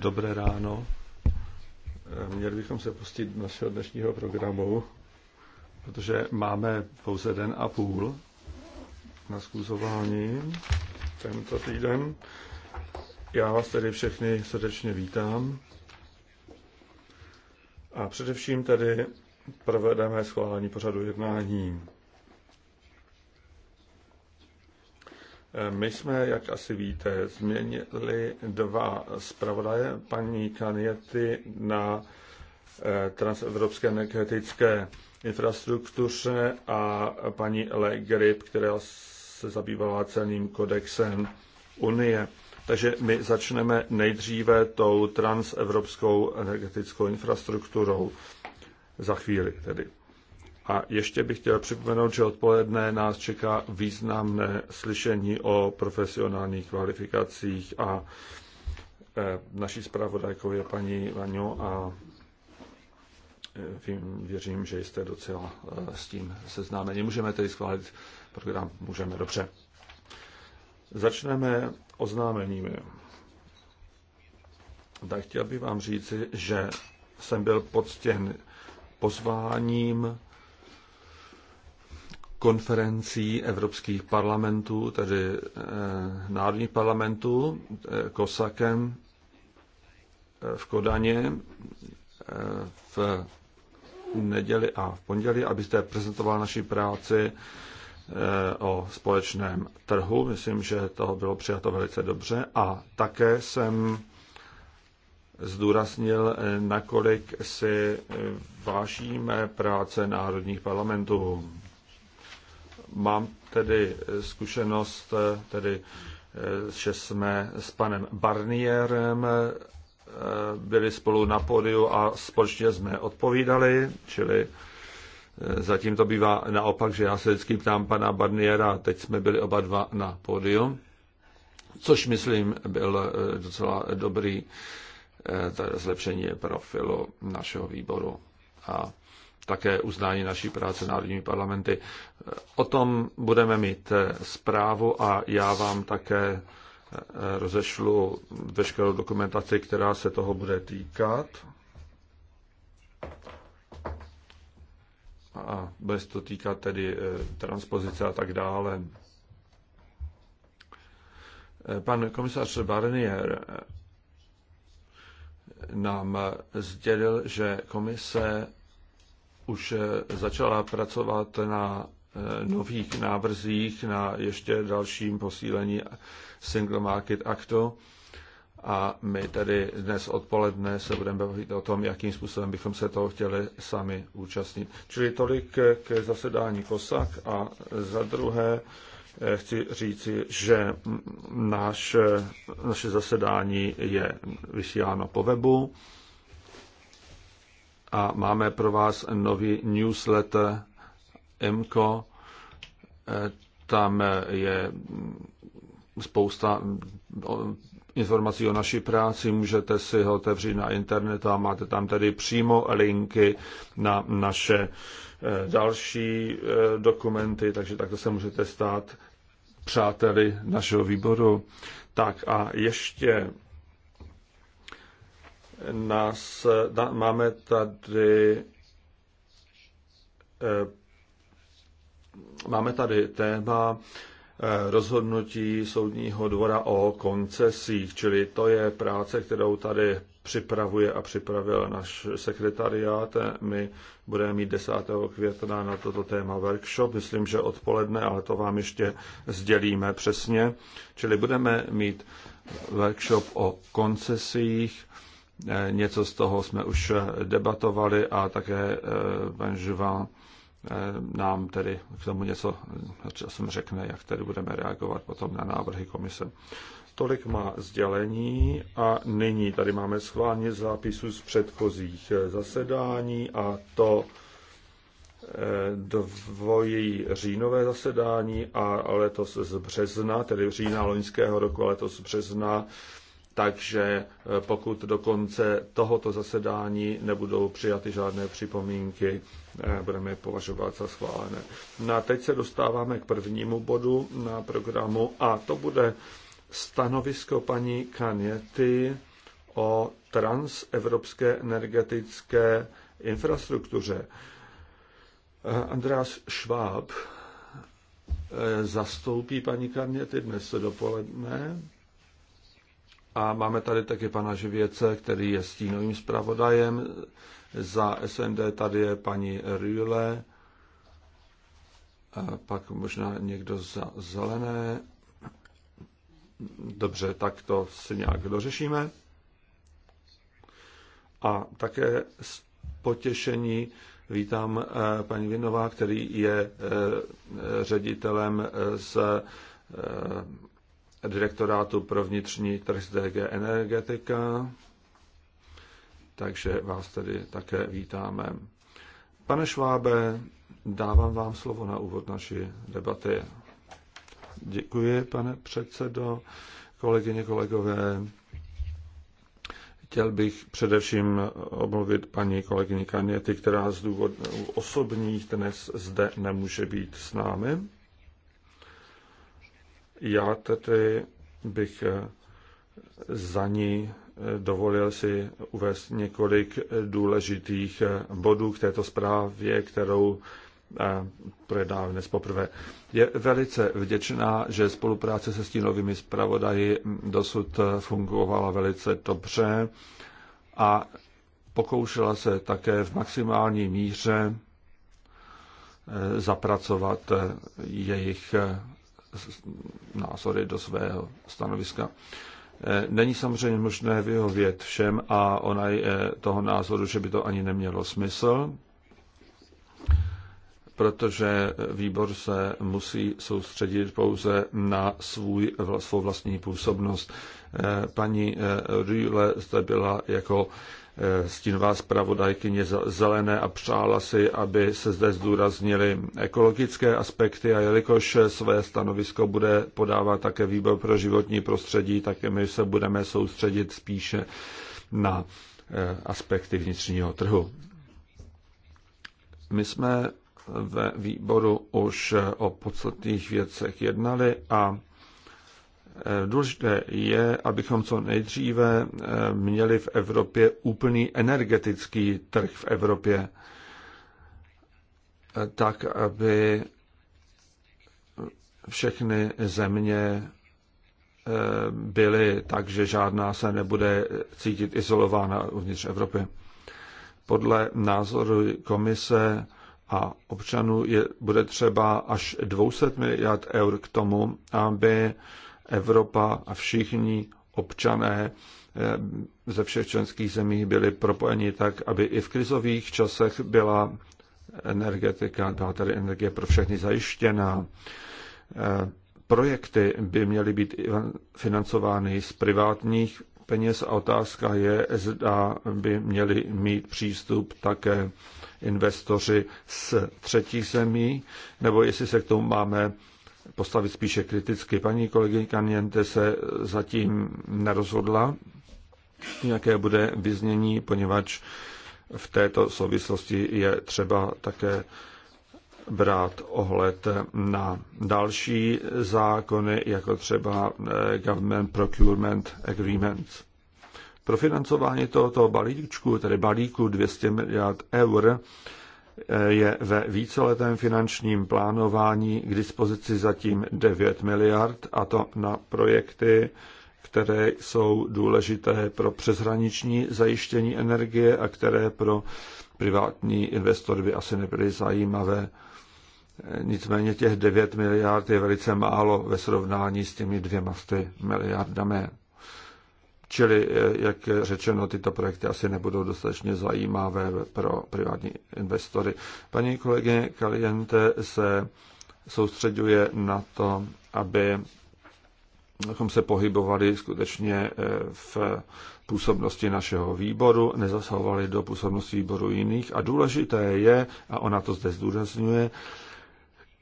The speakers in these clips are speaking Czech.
Dobré ráno. Eh, měli bychom se pustit do našeho dnešního programu, protože máme pouze den a půl na zkuzování tento týden. Já vás tedy všechny srdečně vítám. A především tedy provedeme schválení pořadu jednání. My jsme, jak asi víte, změnili dva zpravodaje, paní Kaniety na eh, transevropské energetické infrastruktuře a paní Le Grip, která se zabývala celým kodexem Unie. Takže my začneme nejdříve tou transevropskou energetickou infrastrukturou. Za chvíli tedy. A ještě bych chtěl připomenout, že odpoledne nás čeká významné slyšení o profesionálních kvalifikacích a e, naší zpravodajkou je paní Vaňo a e, vím, věřím, že jste docela e, s tím seznámeni. Můžeme tedy schválit program, můžeme dobře. Začneme oznámeními. Tak chtěl bych vám říci, že jsem byl poctěn pozváním konferencí evropských parlamentů, tedy eh, národních parlamentů, eh, Kosakem eh, v Kodaně v neděli a v pondělí, abyste prezentoval naši práci o společném trhu. Myslím, že to bylo přijato velice dobře a také jsem zdůraznil, nakolik si vážíme práce národních parlamentů. Mám tedy eh, zkušenost, eh, tedy, eh, že jsme s panem Barnierem byli spolu na pódiu a společně jsme odpovídali, čili zatím to bývá naopak, že já se vždycky ptám pana Barniera, teď jsme byli oba dva na pódiu, což myslím byl docela dobrý zlepšení profilu našeho výboru. A také uznání naší práce národními parlamenty. O tom budeme mít eh, zprávu a já vám také eh, rozešlu veškerou dokumentaci, která se toho bude týkat. A bude se to týkat tedy eh, transpozice a tak dále. Pan komisař Barnier nám sdělil, že komise už eh, začala pracovat na eh, nových návrzích, na ještě dalším posílení Single Market Actu. A my tedy dnes odpoledne se budeme bavit o tom, jakým způsobem bychom se toho chtěli sami účastnit. Čili tolik eh, k zasedání KOSAK a za druhé chci říci, že naše naše zasedání je vysíláno po webu a máme pro vás nový newsletter MCO. E, tam je spousta informací o naší práci, můžete si ho otevřít na internetu a máte tam tedy přímo linky na naše e, další e, dokumenty, takže takto se můžete stát přáteli našeho výboru. Tak a ještě nás, na, máme tady eh, máme tady téma eh, rozhodnutí soudního dvora o koncesích, čili to je práce, kterou tady připravuje a připravil náš sekretariát. My budeme mít 10. května na toto téma workshop, myslím, že odpoledne, ale to vám ještě sdělíme přesně. Čili budeme mít workshop o koncesích, Eh, něco z toho jsme už eh, debatovali a také eh, pan Živan nám tedy k tomu něco časem řekne, jak tedy budeme reagovat potom na návrhy komise. Tolik má sdělení a nyní tady máme schválně zápisu z předchozích zasedání a to dvojí říjnové zasedání a letos z března, tedy října loňského roku letos z března takže eh, pokud do konce tohoto zasedání nebudou přijaty žádné připomínky, eh, budeme je považovat za schválené. No a teď se dostáváme k prvnímu bodu na programu a to bude stanovisko paní Kaněty o transevropské energetické infrastruktuře. Eh, Andreas Schwab zastoupí paní Kaněty dnes dopoledne a máme tady taky pana Živěce, který je stínovým zpravodajem. Za SND tady je paní Rüle, a pak možná někdo za zelené. Dobře, tak to si nějak dořešíme. A také s potěšení vítám eh, paní Vinová, který je eh, eh, ředitelem z direktorátu pro vnitřní trh DG Energetika, takže vás tedy také vítáme. Pane Švábe, dávám vám slovo na úvod naší debaty. Děkuji, pane předsedo, kolegyně, kolegové. Chtěl bych především omluvit paní kolegyni Kaněty, která z důvodů osobních dnes zde nemůže být s námi. Já tedy bych eh, za ní eh, dovolil si uvést několik eh, důležitých bodů k této zprávě, kterou projednáváme dnes poprvé. Je velice vděčná, že spolupráce se stínovými zpravodaji hm, dosud fungovala velice dobře a pokoušela se také v maximální míře zapracovat jejich názory do svého stanoviska. E, není samozřejmě možné vyhovět všem a ona je e, toho názoru, že by to ani nemělo smysl, protože výbor se musí soustředit pouze na svůj, svou vlastní působnost. E, paní Rühle zde byla jako stínová zpravodajkyně Zelené a přála si, aby se zde zdůraznili ekologické aspekty a jelikož své stanovisko bude podávat také výbor pro životní prostředí, tak my se budeme soustředit spíše na eh, aspekty vnitřního trhu. My jsme ve výboru už o podstatných věcech jednali a Eh, důležité je, abychom co nejdříve eh, měli v Evropě úplný energetický trh v Evropě, eh, tak aby všechny země byly tak, že žádná se nebude cítit izolována uvnitř Evropy. Podle názoru komise a občanů je, bude třeba až 200 miliard eur k tomu, aby Evropa a všichni občané eh, ze všech členských zemí byli propojeni tak, aby i v krizových časech byla energetika, tedy energie pro všechny zajištěná. Eh, projekty by měly být financovány z privátních peněz a otázka je, zda by měli mít přístup také investoři z třetích zemí, nebo jestli se k tomu máme postavit spíše kriticky. Paní kolegyně Kaniente se zatím nerozhodla, jaké bude vyznění, poněvadž v této souvislosti je třeba také brát ohled na další zákony, jako třeba eh, Government Procurement Agreements. Pro financování tohoto balíčku, tedy balíku 200 miliard eur, je ve víceletém finančním plánování k dispozici zatím 9 miliard, a to na projekty, které jsou důležité pro přeshraniční zajištění energie a které pro privátní investory by asi nebyly zajímavé. Nicméně těch 9 miliard je velice málo ve srovnání s těmi dvěma miliardami. Čili, eh, jak řečeno, tyto projekty asi nebudou dostatečně zajímavé pro privátní investory. Paní kolegyně Kaliente se soustředuje na to, aby abychom se pohybovali skutečně eh, v působnosti našeho výboru, nezasahovali do působnosti výboru jiných. A důležité je, a ona to zde zdůrazňuje,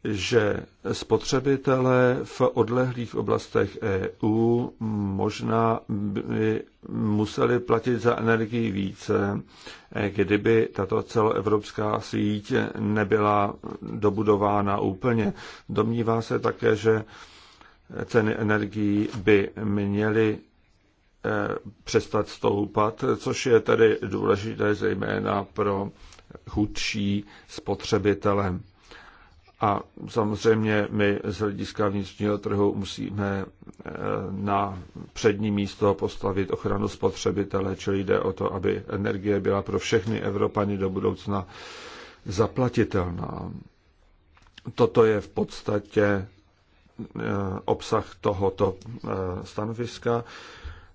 že spotřebitelé v odlehlých oblastech EU možná by museli platit za energii více, kdyby tato celoevropská síť nebyla dobudována úplně. Domnívá se také, že ceny energií by měly e, přestat stoupat, což je tedy důležité zejména pro chudší spotřebitele. A samozřejmě my z hlediska vnitřního trhu musíme eh, na přední místo postavit ochranu spotřebitele, čili jde o to, aby energie byla pro všechny Evropany do budoucna zaplatitelná. Toto je v podstatě eh, obsah tohoto eh, stanoviska.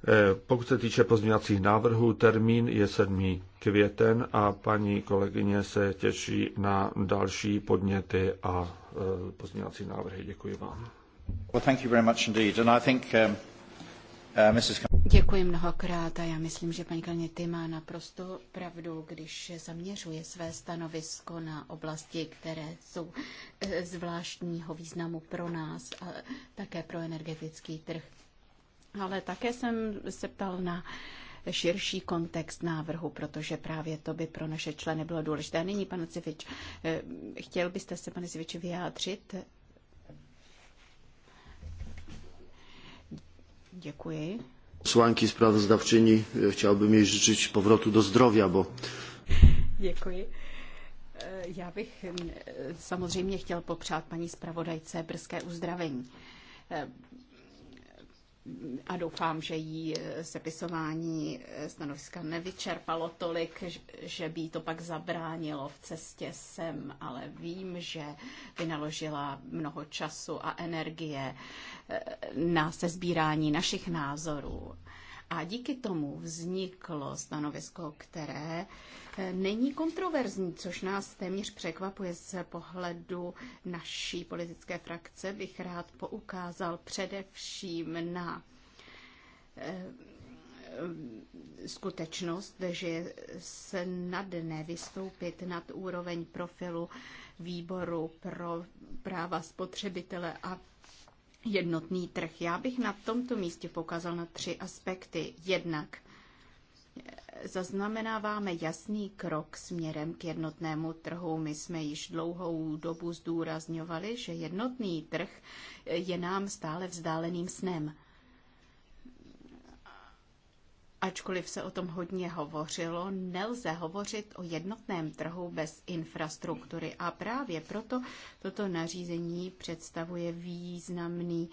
Eh, pokud se týče pozměňovacích návrhů, termín je 7. květen a paní kolegyně se těší na další podněty a eh, pozměňovací návrhy. Děkuji vám. Um, uh, Děkuji mnohokrát a já myslím, že paní Kalněty má naprosto pravdu, když zaměřuje své stanovisko na oblasti, které jsou eh, zvláštního významu pro nás a také pro energetický trh ale také jsem se ptal na širší kontext návrhu, protože právě to by pro naše členy bylo důležité. Nyní, pane Civič, eh, chtěl byste se, pane Civič, vyjádřit? Děkuji. Posłanki sprawozdawczyni, e, chciałbym jej życzyć powrotu do zdrowia, bo... Děkuji. E, já bych mm, e, samozřejmě chtěl popřát paní zpravodajce brzké uzdravení a doufám, že jí eh, sepisování eh, stanoviska nevyčerpalo tolik, že by to pak zabránilo v cestě sem, ale vím, že vynaložila mnoho času a energie eh, na sezbírání našich názorů a díky tomu vzniklo stanovisko, které eh, není kontroverzní, což nás téměř překvapuje z pohledu naší politické frakce. Bych rád poukázal především na eh, skutečnost, že je snadné vystoupit nad úroveň profilu výboru pro práva spotřebitele a jednotný trh. Já bych na tomto místě poukázal na tři aspekty. Jednak eh, zaznamenáváme jasný krok směrem k jednotnému trhu. My jsme již dlouhou dobu zdůrazňovali, že jednotný trh eh, je nám stále vzdáleným snem. Ačkoliv se o tom hodně hovořilo, nelze hovořit o jednotném trhu bez infrastruktury a právě proto toto nařízení představuje významný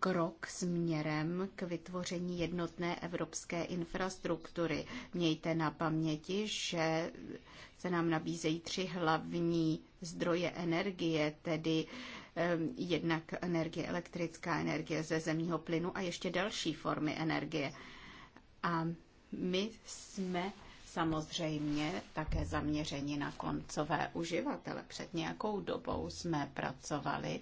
krok směrem k vytvoření jednotné evropské infrastruktury. Mějte na paměti, že se nám nabízejí tři hlavní zdroje energie, tedy jednak energie elektrická, energie ze zemního plynu a ještě další formy energie. A my jsme samozřejmě také zaměřeni na koncové uživatele. Před nějakou dobou jsme pracovali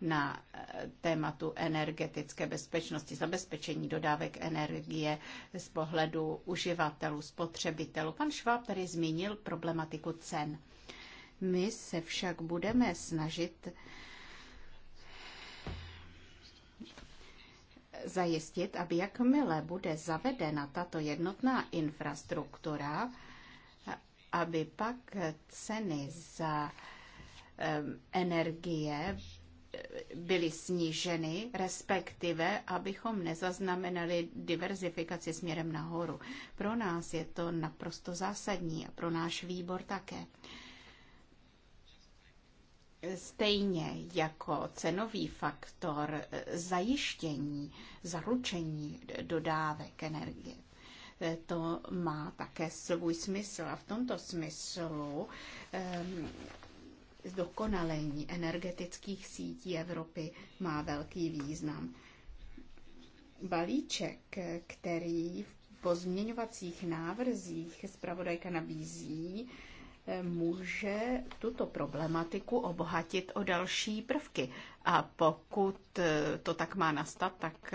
na eh, tématu energetické bezpečnosti, zabezpečení dodávek energie z pohledu uživatelů, spotřebitelů. Pan Šváb tady zmínil problematiku cen. My se však budeme snažit zajistit, aby jakmile bude zavedena tato jednotná infrastruktura, aby pak ceny za energie byly sníženy, respektive abychom nezaznamenali diverzifikaci směrem nahoru. Pro nás je to naprosto zásadní a pro náš výbor také stejně jako cenový faktor zajištění, zaručení dodávek energie. To má také svůj smysl a v tomto smyslu ehm, zdokonalení energetických sítí Evropy má velký význam. Balíček, který v pozměňovacích návrzích zpravodajka nabízí, může tuto problematiku obohatit o další prvky. A pokud to tak má nastat, tak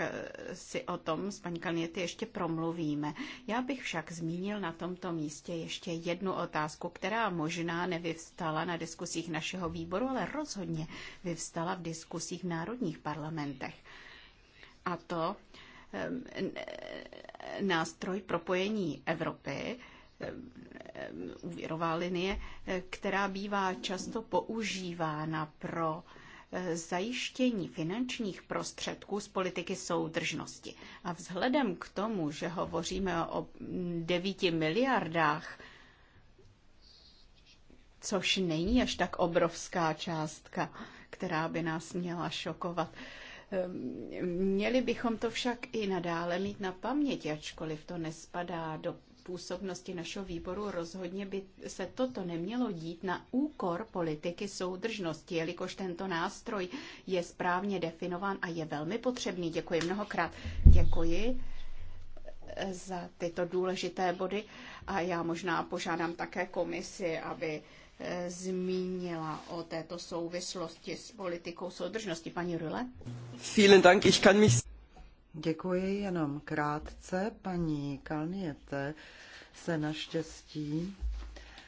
si o tom s paní Kalněty ještě promluvíme. Já bych však zmínil na tomto místě ještě jednu otázku, která možná nevyvstala na diskusích našeho výboru, ale rozhodně vyvstala v diskusích v národních parlamentech. A to e, nástroj propojení Evropy, Um, úvěrová linie, eh, která bývá často používána pro eh, zajištění finančních prostředků z politiky soudržnosti. A vzhledem k tomu, že hovoříme o 9 mm, miliardách, což není až tak obrovská částka, která by nás měla šokovat, eh, Měli bychom to však i nadále mít na paměti, ačkoliv to nespadá do působnosti našeho výboru, rozhodně by se toto nemělo dít na úkor politiky soudržnosti, jelikož tento nástroj je správně definován a je velmi potřebný. Děkuji mnohokrát. Děkuji eh, za tyto důležité body a já možná požádám také komisi, aby eh, zmínila o této souvislosti s politikou soudržnosti. Paní Rule? Vielen Dank, ich kann mich... Děkuji jenom krátce. Paní Kalniete se naštěstí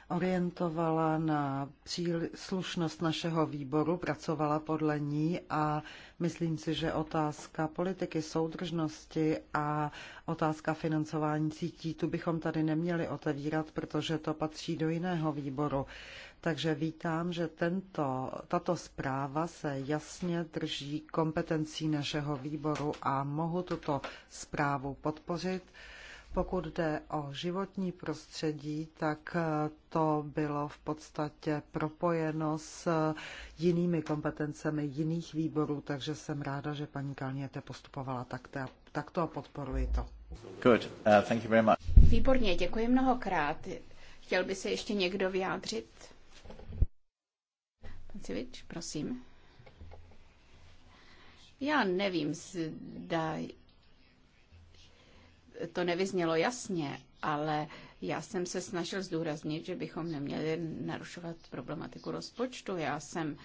orientovala na příslušnost našeho výboru, pracovala podle ní a myslím si, že otázka politiky soudržnosti a otázka financování sítí, tu bychom tady neměli otevírat, protože to patří do jiného výboru. Takže vítám, že tento, tato zpráva se jasně drží kompetencí našeho výboru a mohu tuto zprávu podpořit. Pokud jde o životní prostředí, tak to bylo v podstatě propojeno s jinými kompetencemi jiných výborů, takže jsem ráda, že paní Kalněte postupovala takto, takto a podporuji to. Good. Uh, thank you very much. Výborně, děkuji mnohokrát. Chtěl by se ještě někdo vyjádřit? Pan prosím. Já nevím, zda to nevyznělo jasně, ale já jsem se snažil zdůraznit, že bychom neměli narušovat problematiku rozpočtu. Já jsem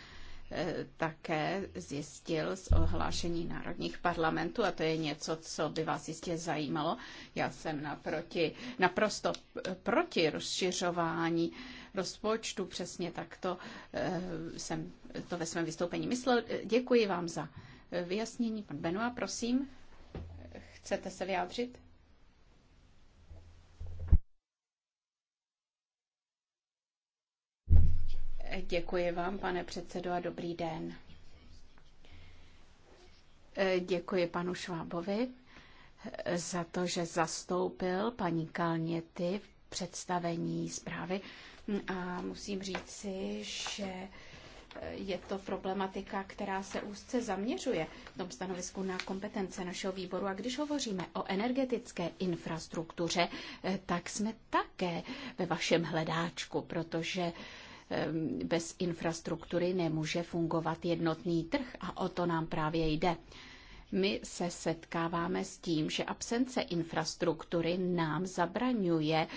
eh, také zjistil z ohlášení národních parlamentů, a to je něco, co by vás jistě zajímalo. Já jsem naproti, naprosto proti rozšiřování rozpočtu. Přesně tak to eh, jsem to ve svém vystoupení myslel. Děkuji vám za eh, vyjasnění. Pan Benoit, prosím, chcete se vyjádřit? Děkuji vám, pane předsedo, a dobrý den. Eh, děkuji panu Švábovi za to, že zastoupil paní Kalněty v představení zprávy. A musím říci, že eh, je to problematika, která se úzce zaměřuje v tom stanovisku na kompetence našeho výboru. A když hovoříme o energetické infrastruktuře, eh, tak jsme také ve vašem hledáčku, protože eh, bez infrastruktury nemůže fungovat jednotný trh a o to nám právě jde my se setkáváme s tím, že absence infrastruktury nám zabraňuje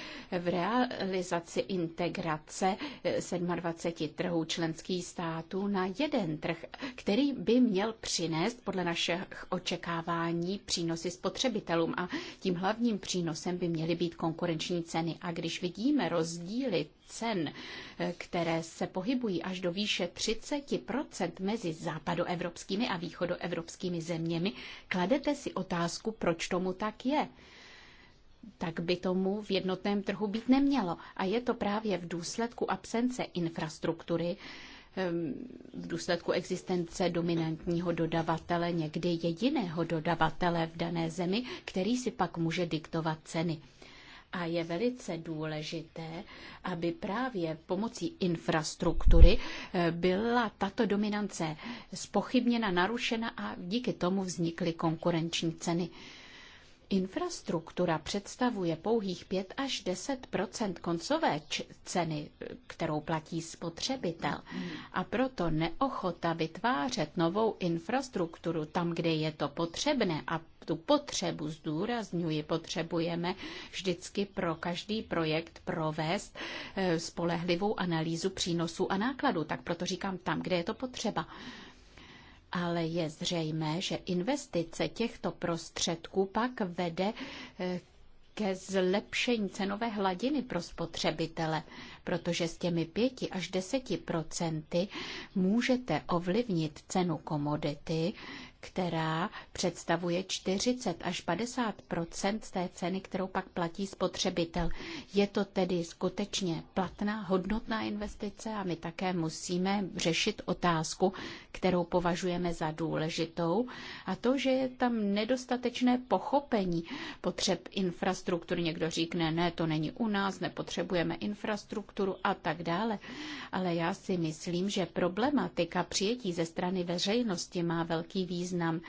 v realizaci integrace 27 eh, trhů členských států na jeden trh, který by měl přinést podle našich očekávání přínosy spotřebitelům a tím hlavním přínosem by měly být konkurenční ceny. A když vidíme rozdíly cen, které se pohybují až do výše 30% mezi západoevropskými a východoevropskými zeměmi, kladete si otázku, proč tomu tak je tak by tomu v jednotném trhu být nemělo. A je to právě v důsledku absence infrastruktury, ehm, v důsledku existence dominantního dodavatele, někdy jediného dodavatele v dané zemi, který si pak může diktovat ceny. A je velice důležité, aby právě pomocí infrastruktury eh, byla tato dominance spochybněna, narušena a díky tomu vznikly konkurenční ceny. Infrastruktura představuje pouhých 5 až 10 koncové ceny, kterou platí spotřebitel. A proto neochota vytvářet novou infrastrukturu tam, kde je to potřebné a tu potřebu, zdůrazňuji, potřebujeme vždycky pro každý projekt provést eh, spolehlivou analýzu přínosů a nákladů. Tak proto říkám tam, kde je to potřeba ale je zřejmé, že investice těchto prostředků pak vede eh, ke zlepšení cenové hladiny pro spotřebitele, protože s těmi 5 až 10 procenty můžete ovlivnit cenu komodity, která představuje 40 až 50 z té ceny, kterou pak platí spotřebitel. Je to tedy skutečně platná, hodnotná investice a my také musíme řešit otázku, kterou považujeme za důležitou, a to, že je tam nedostatečné pochopení potřeb infrastruktury. Někdo říkne, ne, to není u nás, nepotřebujeme infrastrukturu a tak dále. Ale já si myslím, že problematika přijetí ze strany veřejnosti má velký význam význam.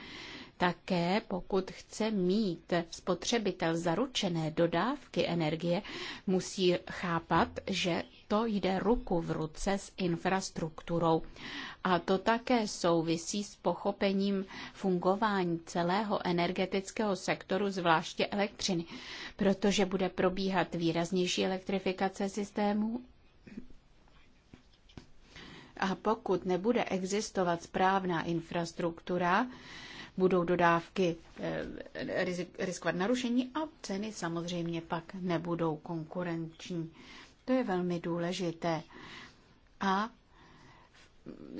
Také pokud chce mít spotřebitel zaručené dodávky energie, musí chápat, že to jde ruku v ruce s infrastrukturou. A to také souvisí s pochopením fungování celého energetického sektoru, zvláště elektřiny, protože bude probíhat výraznější elektrifikace systému a pokud nebude existovat správná infrastruktura, budou dodávky eh, riskovat narušení a ceny samozřejmě pak nebudou konkurenční. To je velmi důležité. A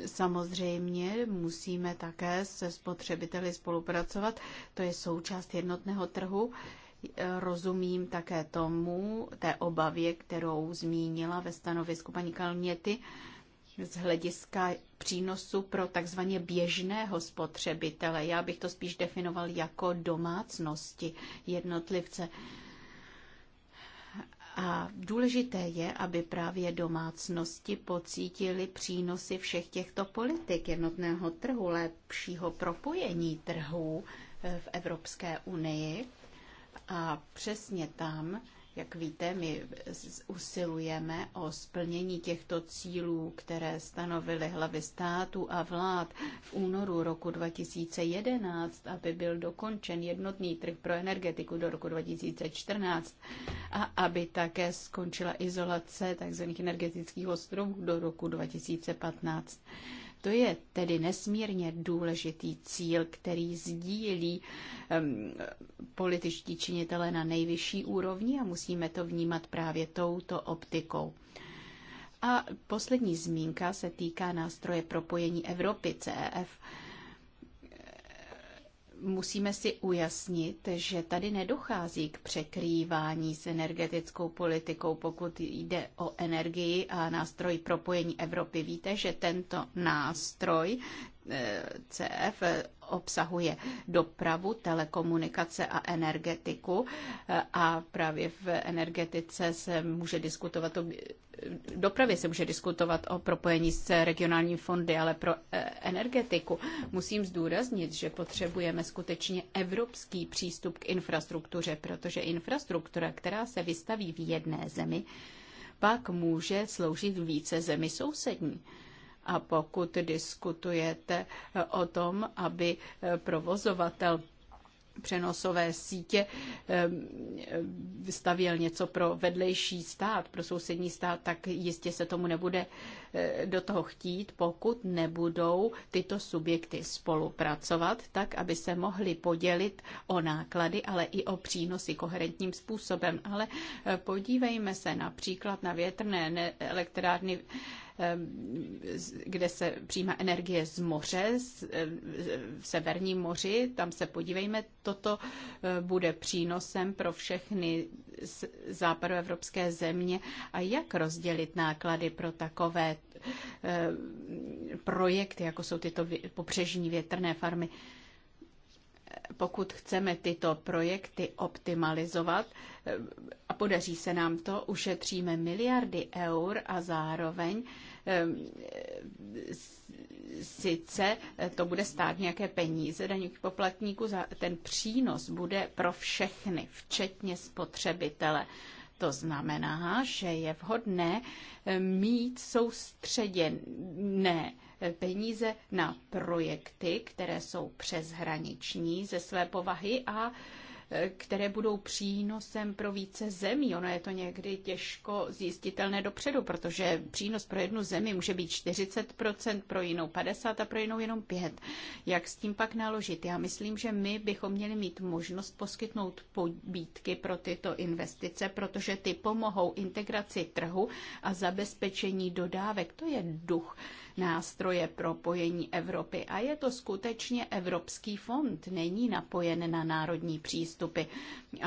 samozřejmě musíme také se spotřebiteli spolupracovat. To je součást jednotného trhu. Rozumím také tomu, té obavě, kterou zmínila ve stanovisku paní Kalměty, z hlediska přínosu pro takzvaně běžného spotřebitele. Já bych to spíš definoval jako domácnosti jednotlivce. A důležité je, aby právě domácnosti pocítili přínosy všech těchto politik jednotného trhu, lepšího propojení trhů eh, v Evropské unii. A přesně tam jak víte, my usilujeme o splnění těchto cílů, které stanovily hlavy státu a vlád v únoru roku 2011, aby byl dokončen jednotný trh pro energetiku do roku 2014 a aby také skončila izolace tzv. energetických ostrovů do roku 2015. To je tedy nesmírně důležitý cíl, který sdílí um, političtí činitele na nejvyšší úrovni a musíme to vnímat právě touto optikou. A poslední zmínka se týká nástroje propojení Evropy CEF musíme si ujasnit, že tady nedochází k překrývání s energetickou politikou, pokud jde o energii a nástroj propojení Evropy. Víte, že tento nástroj eh, CF obsahuje dopravu, telekomunikace a energetiku. A právě v energetice se může diskutovat o dopravě se může diskutovat o propojení s regionální fondy, ale pro eh, energetiku musím zdůraznit, že potřebujeme skutečně evropský přístup k infrastruktuře, protože infrastruktura, která se vystaví v jedné zemi, pak může sloužit více zemi sousední. A pokud diskutujete eh, o tom, aby eh, provozovatel přenosové sítě vystavil eh, něco pro vedlejší stát, pro sousední stát, tak jistě se tomu nebude do toho chtít, pokud nebudou tyto subjekty spolupracovat, tak aby se mohli podělit o náklady, ale i o přínosy koherentním způsobem. Ale podívejme se například na větrné elektrárny Ehm, kde se přijímá energie z moře, ehm, v Severním moři. Tam se podívejme, toto eh, bude přínosem pro všechny západoevropské země. A jak rozdělit náklady pro takové ehm, projekty, jako jsou tyto popřežní větrné farmy? pokud chceme tyto projekty optimalizovat a podaří se nám to, ušetříme miliardy eur a zároveň Ehm, sice to bude stát nějaké peníze daňových poplatníků, ten přínos bude pro všechny, včetně spotřebitele. To znamená, že je vhodné ehm, mít soustředěné peníze na projekty, které jsou přeshraniční ze své povahy a které budou přínosem pro více zemí. Ono je to někdy těžko zjistitelné dopředu, protože přínos pro jednu zemi může být 40%, pro jinou 50% a pro jinou jenom 5%. Jak s tím pak naložit? Já myslím, že my bychom měli mít možnost poskytnout pobítky pro tyto investice, protože ty pomohou integraci trhu a zabezpečení dodávek. To je duch nástroje propojení Evropy. A je to skutečně Evropský fond, není napojen na národní přístupy.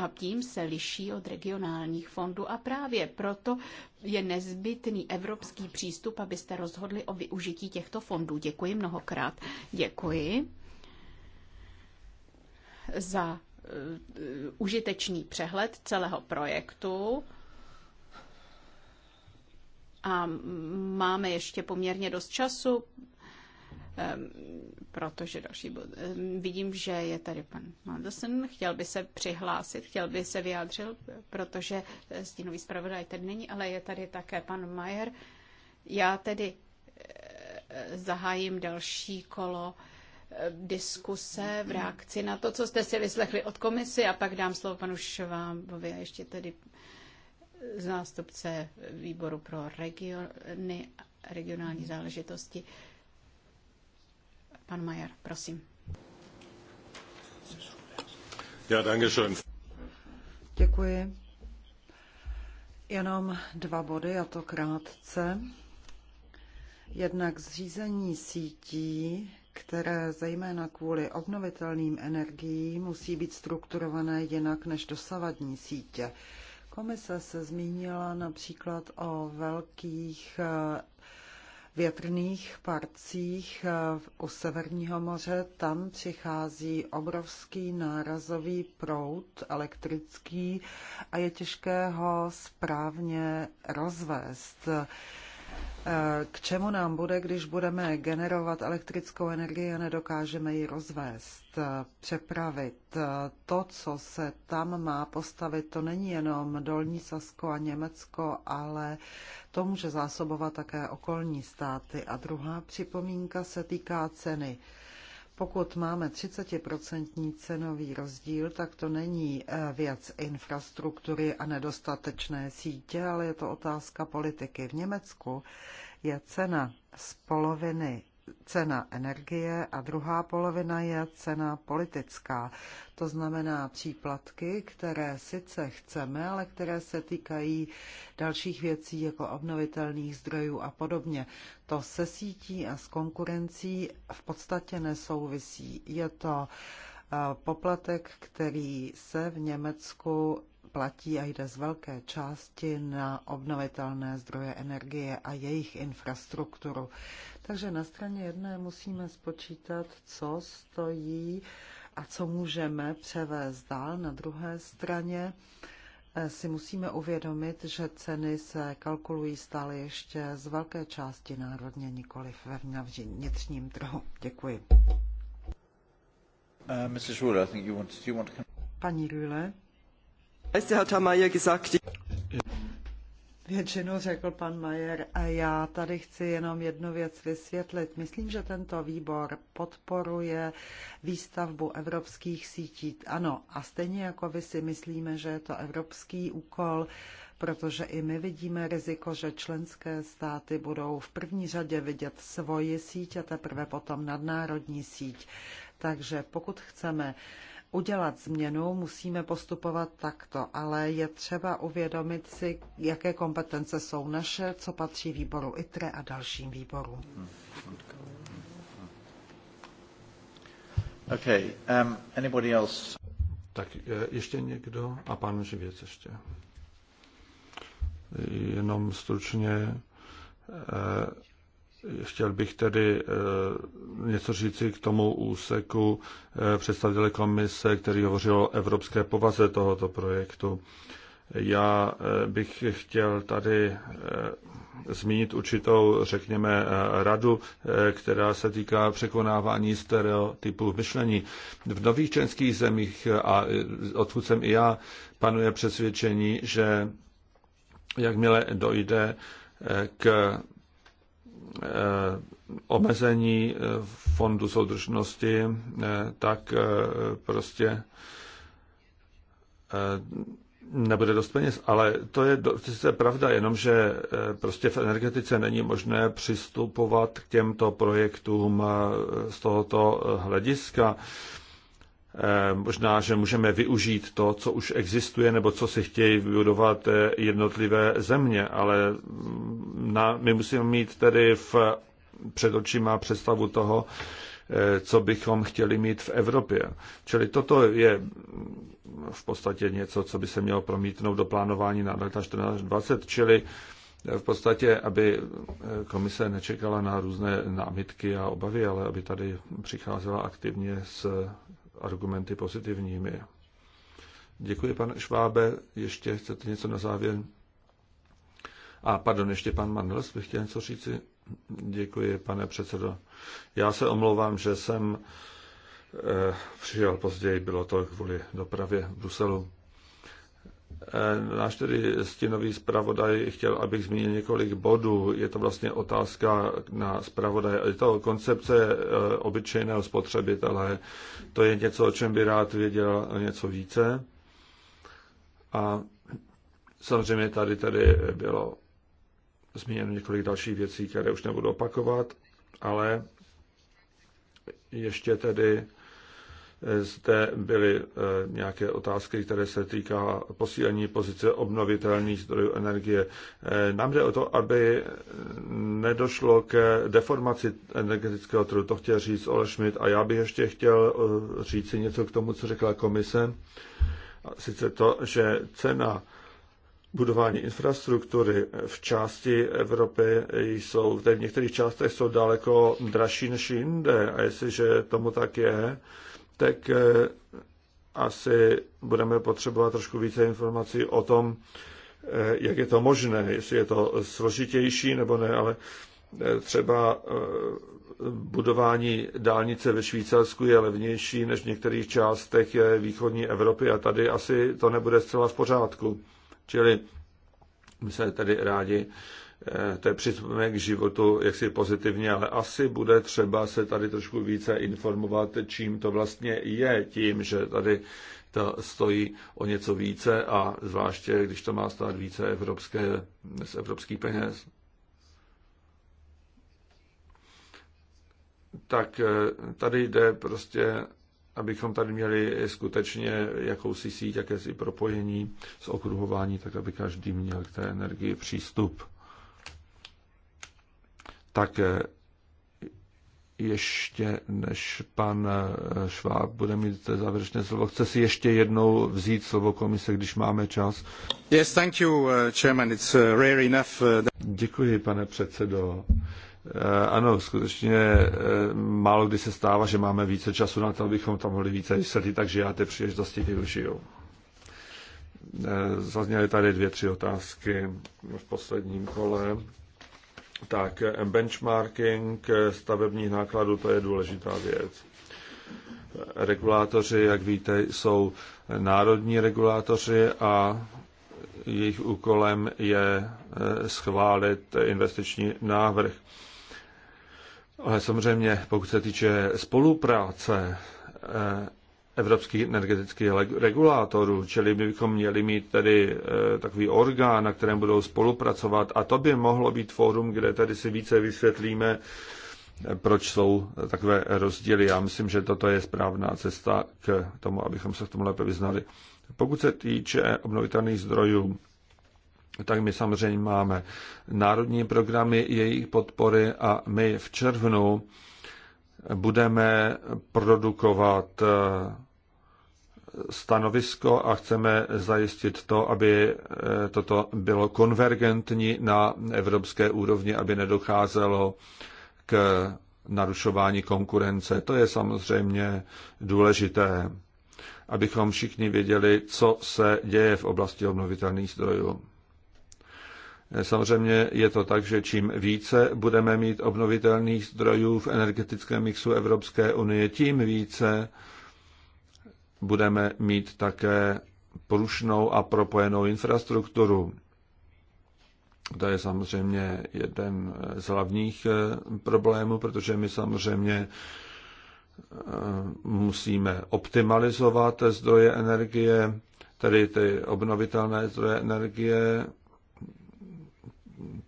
A tím se liší od regionálních fondů. A právě proto je nezbytný evropský přístup, abyste rozhodli o využití těchto fondů. Děkuji mnohokrát. Děkuji za e, e, užitečný přehled celého projektu a máme ještě poměrně dost času, ehm, protože další bod. Ehm, vidím, že je tady pan Mandelson, chtěl by se přihlásit, chtěl by se vyjádřil, protože stínový zpravodaj tady není, ale je tady také pan Majer. Já tedy eh, zahájím další kolo eh, diskuse v reakci na to, co jste si vyslechli od komisy a pak dám slovo panu Švábovi a ještě tedy zástupce výboru pro regiony, regionální záležitosti. Pan Majer, prosím. Ja, danke schön. Děkuji. Jenom dva body, a to krátce. Jednak zřízení sítí, které zejména kvůli obnovitelným energiím musí být strukturované jinak než dosavadní sítě. Komise se zmínila například o velkých eh, větrných parcích eh, u Severního moře. Tam přichází obrovský nárazový proud elektrický a je těžké ho správně rozvést. Eh, k čemu nám bude, když budeme generovat elektrickou energii a nedokážeme ji rozvést, eh, přepravit? Eh, to, co se tam má postavit, to není jenom Dolní Sasko a Německo, ale to může zásobovat také okolní státy. A druhá připomínka se týká ceny. Pokud máme 30% cenový rozdíl, tak to není eh, věc infrastruktury a nedostatečné sítě, ale je to otázka politiky. V Německu je cena z poloviny cena energie a druhá polovina je cena politická. To znamená příplatky, které sice chceme, ale které se týkají dalších věcí jako obnovitelných zdrojů a podobně to se sítí a s konkurencí v podstatě nesouvisí. Je to eh, poplatek, který se v Německu platí a jde z velké části na obnovitelné zdroje energie a jejich infrastrukturu. Takže na straně jedné musíme spočítat, co stojí a co můžeme převést dál. Na druhé straně uh, si musíme uvědomit, že ceny se kalkulují stále ještě z velké části národně, nikoli ve vnitřním trhu. Děkuji. Uh, Paní Rühle většinu řekl pan Majer a já tady chci jenom jednu věc vysvětlit. Myslím, že tento výbor podporuje výstavbu evropských sítí. Ano, a stejně jako vy si myslíme, že je to evropský úkol, protože i my vidíme riziko, že členské státy budou v první řadě vidět svoji síť a teprve potom nadnárodní síť. Takže pokud chceme udělat změnu, musíme postupovat takto, ale je třeba uvědomit si, jaké kompetence jsou naše, co patří výboru ITRE a dalším výborům. Okay, um, anybody else? Tak eh, ještě někdo a pan Živěc ještě. Jenom stručně eh, Chtěl bych tedy eh, něco říci k tomu úseku eh, představitele komise, který hovořil o evropské povaze tohoto projektu. Já eh, bych chtěl tady zmínit určitou, řekněme, radu, která se týká překonávání stereotypů myšlení. V nových členských zemích, a odkud jsem i já, panuje přesvědčení, že jakmile dojde k Eh, omezení eh, fondu soudržnosti, eh, tak prostě nebude dost peněz. Ale to je sice pravda, jenomže prostě v energetice není možné přistupovat k těmto projektům z tohoto hlediska. Eh, možná, že můžeme využít to, co už existuje, nebo co si chtějí vybudovat eh, jednotlivé země, ale mm, na, my musíme mít tedy v, před očima představu toho, eh, co bychom chtěli mít v Evropě. Čili toto je mm, v podstatě něco, co by se mělo promítnout do plánování na leta 1420, čili v podstatě, aby komise nečekala na různé námitky a obavy, ale aby tady přicházela aktivně s argumenty pozitivními. Děkuji, pan Švábe. Ještě chcete něco na závěr? A pardon, ještě pan Mandels bych chtěl něco říci. Děkuji, pane předsedo. Já se omlouvám, že jsem eh, přijel později, bylo to kvůli dopravě v Bruselu. Eh, náš tedy stěnový zpravodaj chtěl, abych zmínil několik bodů. Je to vlastně otázka na zpravodaj. Je to koncepce eh, obyčejného spotřebitele. To je něco, o čem by rád věděl něco více. A samozřejmě tady tedy bylo zmíněno několik dalších věcí, které už nebudu opakovat, ale ještě tedy zde byly eh, nějaké otázky, které se týká posílení pozice obnovitelných zdrojů energie. Eh, nám jde o to, aby nedošlo ke deformaci energetického trhu. To chtěl říct Ole Schmidt a já bych ještě chtěl eh, říct si něco k tomu, co řekla komise. Sice to, že cena budování infrastruktury v části Evropy jsou, v některých částech jsou daleko dražší než jinde. A jestliže tomu tak je, tak eh, asi budeme potřebovat trošku více informací o tom, eh, jak je to možné, jestli je to složitější nebo ne, ale eh, třeba budování dálnice ve Švýcarsku je levnější než v některých částech východní Evropy a tady asi to nebude zcela v pořádku. Čili my se tady rádi Eh, je přistupujeme k životu jaksi pozitivně, ale asi bude třeba se tady trošku více informovat, čím to vlastně je, tím, že tady to stojí o něco více a zvláště, když to má stát více evropské, z evropských peněz. Tak eh, tady jde prostě, abychom tady měli skutečně jakousi síť, jakési propojení s okruhování, tak aby každý měl k té energii přístup tak eh, ještě než pan eh, Šváb bude mít závěrečné slovo, chce si ještě jednou vzít slovo komise, když máme čas. Yes, thank you, eh, chairman. It's rare enough. Děkuji, pane předsedo. Ano, skutečně málo kdy se stává, že máme více času na to, abychom tam mohli více vysvětlit, takže já ty příležitosti využiju. Zazněly tady dvě, tři otázky v posledním kole tak eh, benchmarking eh, stavebních nákladů, to je důležitá věc. Eh, regulátoři, jak víte, jsou národní regulátoři a jejich úkolem je schválit investiční návrh. Ale samozřejmě, pokud se týče spolupráce evropských energetických regulátorů, čili my bychom měli mít tedy eh, takový orgán, na kterém budou spolupracovat a to by mohlo být fórum, kde tady si více vysvětlíme, eh, proč jsou eh, takové rozdíly. Já myslím, že toto je správná cesta k tomu, abychom se v tom lépe vyznali. Pokud se týče obnovitelných zdrojů, tak my samozřejmě máme národní programy jejich podpory a my v červnu budeme produkovat eh, stanovisko a chceme zajistit to, aby eh, toto bylo konvergentní na evropské úrovni, aby nedocházelo k narušování konkurence. To je samozřejmě důležité, abychom všichni věděli, co se děje v oblasti obnovitelných zdrojů. Samozřejmě je to tak, že čím více budeme mít obnovitelných zdrojů v energetickém mixu Evropské unie, tím více budeme mít také prušnou a propojenou infrastrukturu. To je samozřejmě jeden z hlavních eh, problémů, protože my samozřejmě eh, musíme optimalizovat zdroje energie, tedy ty obnovitelné zdroje energie,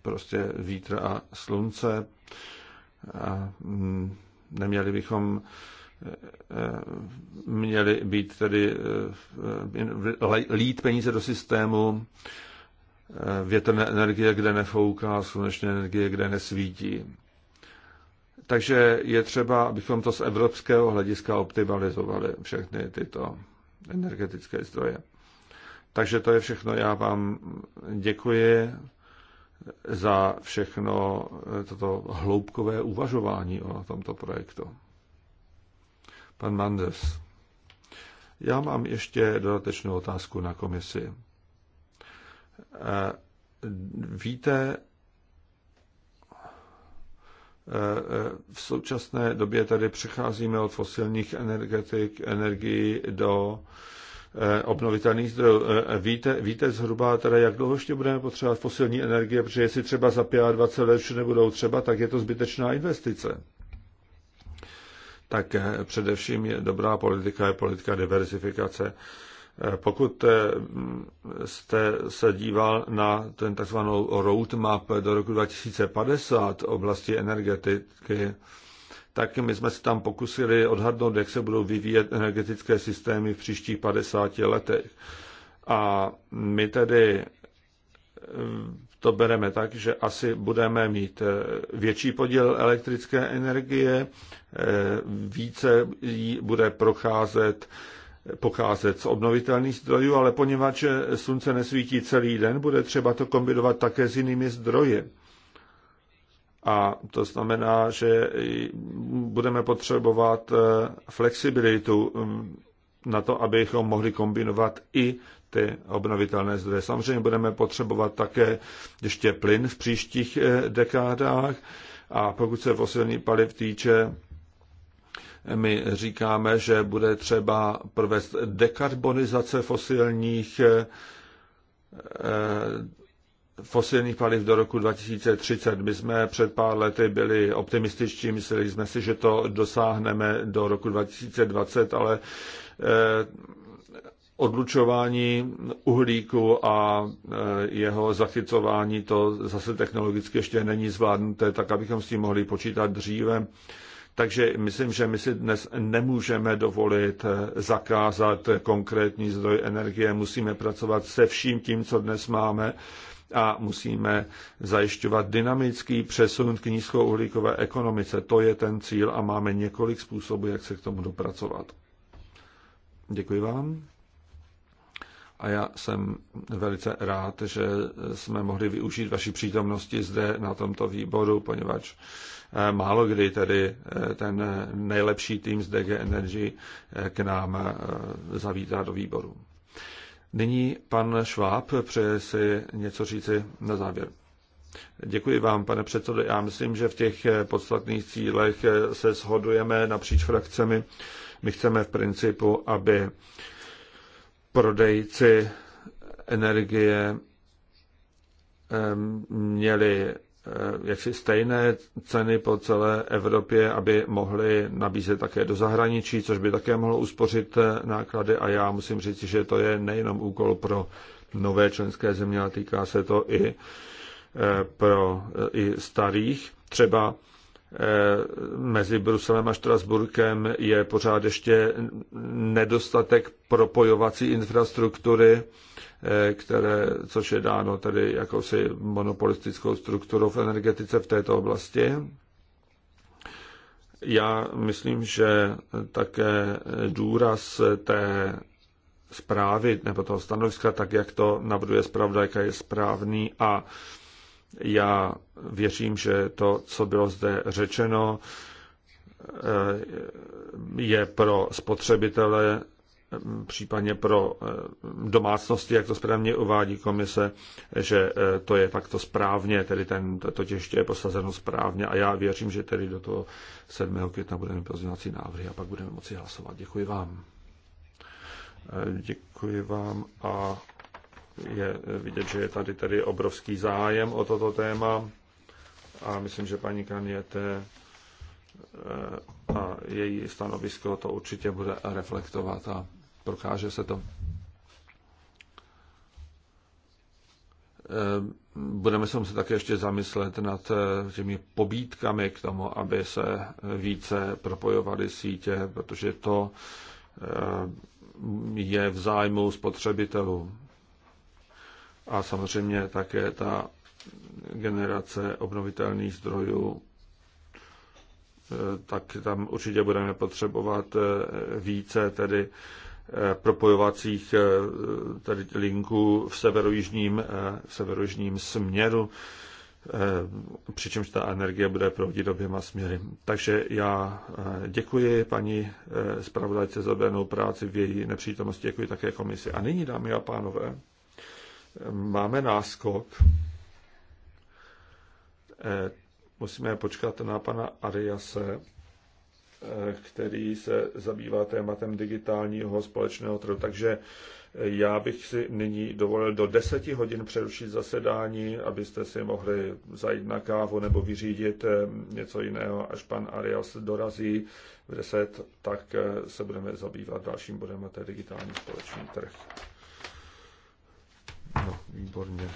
prostě vítr a slunce. A mm, neměli bychom e, e, měli být tedy e, lít peníze do systému větrné energie, kde nefouká, sluneční energie, kde nesvítí. Takže je třeba, abychom to z evropského hlediska optimalizovali, všechny tyto energetické zdroje. Takže to je všechno. Já vám děkuji za všechno toto hloubkové uvažování o tomto projektu. Pan Mandes. Já mám ještě dodatečnou otázku na komisi. E, víte, e, v současné době tady přecházíme od fosilních energetik, energií do Eh, obnovitelných zdrojů. Eh, eh, víte, víte zhruba teda, jak dlouho ještě budeme potřebovat fosilní energie, protože jestli třeba za 25 let už nebudou třeba, tak je to zbytečná investice. Tak především je dobrá politika je politika diversifikace. Pokud jste se díval na ten takzvanou roadmap do roku 2050 oblasti energetiky, tak my jsme se tam pokusili odhadnout, jak se budou vyvíjet energetické systémy v příštích 50 letech. A my tedy to bereme tak, že asi budeme mít eh, větší podíl elektrické energie, eh, více jí bude procházet pocházet z obnovitelných zdrojů, ale poněvadž eh, slunce nesvítí celý den, bude třeba to kombinovat také s jinými zdroji. A to znamená, že budeme potřebovat eh, flexibilitu mm, na to, abychom mohli kombinovat i ty obnovitelné zdroje. Samozřejmě budeme potřebovat také ještě plyn v příštích eh, dekádách a pokud se fosilní paliv týče, my říkáme, že bude třeba provést dekarbonizace fosilních eh, fosilních paliv do roku 2030. My jsme před pár lety byli optimističtí, mysleli jsme si, že to dosáhneme do roku 2020, ale eh, odlučování uhlíku a eh, jeho zachycování, to zase technologicky ještě není zvládnuté, tak abychom s tím mohli počítat dříve. Takže myslím, že my si dnes nemůžeme dovolit eh, zakázat konkrétní zdroj energie, musíme pracovat se vším tím, co dnes máme a musíme zajišťovat dynamický přesun k nízkouhlíkové ekonomice. To je ten cíl a máme několik způsobů, jak se k tomu dopracovat. Děkuji vám. A já jsem velice rád, že jsme mohli využít vaší přítomnosti zde na tomto výboru, poněvadž eh, málo kdy tedy eh, ten nejlepší tým z DG Energy eh, k nám zavítá do výboru. Nyní pan Šváb přeje si něco říci na závěr. Děkuji vám, pane předsedo. Já myslím, že v těch podstatných cílech se shodujeme napříč frakcemi. My chceme v principu, aby prodejci energie ehm, měli Eh, jaksi stejné ceny po celé Evropě, aby mohli nabízet také do zahraničí, což by také mohlo uspořit eh, náklady a já musím říct, že to je nejenom úkol pro nové členské země, ale týká se to i eh, pro i starých. Třeba mezi Bruselem a Štrasburkem je pořád ještě nedostatek propojovací infrastruktury, Eh, které, což je dáno tedy jakousi monopolistickou strukturou v energetice v této oblasti. Já myslím, že také důraz té zprávy nebo toho stanoviska, tak jak to navrhuje zpravodajka, je správný a já věřím, že to, co bylo zde řečeno, eh, je pro spotřebitele Eh, případně pro eh, domácnosti, jak to správně uvádí komise, že eh, to je takto správně, tedy ten, to těště je posazeno správně a já věřím, že tedy do toho 7. května budeme pozměňovací návrhy a pak budeme moci hlasovat. Děkuji vám. Děkuji vám a je vidět, že je tady tady obrovský zájem o toto téma a myslím, že paní Kaněte a její stanovisko to určitě bude reflektovat a prokáže se to. Ehm, budeme se muset také ještě zamyslet nad eh, těmi pobídkami k tomu, aby se více propojovaly sítě, protože to ehm, je v zájmu spotřebitelů. A samozřejmě také ta generace obnovitelných zdrojů, eh, tak tam určitě budeme potřebovat eh, více tedy Eh, propojovacích eh, tady linků v severojižním, eh, v severojižním směru, přičemž ta energie bude proudit oběma směry. Takže já děkuji paní zpravodajce za danou práci v její nepřítomnosti, děkuji také komisi. A nyní, dámy a pánové, máme náskok. Musíme počkat na pana Ariase který se zabývá tématem digitálního společného trhu. Takže já bych si nyní dovolil do deseti hodin přerušit zasedání, abyste si mohli zajít na kávu nebo vyřídit eh, něco jiného, až pan Arias dorazí v deset, tak eh, se budeme zabývat dalším bodem, a to je digitální společný trh. No, výborně.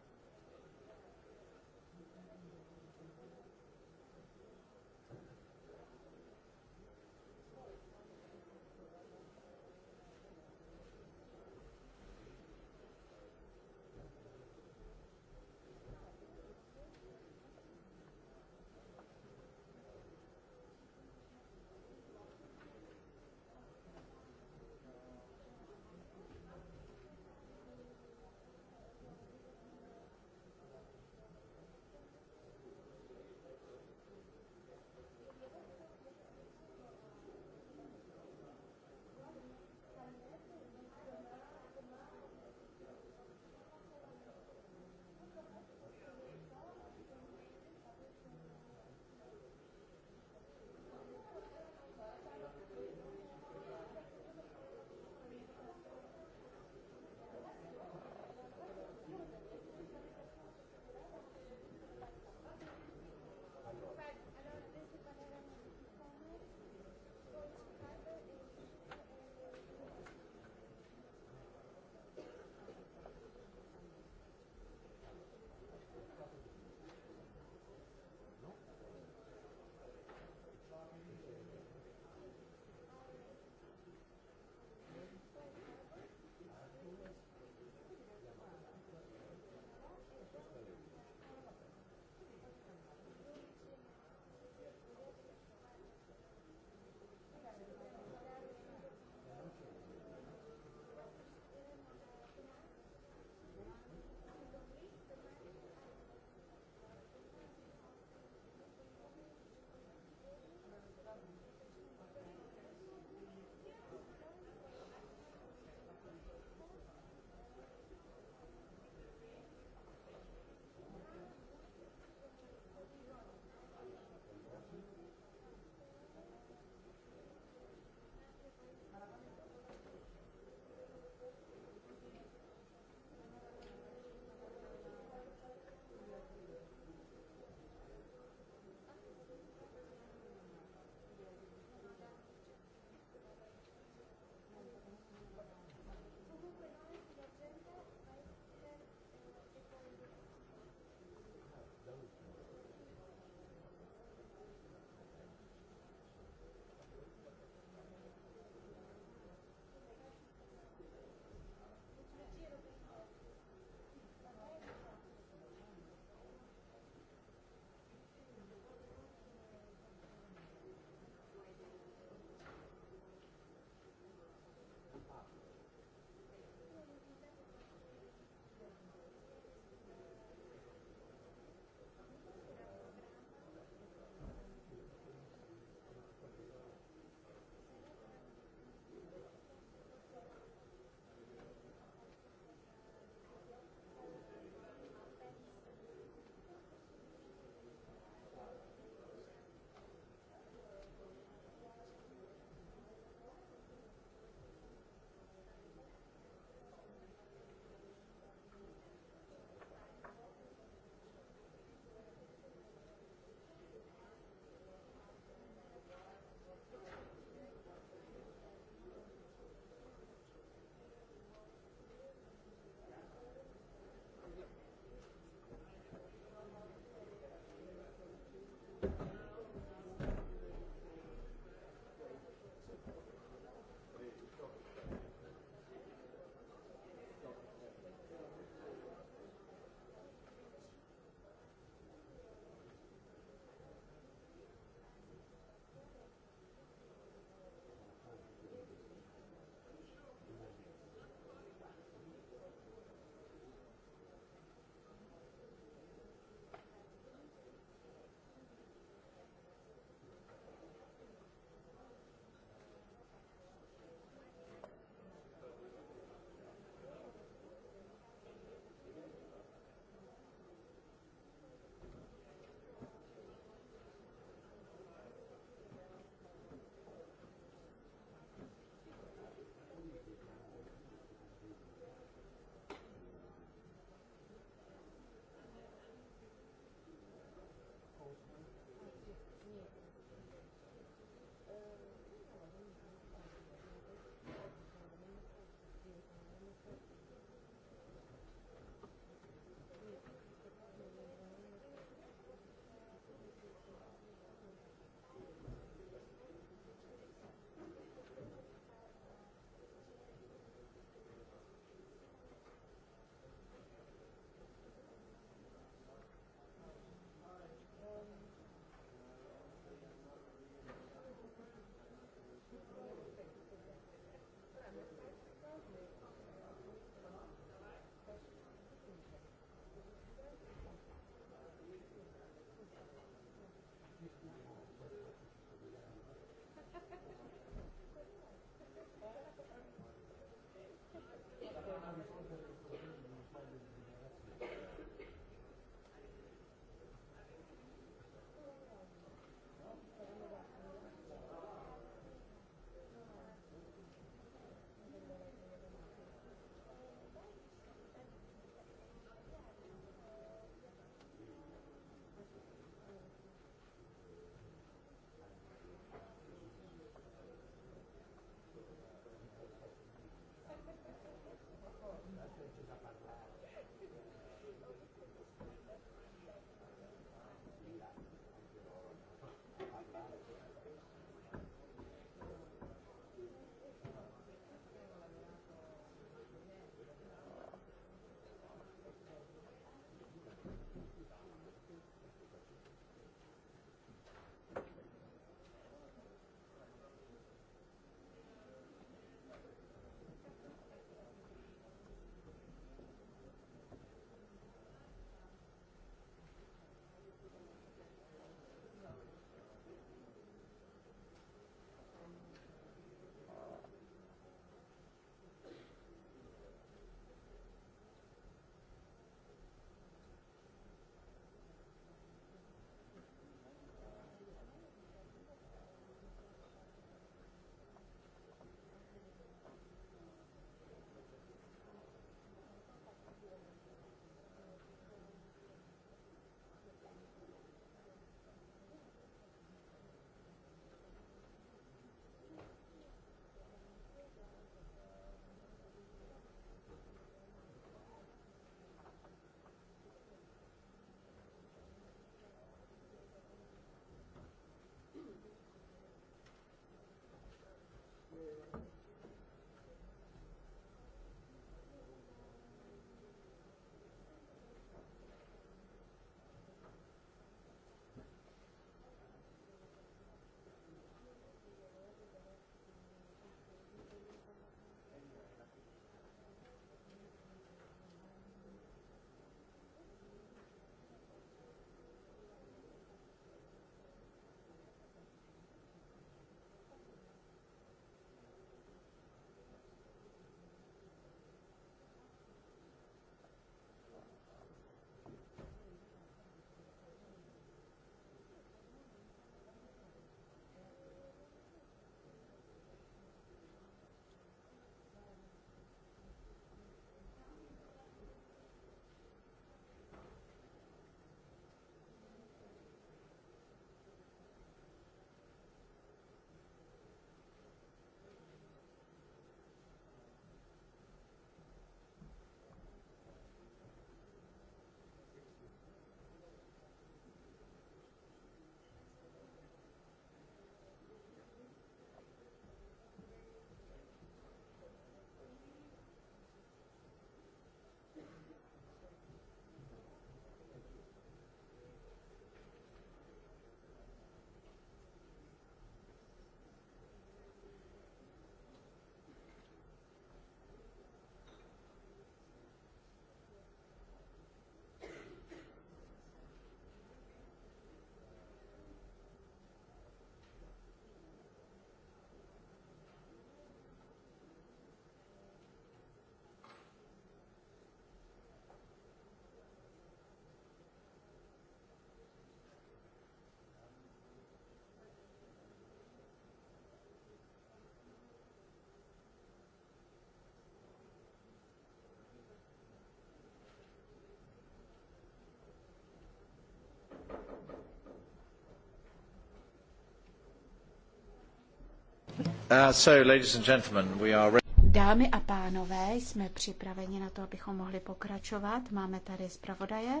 Uh, Dámy a pánové, jsme připraveni na to, abychom mohli pokračovat. Máme tady zpravodaje.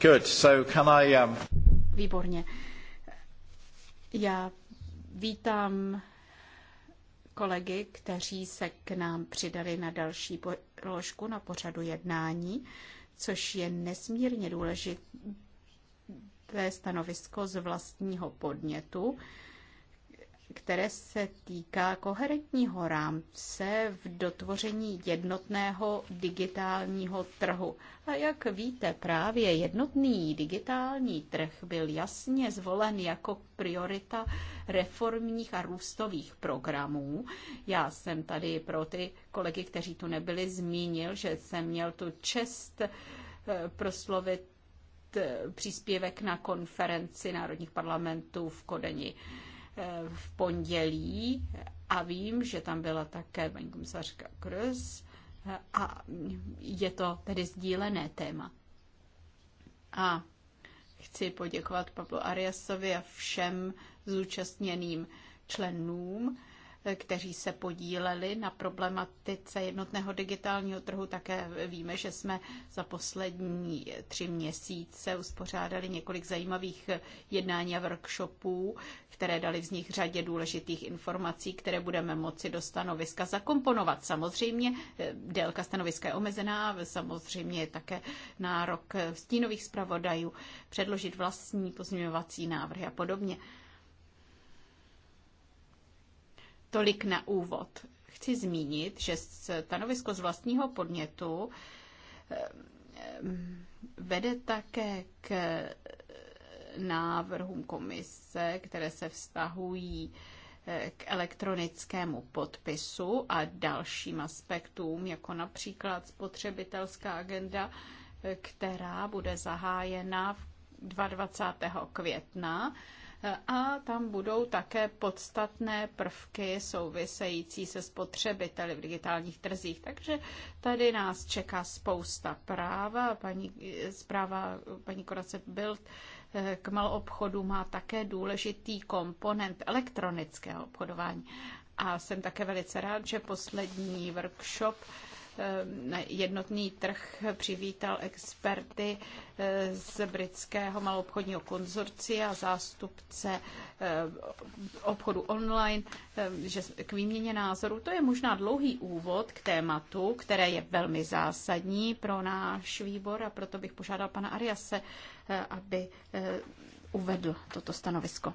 Good. So can I, um... Výborně. Já vítám kolegy, kteří se k nám přidali na další položku na pořadu jednání, což je nesmírně důležité stanovisko z vlastního podnětu které se týká koherentního rámce v dotvoření jednotného digitálního trhu. A jak víte, právě jednotný digitální trh byl jasně zvolen jako priorita reformních a růstových programů. Já jsem tady pro ty kolegy, kteří tu nebyli, zmínil, že jsem měl tu čest eh, proslovit eh, příspěvek na konferenci národních parlamentů v Kodeni. Eh, v pondělí a vím, že tam byla také paní komisařka Kruz eh, a je to tedy sdílené téma. A chci poděkovat Pablo Ariasovi a všem zúčastněným členům kteří se podíleli na problematice jednotného digitálního trhu. Také víme, že jsme za poslední tři měsíce uspořádali několik zajímavých jednání a workshopů, které dali z nich řadě důležitých informací, které budeme moci do stanoviska zakomponovat. Samozřejmě eh, délka stanoviska je omezená, samozřejmě je také nárok stínových zpravodajů předložit vlastní pozměňovací návrhy a podobně. Tolik na úvod. Chci zmínit, že stanovisko z vlastního podnětu eh, vede také k návrhům komise, které se vztahují eh, k elektronickému podpisu a dalším aspektům, jako například spotřebitelská agenda, eh, která bude zahájena 22. května a tam budou také podstatné prvky související se spotřebiteli v digitálních trzích. Takže tady nás čeká spousta práva. Paní, zpráva paní Korace Bild eh, k malobchodu má také důležitý komponent elektronického obchodování. A jsem také velice rád, že poslední workshop Eh, jednotný trh přivítal experty eh, z britského maloobchodního konzorcia, zástupce eh, obchodu online, že k výměně názorů. To je možná dlouhý úvod k tématu, které je velmi zásadní pro náš výbor a proto bych požádal pana Ariase, aby uvedl toto stanovisko.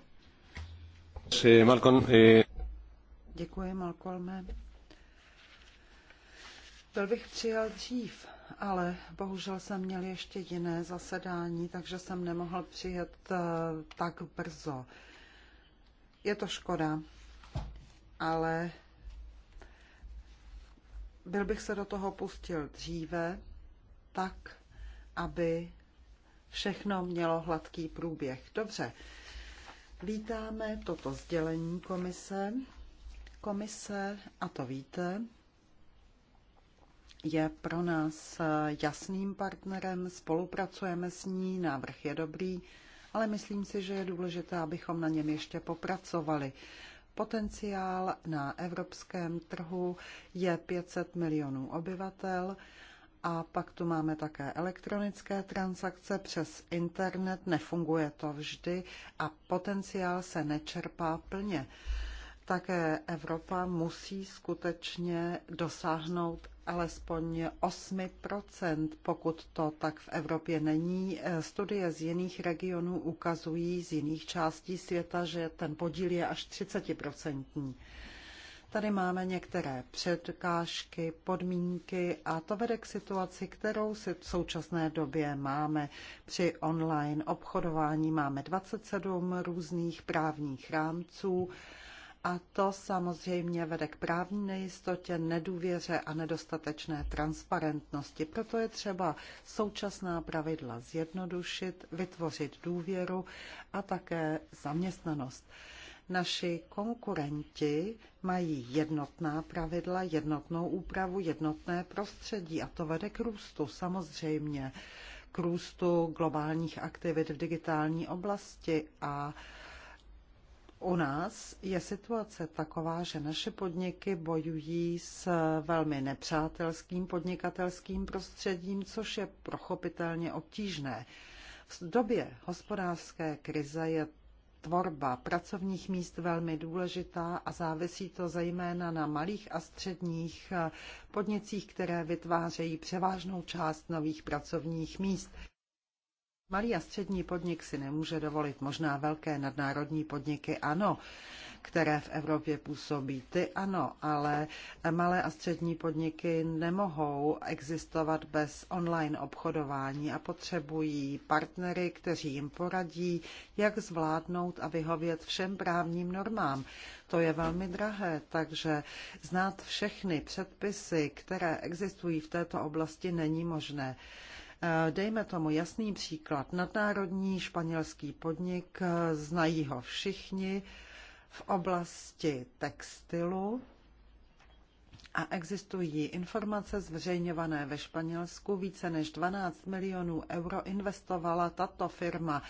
Děkuji, Malcolme. Byl bych přijal dřív, ale bohužel jsem měl ještě jiné zasedání, takže jsem nemohl přijet eh, tak brzo. Je to škoda, ale byl bych se do toho pustil dříve, tak, aby všechno mělo hladký průběh. Dobře, vítáme toto sdělení komise. Komise, a to víte, je pro nás jasným partnerem, spolupracujeme s ní, návrh je dobrý, ale myslím si, že je důležité, abychom na něm ještě popracovali. Potenciál na evropském trhu je 500 milionů obyvatel a pak tu máme také elektronické transakce přes internet, nefunguje to vždy a potenciál se nečerpá plně. Také Evropa musí skutečně dosáhnout alespoň 8 pokud to tak v Evropě není. Studie z jiných regionů ukazují z jiných částí světa, že ten podíl je až 30 Tady máme některé předkážky, podmínky a to vede k situaci, kterou si v současné době máme. Při online obchodování máme 27 různých právních rámců a to samozřejmě vede k právní nejistotě, nedůvěře a nedostatečné transparentnosti. Proto je třeba současná pravidla zjednodušit, vytvořit důvěru a také zaměstnanost. Naši konkurenti mají jednotná pravidla, jednotnou úpravu, jednotné prostředí a to vede k růstu samozřejmě, k růstu globálních aktivit v digitální oblasti a u nás je situace taková, že naše podniky bojují s velmi nepřátelským podnikatelským prostředím, což je prochopitelně obtížné. V době hospodářské krize je tvorba pracovních míst velmi důležitá a závisí to zejména na malých a středních podnicích, které vytvářejí převážnou část nových pracovních míst. Malý a střední podnik si nemůže dovolit možná velké nadnárodní podniky, ano, které v Evropě působí. Ty ano, ale malé a střední podniky nemohou existovat bez online obchodování a potřebují partnery, kteří jim poradí, jak zvládnout a vyhovět všem právním normám. To je velmi drahé, takže znát všechny předpisy, které existují v této oblasti, není možné. Eh, dejme tomu jasný příklad. Nadnárodní španělský podnik, eh, znají ho všichni v oblasti textilu a existují informace zveřejňované ve Španělsku. Více než 12 milionů euro investovala tato firma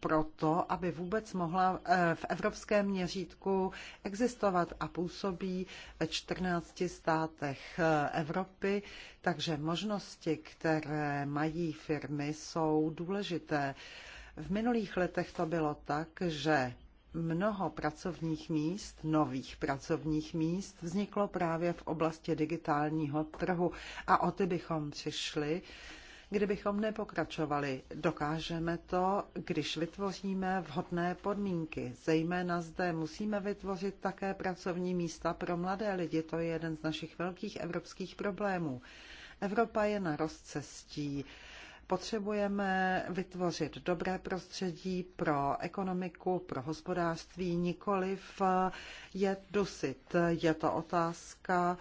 proto, aby vůbec mohla eh, v evropském měřítku existovat a působí ve 14 státech eh, Evropy. Takže možnosti, které mají firmy, jsou důležité. V minulých letech to bylo tak, že mnoho pracovních míst, nových pracovních míst, vzniklo právě v oblasti digitálního trhu a o ty bychom přišli kdybychom nepokračovali. Dokážeme to, když vytvoříme vhodné podmínky. Zejména zde musíme vytvořit také pracovní místa pro mladé lidi. To je jeden z našich velkých evropských problémů. Evropa je na rozcestí. Potřebujeme vytvořit dobré prostředí pro ekonomiku, pro hospodářství, nikoliv je dusit. Je to otázka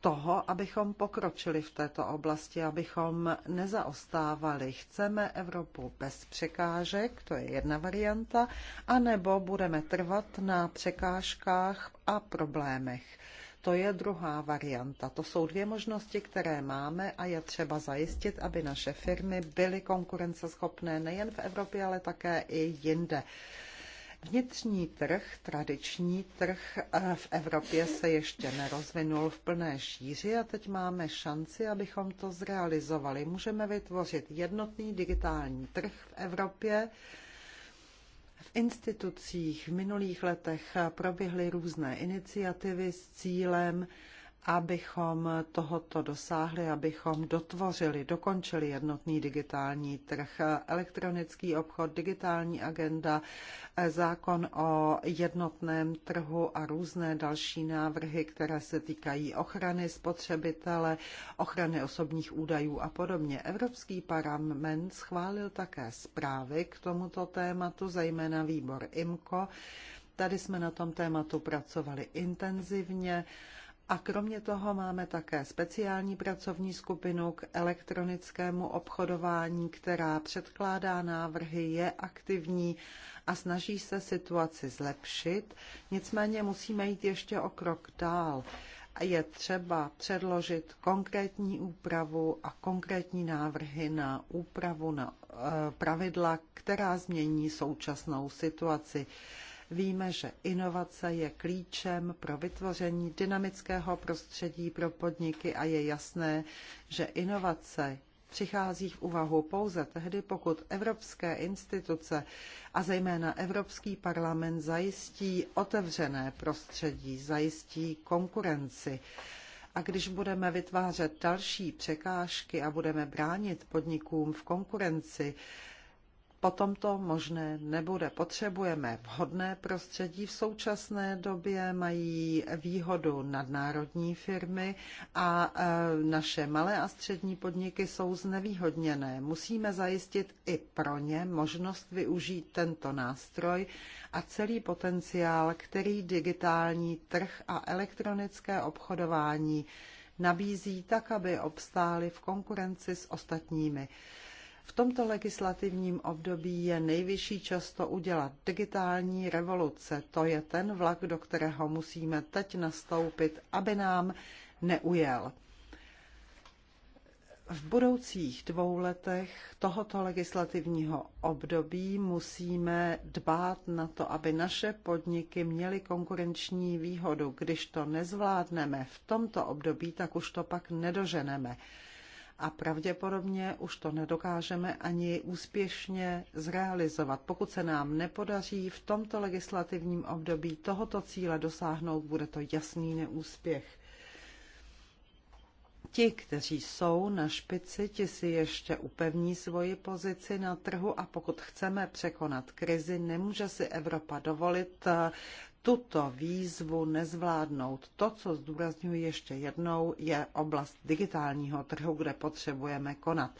toho, abychom pokročili v této oblasti, abychom nezaostávali. Chceme Evropu bez překážek, to je jedna varianta, anebo budeme trvat na překážkách a problémech. To je druhá varianta. To jsou dvě možnosti, které máme a je třeba zajistit, aby naše firmy byly konkurenceschopné nejen v Evropě, ale také i jinde. Vnitřní trh, tradiční trh eh, v Evropě se ještě nerozvinul v plné šíři a teď máme šanci, abychom to zrealizovali. Můžeme vytvořit jednotný digitální trh v Evropě. V institucích v minulých letech proběhly různé iniciativy s cílem abychom tohoto dosáhli, abychom dotvořili, dokončili jednotný digitální trh, elektronický obchod, digitální agenda, zákon o jednotném trhu a různé další návrhy, které se týkají ochrany spotřebitele, ochrany osobních údajů a podobně. Evropský parlament schválil také zprávy k tomuto tématu, zejména výbor IMCO. Tady jsme na tom tématu pracovali intenzivně. A kromě toho máme také speciální pracovní skupinu k elektronickému obchodování, která předkládá návrhy, je aktivní a snaží se situaci zlepšit. Nicméně musíme jít ještě o krok dál. Je třeba předložit konkrétní úpravu a konkrétní návrhy na úpravu na eh, pravidla, která změní současnou situaci. Víme, že inovace je klíčem pro vytvoření dynamického prostředí pro podniky a je jasné, že inovace přichází v úvahu pouze tehdy, pokud evropské instituce a zejména Evropský parlament zajistí otevřené prostředí, zajistí konkurenci. A když budeme vytvářet další překážky a budeme bránit podnikům v konkurenci, potom to možné nebude. Potřebujeme vhodné prostředí. V současné době mají výhodu nadnárodní firmy a e, naše malé a střední podniky jsou znevýhodněné. Musíme zajistit i pro ně možnost využít tento nástroj a celý potenciál, který digitální trh a elektronické obchodování nabízí tak, aby obstály v konkurenci s ostatními v tomto legislativním období je nejvyšší často udělat. Digitální revoluce, to je ten vlak, do kterého musíme teď nastoupit, aby nám neujel. V budoucích dvou letech tohoto legislativního období musíme dbát na to, aby naše podniky měly konkurenční výhodu. Když to nezvládneme v tomto období, tak už to pak nedoženeme a pravděpodobně už to nedokážeme ani úspěšně zrealizovat. Pokud se nám nepodaří v tomto legislativním období tohoto cíle dosáhnout, bude to jasný neúspěch. Ti, kteří jsou na špici, ti si ještě upevní svoji pozici na trhu a pokud chceme překonat krizi, nemůže si Evropa dovolit tuto výzvu nezvládnout. To, co zdůraznuju ještě jednou, je oblast digitálního trhu, kde potřebujeme konat.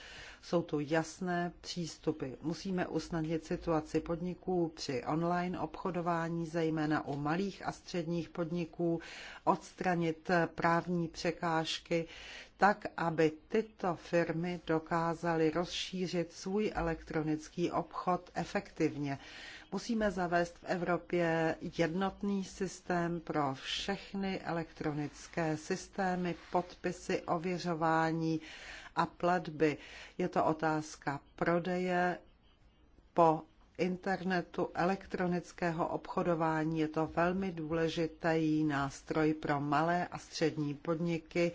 Jsou tu jasné přístupy. Musíme usnadnit situaci podniků při online obchodování, zejména u malých a středních podniků, odstranit právní překážky, tak, aby tyto firmy dokázaly rozšířit svůj elektronický obchod efektivně. Musíme zavést v Evropě jednotný systém pro všechny elektronické systémy, podpisy, ověřování a platby. Je to otázka prodeje po internetu, elektronického obchodování. Je to velmi důležitý nástroj pro malé a střední podniky.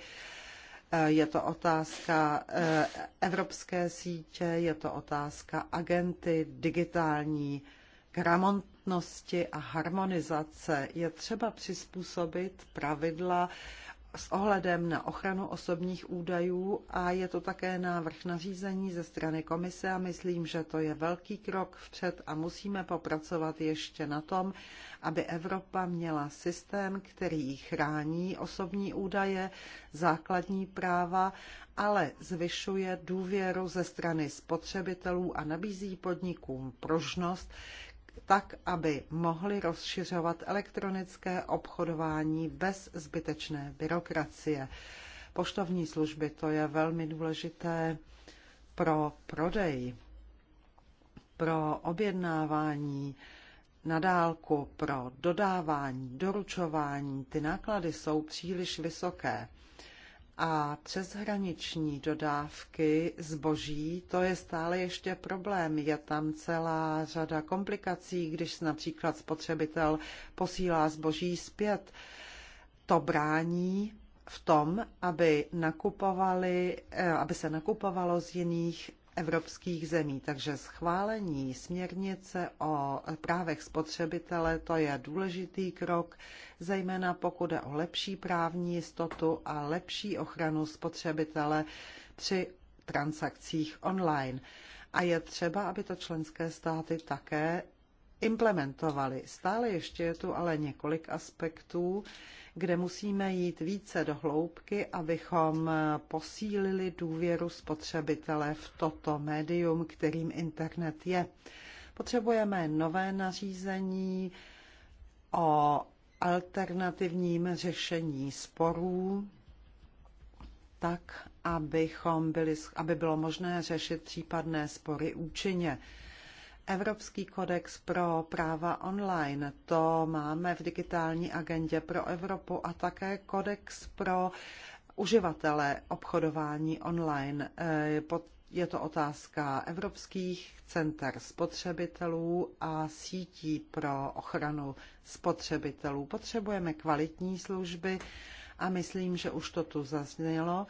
Eh, je to otázka eh, evropské sítě, je to otázka agenty digitální gramotnosti a harmonizace je třeba přizpůsobit pravidla s ohledem na ochranu osobních údajů a je to také návrh nařízení ze strany komise a myslím, že to je velký krok vpřed a musíme popracovat ještě na tom, aby Evropa měla systém, který chrání osobní údaje, základní práva, ale zvyšuje důvěru ze strany spotřebitelů a nabízí podnikům pružnost, tak, aby mohli rozšiřovat elektronické obchodování bez zbytečné byrokracie. Poštovní služby to je velmi důležité pro prodej, pro objednávání na dálku, pro dodávání, doručování. Ty náklady jsou příliš vysoké a přeshraniční dodávky zboží, to je stále ještě problém. Je tam celá řada komplikací, když například spotřebitel posílá zboží zpět. To brání v tom, aby, nakupovali, eh, aby se nakupovalo z jiných evropských zemí. Takže schválení směrnice o právech spotřebitele, to je důležitý krok, zejména pokud je o lepší právní jistotu a lepší ochranu spotřebitele při transakcích online. A je třeba, aby to členské státy také implementovali. Stále ještě je tu ale několik aspektů, kde musíme jít více do hloubky, abychom posílili důvěru spotřebitele v toto médium, kterým internet je. Potřebujeme nové nařízení o alternativním řešení sporů, tak, abychom byli, aby bylo možné řešit případné spory účinně. Evropský kodex pro práva online, to máme v digitální agendě pro Evropu a také kodex pro uživatele obchodování online. Eh, je to otázka evropských center spotřebitelů a sítí pro ochranu spotřebitelů. Potřebujeme kvalitní služby a myslím, že už to tu zaznělo,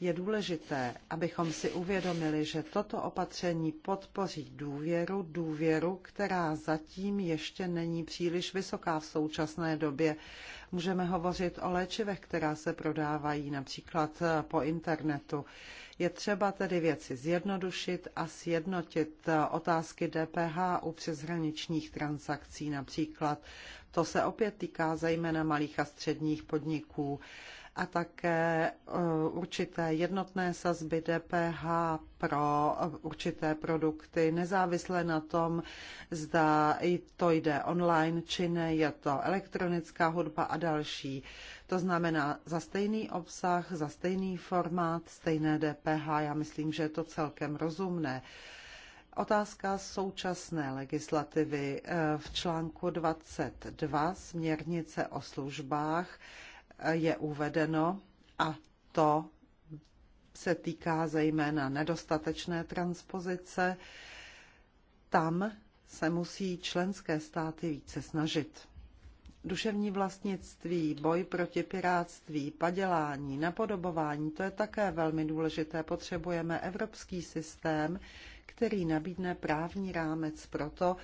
je důležité, abychom si uvědomili, že toto opatření podpoří důvěru, důvěru, která zatím ještě není příliš vysoká v současné době Můžeme hovořit o léčivech, která se prodávají například eh, po internetu. Je třeba tedy věci zjednodušit a sjednotit eh, otázky DPH u přeshraničních transakcí například. To se opět týká zejména malých a středních podniků a také e, určité jednotné sazby DPH pro e, určité produkty, nezávisle na tom, zda to jde online či ne, je to elektronická hudba a další. To znamená za stejný obsah, za stejný formát, stejné DPH. Já myslím, že je to celkem rozumné. Otázka současné legislativy e, v článku 22 směrnice o službách je uvedeno a to se týká zejména nedostatečné transpozice. Tam se musí členské státy více snažit. Duševní vlastnictví, boj proti piráctví, padělání, napodobování, to je také velmi důležité. Potřebujeme evropský systém, který nabídne právní rámec pro to,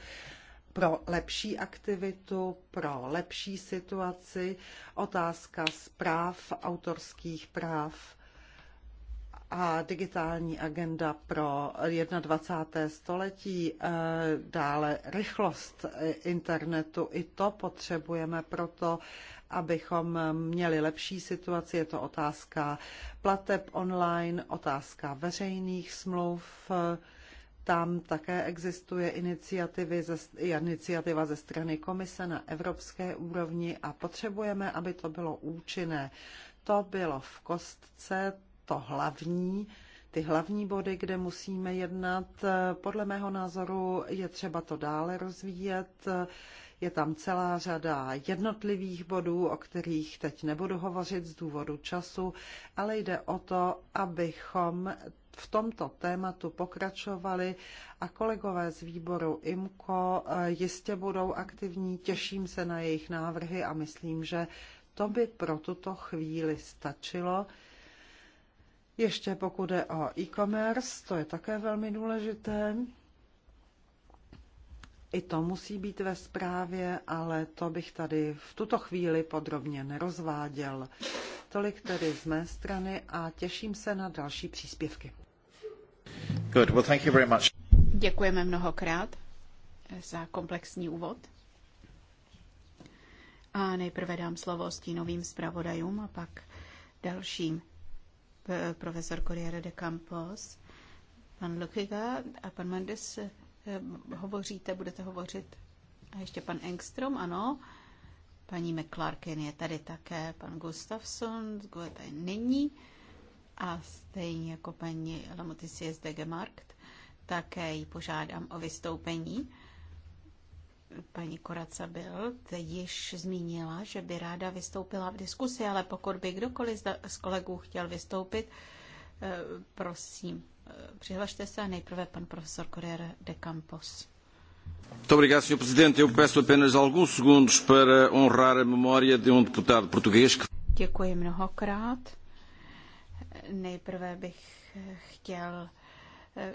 pro lepší aktivitu, pro lepší situaci, otázka zpráv, autorských práv a digitální agenda pro 21. století, eh, dále rychlost eh, internetu. I to potřebujeme proto, abychom měli lepší situaci. Je to otázka plateb online, otázka veřejných smluv, eh, tam také existuje iniciativy ze, iniciativa ze strany komise na evropské úrovni a potřebujeme, aby to bylo účinné. To bylo v kostce to hlavní, ty hlavní body, kde musíme jednat. Podle mého názoru je třeba to dále rozvíjet. Je tam celá řada jednotlivých bodů, o kterých teď nebudu hovořit z důvodu času, ale jde o to, abychom v tomto tématu pokračovali a kolegové z výboru IMCO eh, jistě budou aktivní, těším se na jejich návrhy a myslím, že to by pro tuto chvíli stačilo. Ještě pokud je o e-commerce, to je také velmi důležité. I to musí být ve zprávě, ale to bych tady v tuto chvíli podrobně nerozváděl. Tolik tedy z mé strany a těším se na další příspěvky. Good. Well, thank you very much. Děkujeme mnohokrát za komplexní úvod. A nejprve dám slovo stínovým zpravodajům a pak dalším. Eh, profesor Corriere de Campos, pan Lukiga a pan Mendes eh, hovoříte, budete hovořit. A ještě pan Engstrom, ano. Paní McClarkin je tady také, pan Gustafsson, tady není a stejně jako paní Lamotisie z Degemarkt, také ji požádám o vystoupení. Paní Koraca byl, teď již zmínila, že by ráda vystoupila v diskusi, ale pokud by kdokoliv z kolegů chtěl vystoupit, eh, prosím, eh, přihlašte se a nejprve pan profesor Correa de Campos. Muito obrigado, Sr. Presidente. Eu peço apenas alguns segundos para honrar a memória de um deputado português que. Děkuji mnohokrát. Nejprve bych chtěl eh,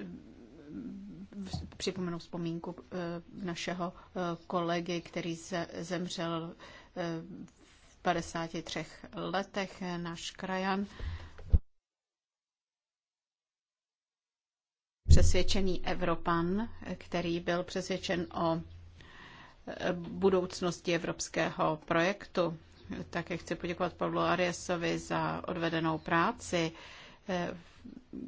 eh, připomenout vzpomínku eh, našeho kolegy, který zemřel v 53 letech, náš krajan. Přesvědčený Evropan, který byl přesvědčen o budoucnosti evropského projektu. Také chci poděkovat Pavlu Ariasovi za odvedenou práci eh,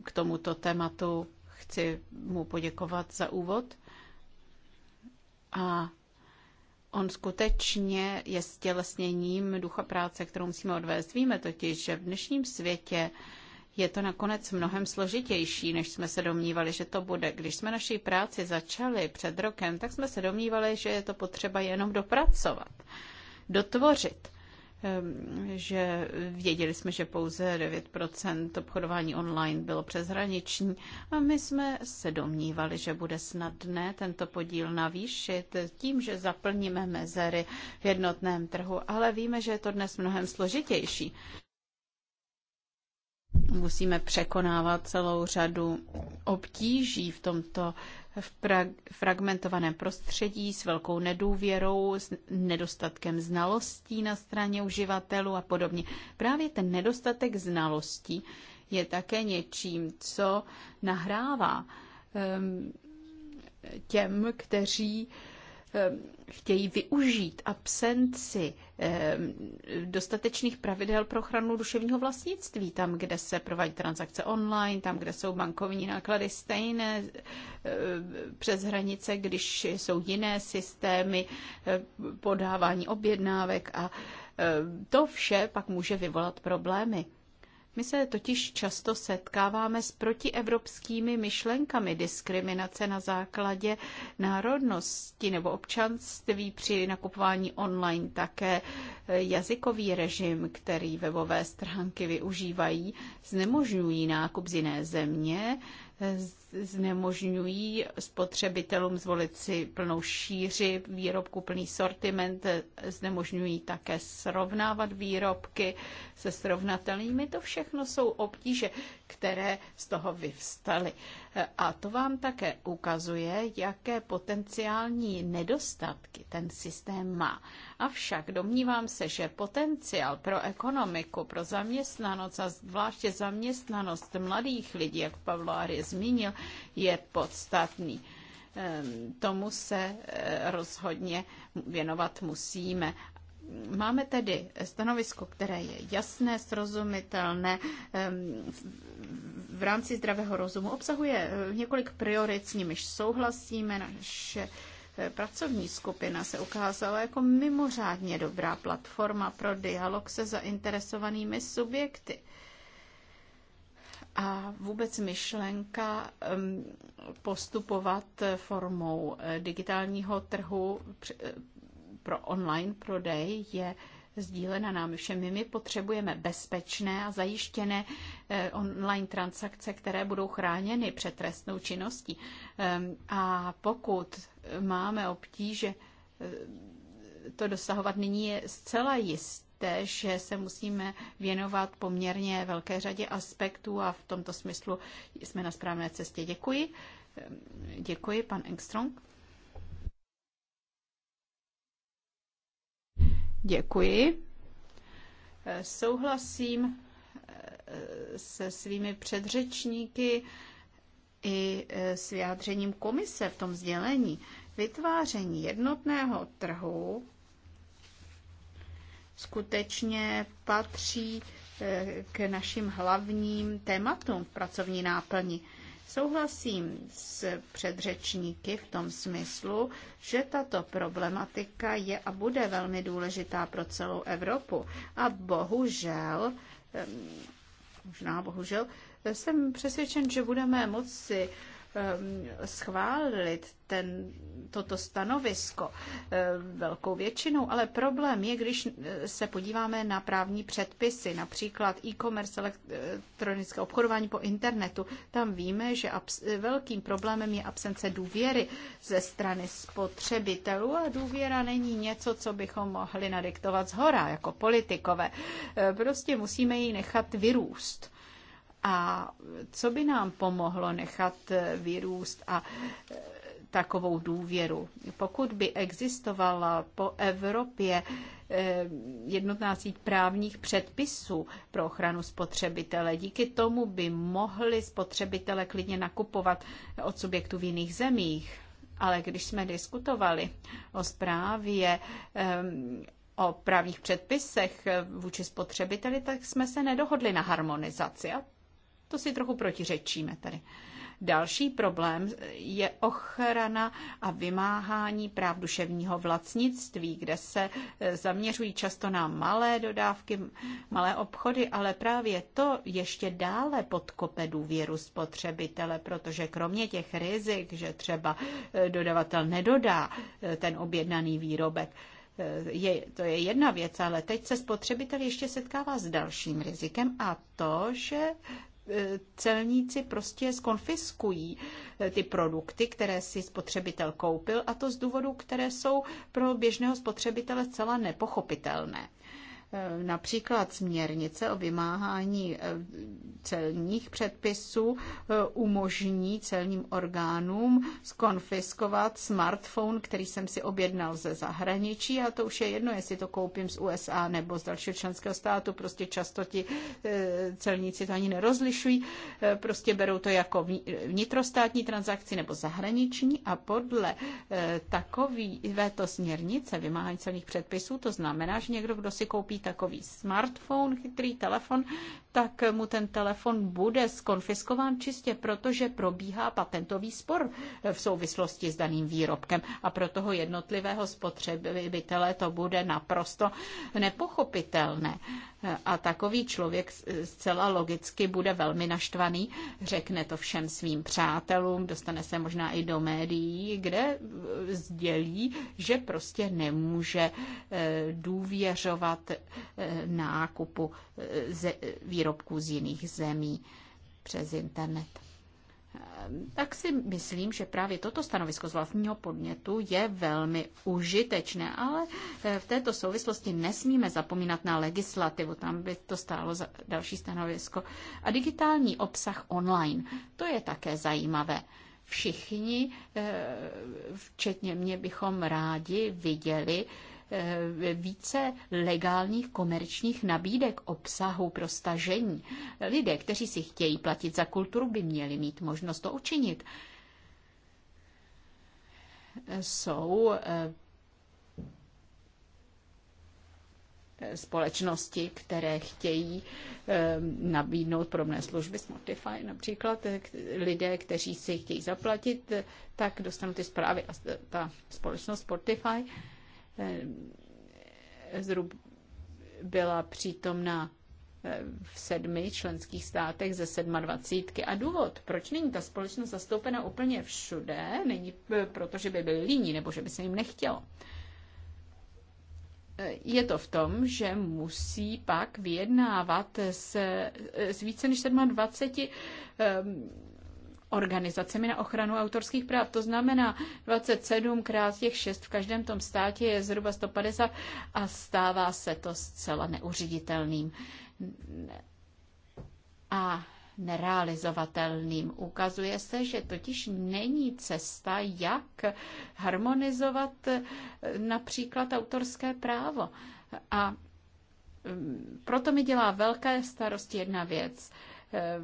k tomuto tématu. Chci mu poděkovat za úvod. A on skutečně je stělesněním ducha práce, kterou musíme odvést. Víme totiž, že v dnešním světě je to nakonec mnohem složitější, než jsme se domnívali, že to bude. Když jsme naší práci začali před rokem, tak jsme se domnívali, že je to potřeba jenom dopracovat, dotvořit. Ehm, že věděli jsme, že pouze 9% obchodování online bylo přeshraniční a my jsme se domnívali, že bude snadné tento podíl navýšit tím, že zaplníme mezery v jednotném trhu, ale víme, že je to dnes mnohem složitější musíme překonávat celou řadu obtíží v tomto fragmentovaném prostředí s velkou nedůvěrou, s nedostatkem znalostí na straně uživatelů a podobně. Právě ten nedostatek znalostí je také něčím, co nahrává ehm, těm, kteří Eh, chtějí využít absenci eh, dostatečných pravidel pro ochranu duševního vlastnictví, tam, kde se provádí transakce online, tam, kde jsou bankovní náklady stejné eh, přes hranice, když jsou jiné systémy podávání objednávek a to vše pak může vyvolat problémy. My se totiž často setkáváme s protievropskými myšlenkami diskriminace na základě národnosti nebo občanství při nakupování online, také jazykový režim, který webové stránky využívají, znemožňují nákup z jiné země, znemožňují spotřebitelům zvolit si plnou šíři výrobku, plný sortiment, znemožňují také srovnávat výrobky se srovnatelnými. To všechno jsou obtíže, které z toho vyvstaly. A to vám také ukazuje, jaké potenciální nedostatky ten systém má. Avšak domnívám se, že potenciál pro ekonomiku, pro zaměstnanost a zvláště zaměstnanost mladých lidí, jak Pavlo Arie zmínil, je podstatný ehm, tomu se eh, rozhodně věnovat musíme. Máme tedy stanovisko, které je jasné, srozumitelné, v rámci zdravého rozumu obsahuje eh, několik priorit, s nimiž souhlasíme. Naše eh, pracovní skupina se ukázala jako mimořádně dobrá platforma pro dialog se zainteresovanými subjekty. A vůbec myšlenka postupovat formou eh, digitálního trhu pro online prodej je sdílena nám všem. My potřebujeme bezpečné a zajištěné eh, online transakce, které budou chráněny před trestnou činností. Ehm, a pokud máme obtíže eh, to dosahovat, nyní je zcela jisté, že se musíme věnovat poměrně velké řadě aspektů a v tomto smyslu jsme na správné cestě. Děkuji. Ehm, děkuji, pan Engstrong. Děkuji. Eh, souhlasím eh, se svými předřečníky i eh, s vyjádřením komise v tom sdělení. Vytváření jednotného trhu skutečně patří k našim hlavním tématům v pracovní náplni. Souhlasím s předřečníky v tom smyslu, že tato problematika je a bude velmi důležitá pro celou Evropu. A bohužel, možná bohužel, jsem přesvědčen, že budeme moci Ehm, schválit ten, toto stanovisko ehm, velkou většinou, ale problém je, když eh, se podíváme na právní předpisy, například e-commerce, elektronické obchodování po internetu, tam víme, že velkým problémem je absence důvěry ze strany spotřebitelů a důvěra není něco, co bychom mohli nadiktovat z hora jako politikové. Eh, prostě musíme ji nechat vyrůst. A co by nám pomohlo nechat eh, vyrůst a eh, takovou důvěru? Pokud by existovala po Evropě eh, jednotná síť právních předpisů pro ochranu spotřebitele. Díky tomu by mohli spotřebitele klidně nakupovat od subjektů v jiných zemích. Ale když jsme diskutovali o zprávě ehm, o právních předpisech vůči spotřebiteli, tak jsme se nedohodli na harmonizaci. A to si trochu protiřečíme tady. Další problém je ochrana a vymáhání práv duševního vlastnictví, kde se eh, zaměřují často na malé dodávky, malé obchody, ale právě to ještě dále podkope důvěru spotřebitele, protože kromě těch rizik, že třeba eh, dodavatel nedodá eh, ten objednaný výrobek, je, to je jedna věc, ale teď se spotřebitel ještě setkává s dalším rizikem a to, že celníci prostě skonfiskují eh, ty produkty, které si spotřebitel koupil a to z důvodů, které jsou pro běžného spotřebitele zcela nepochopitelné. Eh, například směrnice o vymáhání eh, celních předpisů eh, umožní celním orgánům skonfiskovat smartphone, který jsem si objednal ze zahraničí a to už je jedno, jestli to koupím z USA nebo z dalšího členského státu, prostě často ti celníci to ani nerozlišují, prostě berou to jako vnitrostátní transakci nebo zahraniční a podle takové to směrnice vymáhání celních předpisů to znamená, že někdo, kdo si koupí takový smartphone, chytrý telefon, tak mu ten telefon bude skonfiskován čistě proto, že probíhá patentový spor v souvislosti s daným výrobkem a pro toho jednotlivého spotřebitele to bude naprosto nepochopitelné. A takový člověk zcela logicky bude velmi naštvaný, řekne to všem svým přátelům, dostane se možná i do médií, kde e, sdělí, že prostě nemůže e, důvěřovat e, nákupu výrobků z jiných zemí přes internet. Ehm, tak si myslím, že právě toto stanovisko z vlastního podnětu je velmi užitečné, ale eh, v této souvislosti nesmíme zapomínat na legislativu, tam by to stálo za další stanovisko. A digitální obsah online, to je také zajímavé. Všichni, eh, včetně mě, bychom rádi viděli, Eh, více legálních komerčních nabídek obsahu pro stažení. Lidé, kteří si chtějí platit za kulturu, by měli mít možnost to učinit. Jsou eh, společnosti, které chtějí eh, nabídnout podobné služby, Spotify například, lidé, kteří si chtějí zaplatit, tak dostanou ty zprávy a ta společnost Spotify Eh, zhrub byla přítomna eh, v sedmi členských státech ze 27. A důvod, proč není ta společnost zastoupena úplně všude, není eh, proto, že by byli líní nebo že by se jim nechtělo. Je to v tom, že musí pak vyjednávat s, s více než 27 organizacemi na ochranu autorských práv. To znamená 27 krát těch 6 v každém tom státě je zhruba 150 a stává se to zcela neuřiditelným a nerealizovatelným. Ukazuje se, že totiž není cesta, jak harmonizovat eh, například autorské právo. A mm, proto mi dělá velké starosti jedna věc eh,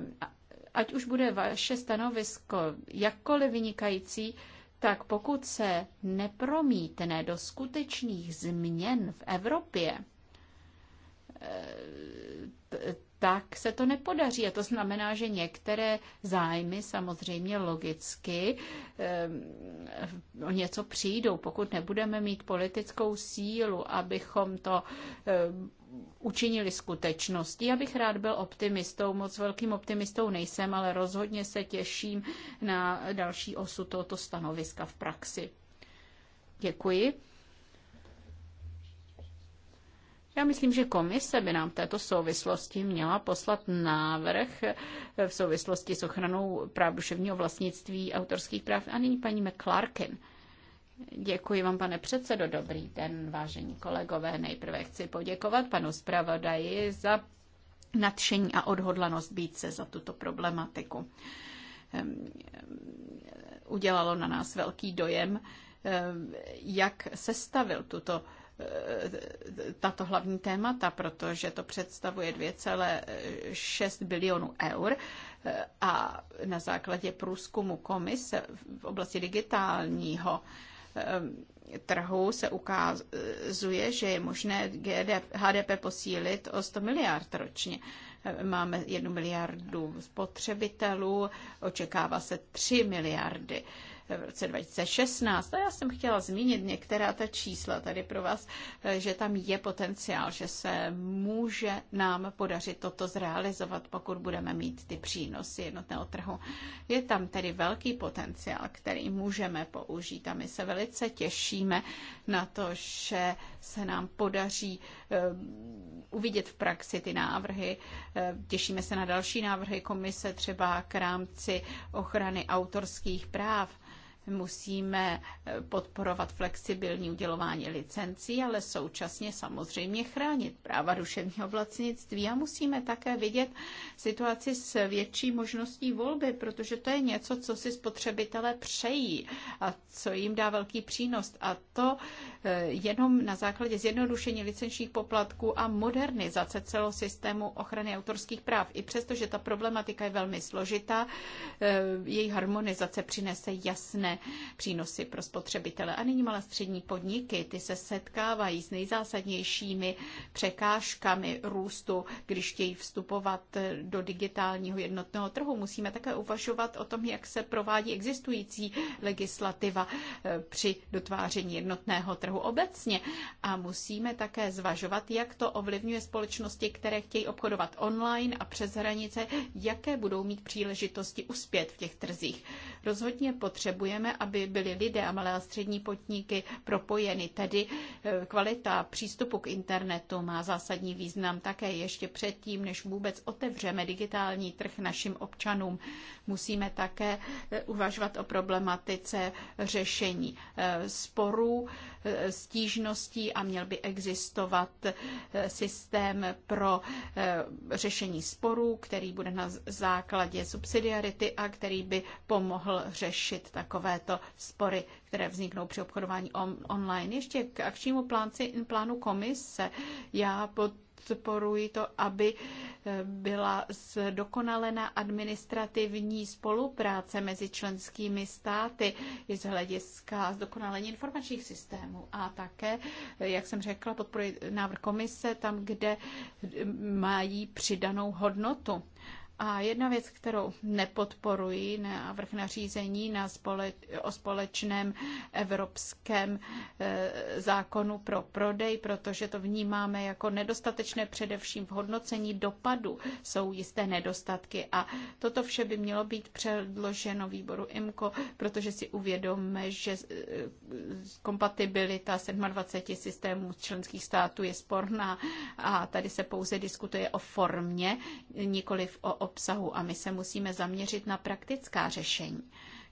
ať už bude vaše stanovisko jakkoliv vynikající, tak pokud se nepromítne do skutečných změn v Evropě, eh, tak se to nepodaří. A to znamená, že některé zájmy samozřejmě logicky eh, o něco přijdou. Pokud nebudeme mít politickou sílu, abychom to eh, učinili skutečnosti. Já bych rád byl optimistou, moc velkým optimistou nejsem, ale rozhodně se těším na další osu tohoto stanoviska v praxi. Děkuji. Já myslím, že komise by nám v této souvislosti měla poslat návrh v souvislosti s ochranou práv duševního vlastnictví autorských práv. A nyní paní McClarkin. Děkuji vám, pane předsedo. Dobrý den, vážení kolegové. Nejprve chci poděkovat panu zpravodaji za nadšení a odhodlanost být se za tuto problematiku. Ehm, udělalo na nás velký dojem, ehm, jak se stavil tuto eh, tato hlavní témata, protože to představuje 2,6 bilionů eur eh, a na základě průzkumu komise v oblasti digitálního Ehm, trhu se ukazuje, že je možné GDP, HDP posílit o 100 miliard ročně. Ehm, máme jednu miliardu spotřebitelů, očekává se 3 miliardy v roce 2016. A já jsem chtěla zmínit některá ta čísla tady pro vás, eh, že tam je potenciál, že se může nám podařit toto zrealizovat, pokud budeme mít ty přínosy jednotného trhu. Je tam tedy velký potenciál, který můžeme použít a my se velice těšíme na to, že se nám podaří eh, uvidět v praxi ty návrhy. Eh, těšíme se na další návrhy komise, třeba k rámci ochrany autorských práv. Musíme eh, podporovat flexibilní udělování licencí, ale současně samozřejmě chránit práva duševního vlastnictví. A musíme také vidět situaci s větší možností volby, protože to je něco, co si spotřebitelé přejí a co jim dá velký přínos. A to eh, jenom na základě zjednodušení licenčních poplatků a modernizace celého systému ochrany autorských práv. I přesto, že ta problematika je velmi složitá, eh, její harmonizace přinese jasné přínosy pro spotřebitele. A nyní malé střední podniky, ty se setkávají s nejzásadnějšími překážkami růstu, když chtějí vstupovat do digitálního jednotného trhu. Musíme také uvažovat o tom, jak se provádí existující legislativa eh, při dotváření jednotného trhu obecně. A musíme také zvažovat, jak to ovlivňuje společnosti, které chtějí obchodovat online a přes hranice, jaké budou mít příležitosti uspět v těch trzích. Rozhodně potřebujeme chceme, aby byli lidé a malé a střední podniky propojeny. Tedy eh, kvalita přístupu k internetu má zásadní význam také ještě předtím, než vůbec otevřeme digitální trh našim občanům. Musíme také eh, uvažovat o problematice řešení eh, sporů, stížností a měl by existovat systém pro řešení sporů, který bude na základě subsidiarity a který by pomohl řešit takové takovéto spory, které vzniknou při obchodování on- online. Ještě k akčnímu plánci, plánu komise. Já podporuji to, aby eh, byla zdokonalena administrativní spolupráce mezi členskými státy i z hlediska zdokonalení informačních systémů. A také, eh, jak jsem řekla, podporuji návrh komise tam, kde eh, mají přidanou hodnotu. A jedna věc, kterou nepodporuji, návrh nařízení na společ, o společném evropském e, zákonu pro prodej, protože to vnímáme jako nedostatečné především v hodnocení dopadu. Jsou jisté nedostatky a toto vše by mělo být předloženo výboru IMCO, protože si uvědomíme, že e, kompatibilita 27 systémů členských států je sporná a tady se pouze diskutuje o formě, nikoliv o obsahu a my se musíme zaměřit na praktická řešení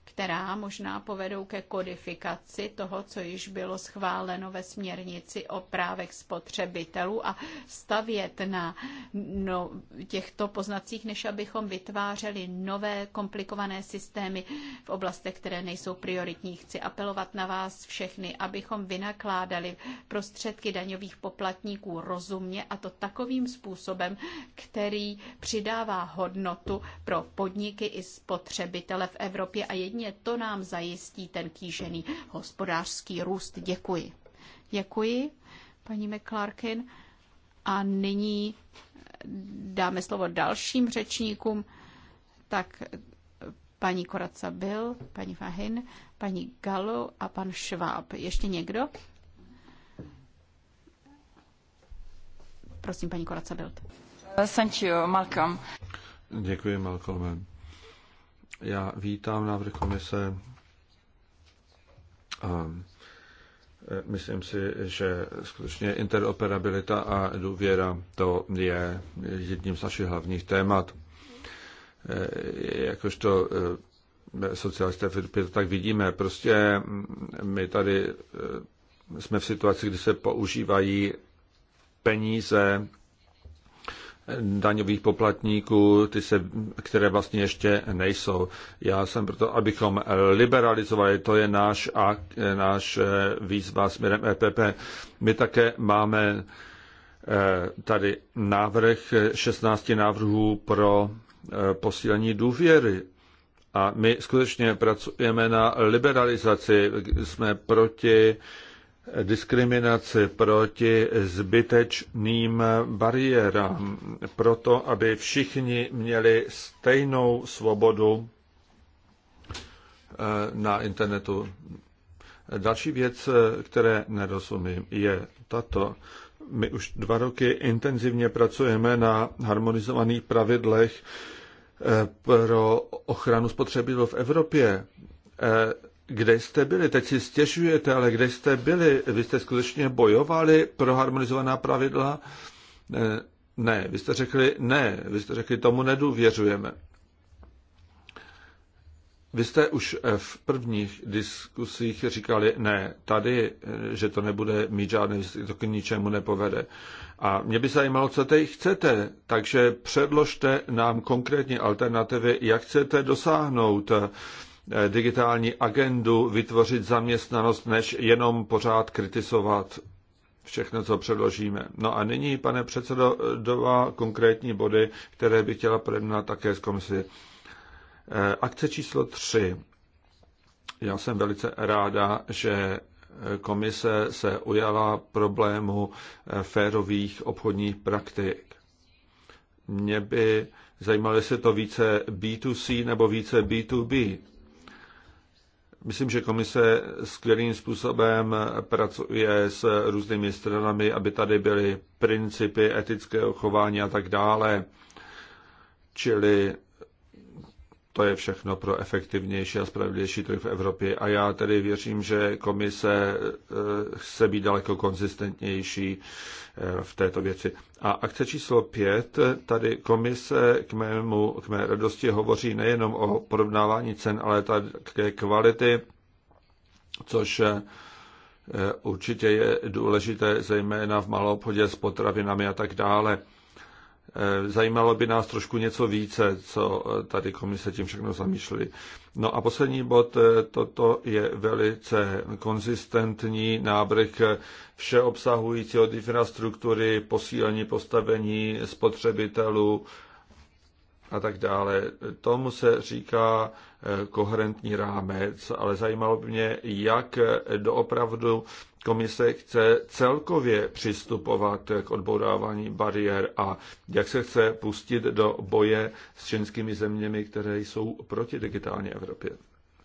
která možná povedou ke kodifikaci toho, co již bylo schváleno ve směrnici o právech spotřebitelů a stavět na no, těchto poznacích, než abychom vytvářeli nové komplikované systémy v oblastech, které nejsou prioritní. Chci apelovat na vás všechny, abychom vynakládali prostředky daňových poplatníků rozumně a to takovým způsobem, který přidává hodnotu pro podniky i spotřebitele v Evropě a jedině Jedině to nám zajistí ten kýžený hospodářský růst. Děkuji. Děkuji, paní McClarkin. A nyní dáme slovo dalším řečníkům. Tak paní Koraca Bill, paní Fahin, paní Galo a pan Šváb. Ještě někdo? Prosím, paní Koraca Bild. Thank you, Malcolm. Děkuji, Malcolm. Já vítám návrh komise a e, myslím si, že skutečně interoperabilita a důvěra to je jedním z našich hlavních témat. E, to e, socialisté v Evropě to tak vidíme. Prostě my tady jsme v situaci, kdy se používají peníze daňových poplatníků, ty se, které vlastně ještě nejsou. Já jsem proto, abychom liberalizovali, to je náš, a, náš eh, výzva směrem EPP. My také máme eh, tady návrh 16 eh, návrhů pro posílení důvěry. A my skutečně pracujeme na liberalizaci, jsme proti diskriminaci proti zbytečným bariérám, proto aby všichni měli stejnou svobodu eh, na internetu. Další věc, eh, které nerozumím, je tato. My už dva roky intenzivně pracujeme na harmonizovaných pravidlech eh, pro ochranu spotřebitelů v Evropě kde jste byli? Teď si stěžujete, ale kde jste byli? Vy jste skutečně bojovali pro harmonizovaná pravidla? Eh, ne, vy jste řekli ne, vy jste řekli tomu nedůvěřujeme. Vy jste už eh, v prvních diskusích říkali, ne, tady, eh, že to nebude mít žádné to k ničemu nepovede. A mě by zajímalo, co teď chcete, takže předložte nám konkrétně alternativy, jak chcete dosáhnout Eh, digitální agendu, vytvořit zaměstnanost, než jenom pořád kritizovat všechno, co předložíme. No a nyní, pane předsedo, dva konkrétní body, které bych chtěla projednat také z komisi. Eh, akce číslo 3. Já jsem velice ráda, že eh, komise se ujala problému férových obchodních praktik. Mě by zajímalo, jestli to více B2C nebo více B2B. Myslím, že komise skvělým způsobem pracuje s různými stranami, aby tady byly principy etického chování a tak dále. Čili to je všechno pro efektivnější a spravedlivější trh v Evropě. A já tedy věřím, že komise eh, chce být daleko konzistentnější v této věci. A akce číslo pět tady komise k, mému, k mé radosti hovoří nejenom o porovnávání cen, ale také kvality, což eh, určitě je důležité zejména v malou obchodě s potravinami a tak dále. Eh, zajímalo by nás trošku něco více, co eh, tady komise tím všechno zamýšlí. No a poslední bod, eh, toto je velice konzistentní návrh všeobsahující od infrastruktury, posílení postavení spotřebitelů a tak dále. Tomu se říká koherentní rámec, ale zajímalo by mě, jak doopravdu komise chce celkově přistupovat k odbourávání bariér a jak se chce pustit do boje s členskými zeměmi, které jsou proti digitální Evropě.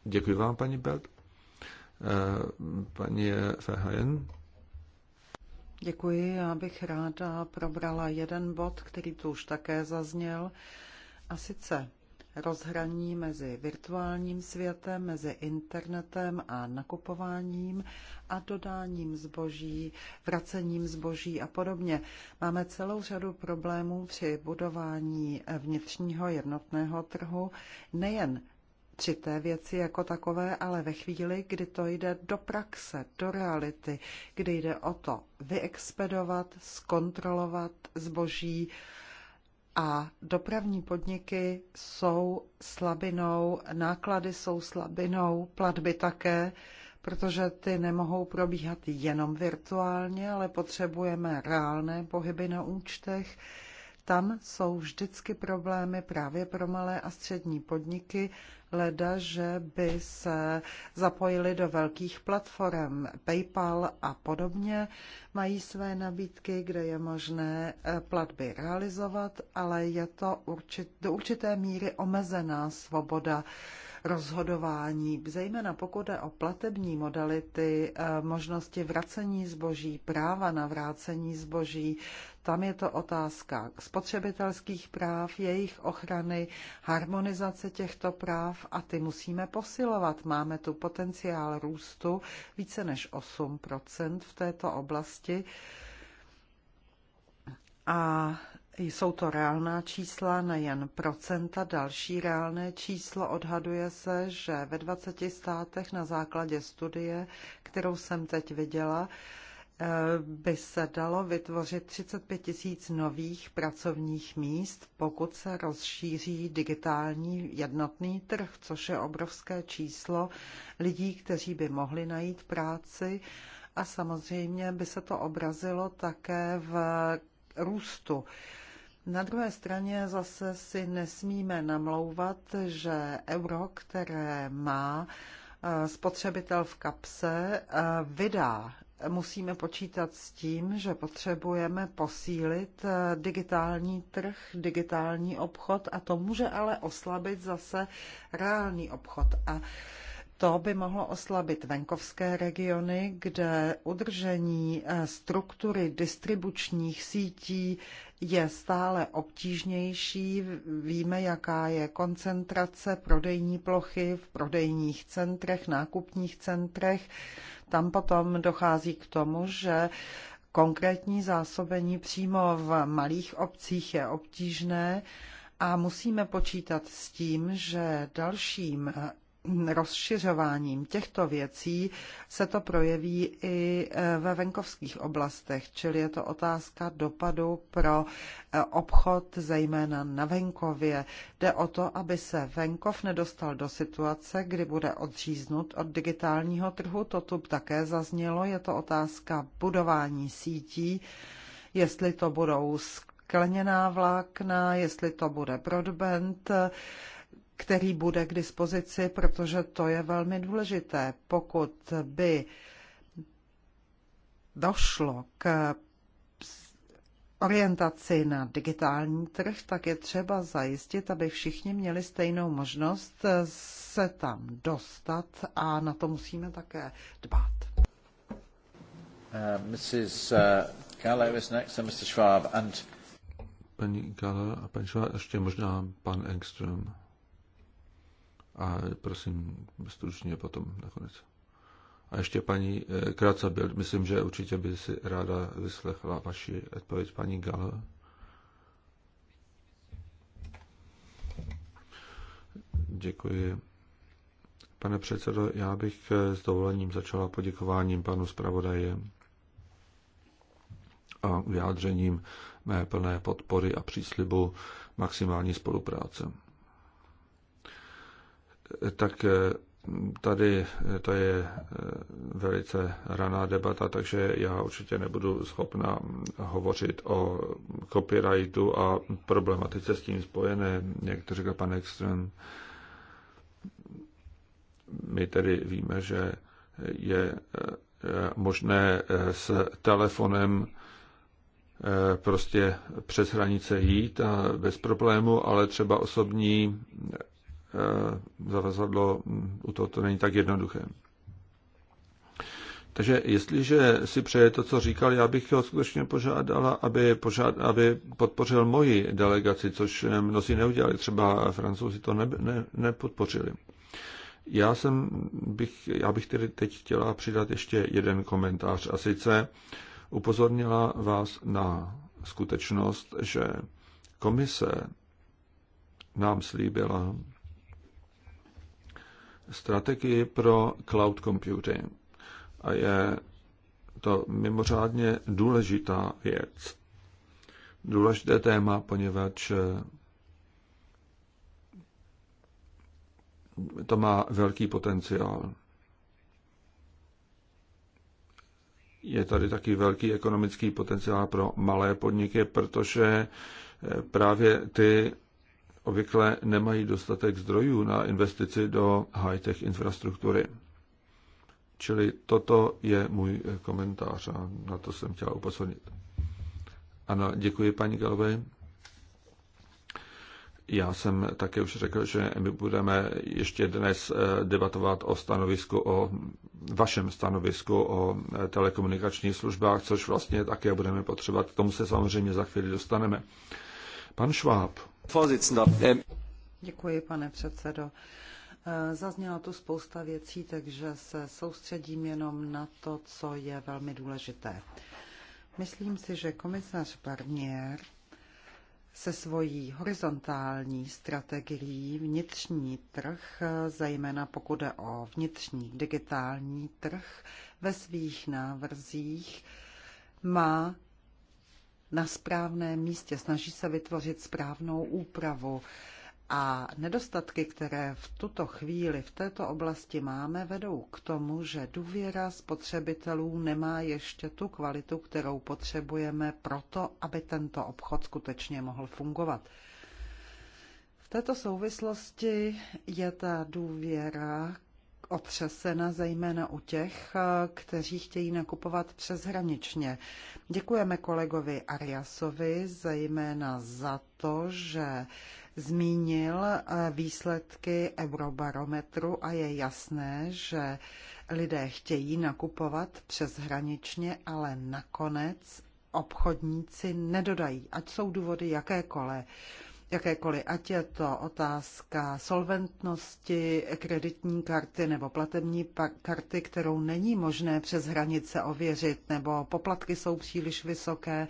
Děkuji vám, paní Belt. Eh, paní Fehajen. Děkuji, já bych ráda probrala jeden bod, který tu už také zazněl, a sice rozhraní mezi virtuálním světem, mezi internetem a nakupováním a dodáním zboží, vracením zboží a podobně. Máme celou řadu problémů při budování vnitřního jednotného trhu, nejen při té věci jako takové, ale ve chvíli, kdy to jde do praxe, do reality, kdy jde o to vyexpedovat, zkontrolovat zboží, a dopravní podniky jsou slabinou, náklady jsou slabinou, platby také, protože ty nemohou probíhat jenom virtuálně, ale potřebujeme reálné pohyby na účtech. Tam jsou vždycky problémy právě pro malé a střední podniky, leda, že by se zapojili do velkých platform. PayPal a podobně mají své nabídky, kde je možné eh, platby realizovat, ale je to určit, do určité míry omezená svoboda rozhodování, zejména pokud jde o platební modality, eh, možnosti vracení zboží, práva na vrácení zboží, tam je to otázka spotřebitelských práv, jejich ochrany, harmonizace těchto práv a ty musíme posilovat. Máme tu potenciál růstu více než 8 v této oblasti. A jsou to reálná čísla, nejen procenta. Další reálné číslo odhaduje se, že ve 20 státech na základě studie, kterou jsem teď viděla, eh, by se dalo vytvořit 35 tisíc nových pracovních míst, pokud se rozšíří digitální jednotný trh, což je obrovské číslo lidí, kteří by mohli najít práci. A samozřejmě by se to obrazilo také v růstu na druhé straně zase si nesmíme namlouvat, že euro, které má eh, spotřebitel v kapse, eh, vydá. Musíme počítat s tím, že potřebujeme posílit eh, digitální trh, digitální obchod a to může ale oslabit zase reálný obchod. A to by mohlo oslabit venkovské regiony, kde udržení struktury distribučních sítí je stále obtížnější. Víme, jaká je koncentrace prodejní plochy v prodejních centrech, nákupních centrech. Tam potom dochází k tomu, že konkrétní zásobení přímo v malých obcích je obtížné a musíme počítat s tím, že dalším rozšiřováním těchto věcí se to projeví i e, ve venkovských oblastech, čili je to otázka dopadu pro e, obchod zejména na venkově. Jde o to, aby se venkov nedostal do situace, kdy bude odříznut od digitálního trhu. To tu také zaznělo. Je to otázka budování sítí, jestli to budou skleněná vlákna, jestli to bude broadband, který bude k dispozici, protože to je velmi důležité. Pokud by došlo k orientaci na digitální trh, tak je třeba zajistit, aby všichni měli stejnou možnost se tam dostat a na to musíme také dbát. Uh, Mrs. Uh, Mr. Schwab, Paní Gallo a pan Schwab, ještě možná pan Engström. A prosím, stručně potom nakonec. A ještě paní eh, Kracabil, myslím, že určitě by si ráda vyslechla vaši odpověď paní Gal. Děkuji. Pane předsedo, já bych eh, s dovolením začala poděkováním panu zpravodaji a vyjádřením mé plné podpory a příslibu maximální spolupráce tak eh, tady eh, to je eh, velice raná debata, takže já určitě nebudu schopna hovořit o copyrightu a problematice s tím spojené, jak to řekl pan Ekström. My tedy víme, že je možné s telefonem prostě přes hranice jít a bez problému, ale třeba osobní Eh, zavazadlo u toho to není tak jednoduché. Takže jestliže si přeje to, co říkal, já bych ho skutečně požádala, aby, požád, aby podpořil moji delegaci, což eh, mnozí neudělali, třeba francouzi to ne, ne, nepodpořili. Já, jsem, bych, já bych tedy teď chtěla přidat ještě jeden komentář a sice upozornila vás na skutečnost, že komise nám slíbila, strategii pro cloud computing. A je to mimořádně důležitá věc. Důležité téma, poněvadž eh, to má velký potenciál. Je tady taky velký ekonomický potenciál pro malé podniky, protože eh, právě ty obvykle nemají dostatek zdrojů na investici do high-tech infrastruktury. Čili toto je můj komentář a na to jsem chtěl upozornit. Ano, děkuji paní Galvej. Já jsem také už řekl, že my budeme ještě dnes eh, debatovat o stanovisku, o vašem stanovisku o eh, telekomunikačních službách, což vlastně také budeme potřebovat. K tomu se samozřejmě za chvíli dostaneme. Pan Šváb Ähm, Děkuji, pane předsedo. Eh, zazněla tu spousta věcí, takže se soustředím jenom na to, co je velmi důležité. Myslím si, že komisař Barnier se svojí horizontální strategií vnitřní trh, eh, zejména pokud jde o vnitřní digitální trh, ve svých návrzích má na správném místě, snaží se vytvořit správnou úpravu. A nedostatky, které v tuto chvíli v této oblasti máme, vedou k tomu, že důvěra spotřebitelů nemá ještě tu kvalitu, kterou potřebujeme proto, aby tento obchod skutečně mohl fungovat. V této souvislosti je ta důvěra, otřesena, zejména u těch, eh, kteří chtějí nakupovat přeshraničně. Děkujeme kolegovi Ariasovi zejména za to, že zmínil eh, výsledky Eurobarometru a je jasné, že lidé chtějí nakupovat přeshraničně, ale nakonec obchodníci nedodají, ať jsou důvody jakékoliv jakékoliv, ať je to otázka solventnosti, kreditní karty nebo platební karty, kterou není možné přes hranice ověřit, nebo poplatky jsou příliš vysoké,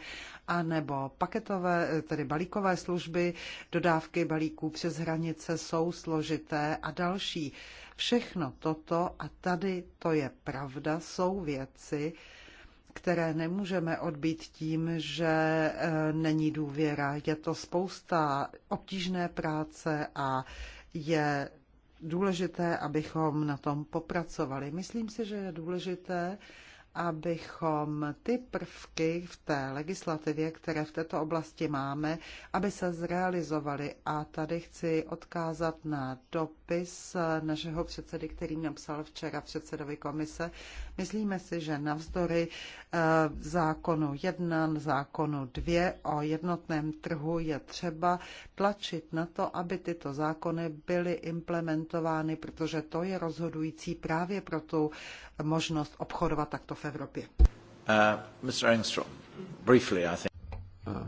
a nebo paketové, tedy balíkové služby, dodávky balíků přes hranice jsou složité a další. Všechno toto, a tady to je pravda, jsou věci, které nemůžeme odbít tím, že e, není důvěra. Je to spousta obtížné práce a je důležité, abychom na tom popracovali. Myslím si, že je důležité, abychom ty prvky v té legislativě, které v této oblasti máme, aby se zrealizovaly. A tady chci odkázat na dopis našeho předsedy, který napsal včera předsedovi komise. Myslíme si, že navzdory eh, zákonu 1, zákonu 2 o jednotném trhu je třeba tlačit na to, aby tyto zákony byly implementovány, protože to je rozhodující právě pro tu možnost obchodovat takto v Evropě. Uh,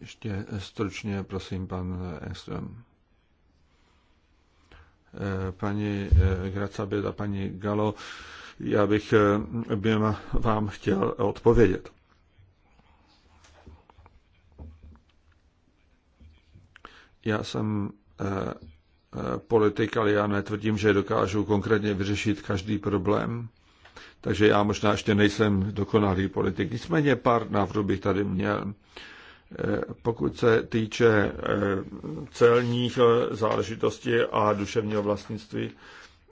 ještě stručně, prosím, pan Engström. Eh, paní eh, Gracabět a paní Galo, já bych eh, oběma vám chtěl odpovědět. Já jsem politik, ale já netvrdím, že dokážu konkrétně vyřešit každý problém. Takže já možná ještě nejsem dokonalý politik. Nicméně pár návrhů bych tady měl. Eh, pokud se týče eh, celních eh, záležitostí a duševního vlastnictví,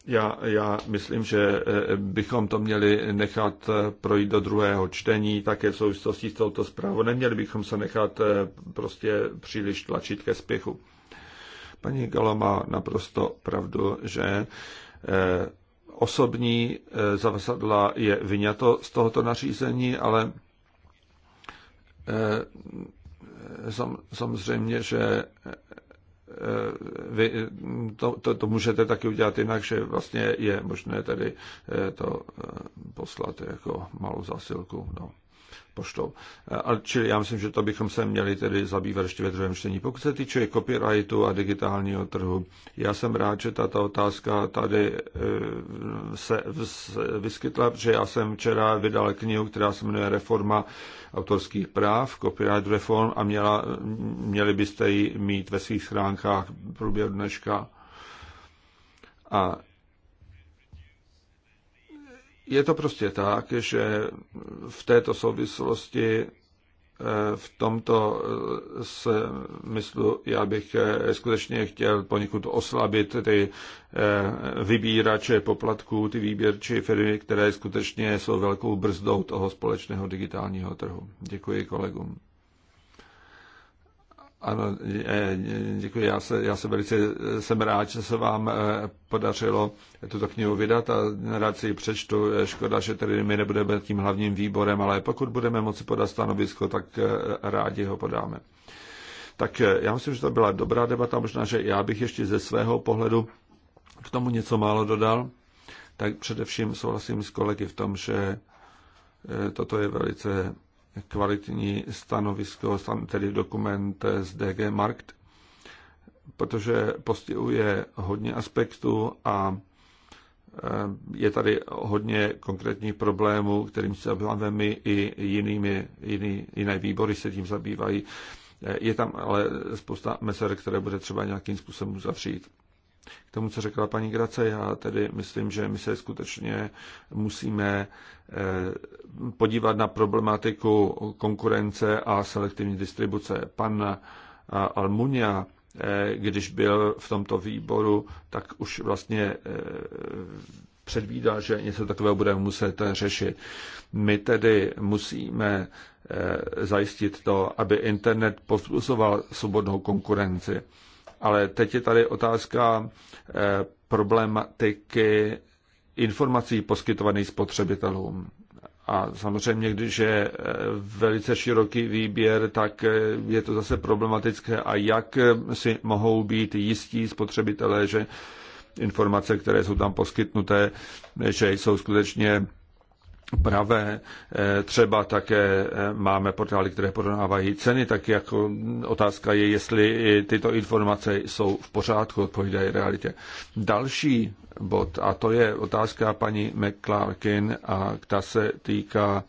já, já myslím, že bychom to měli nechat projít do druhého čtení, také v souvislosti s touto zprávou. Neměli bychom se nechat prostě příliš tlačit ke spěchu. Paní Gala má naprosto pravdu, že eh, osobní eh, zavazadla je vyňato z tohoto nařízení, ale eh, samozřejmě, že vy to, to, to můžete taky udělat jinak, že vlastně je možné tady to poslat jako malou zásilku. No poštou. Ale čili já myslím, že to bychom se měli tedy zabývat ještě ve druhém čtení. Pokud se týče copyrightu a digitálního trhu, já jsem rád, že tato otázka tady e, se vyskytla, protože já jsem včera vydal knihu, která se jmenuje Reforma autorských práv, copyright reform a měla, měli byste ji mít ve svých schránkách v průběhu dneška. A je to prostě tak, že v této souvislosti eh, v tomto eh, smyslu já bych eh, skutečně chtěl poněkud oslabit ty vybírače poplatků, ty výběrči firmy, které skutečně jsou velkou brzdou toho společného digitálního trhu. Děkuji kolegům. Ano, e, děkuji. Já se, já se velice e, jsem rád, že se vám e, podařilo tuto knihu vydat a rád si ji přečtu. Škoda, že tedy my nebudeme tím hlavním výborem, ale pokud budeme moci podat stanovisko, tak rádi ho podáme. Tak já myslím, že to byla dobrá debata. Možná, že já bych ještě ze svého pohledu k tomu něco málo dodal. Tak především souhlasím s kolegy v tom, že toto je velice kvalitní stanovisko, tedy dokument z DG Markt, protože postihuje hodně aspektů a eh, je tady hodně konkrétních problémů, kterým se zabýváme my i jinými, jiný, jiné výbory se tím zabývají. Eh, je tam ale spousta mezer, které bude třeba nějakým způsobem uzavřít. K tomu, co řekla paní Grace, já tedy myslím, že my se skutečně musíme eh, podívat na problematiku konkurence a selektivní distribuce. Pan eh, Almunia, eh, když byl v tomto výboru, tak už vlastně předvídal, že něco takového budeme muset řešit. My tedy musíme zajistit to, aby internet posluzoval svobodnou konkurenci. Ale teď je tady otázka eh, problematiky informací poskytovaných spotřebitelům. A samozřejmě, když je eh, velice široký výběr, tak eh, je to zase problematické. A jak si mohou být jistí spotřebitelé, že informace, které jsou tam poskytnuté, že jsou skutečně pravé. Eh, třeba také eh, máme portály, které porovnávají ceny, tak jako mm, otázka je, jestli tyto informace jsou v pořádku, odpovídají realitě. Další bod, a to je otázka paní McClarkin, a ta se týká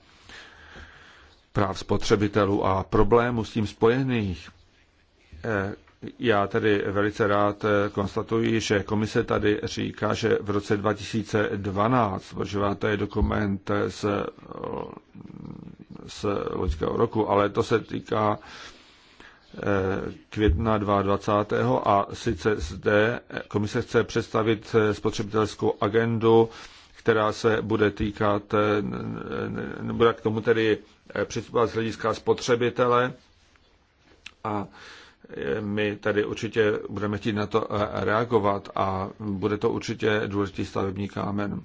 práv spotřebitelů a problémů s tím spojených. Eh, já tedy velice rád eh, konstatuji, že komise tady říká, že v roce 2012, protože to je dokument z, eh, z loňského roku, ale to se týká eh, května 22. a sice zde komise chce představit spotřebitelskou agendu, která se bude týkat, nebude k tomu tedy přistupovat z hlediska spotřebitele a my tady určitě budeme chtít na to eh, reagovat a bude to určitě důležitý stavební kámen.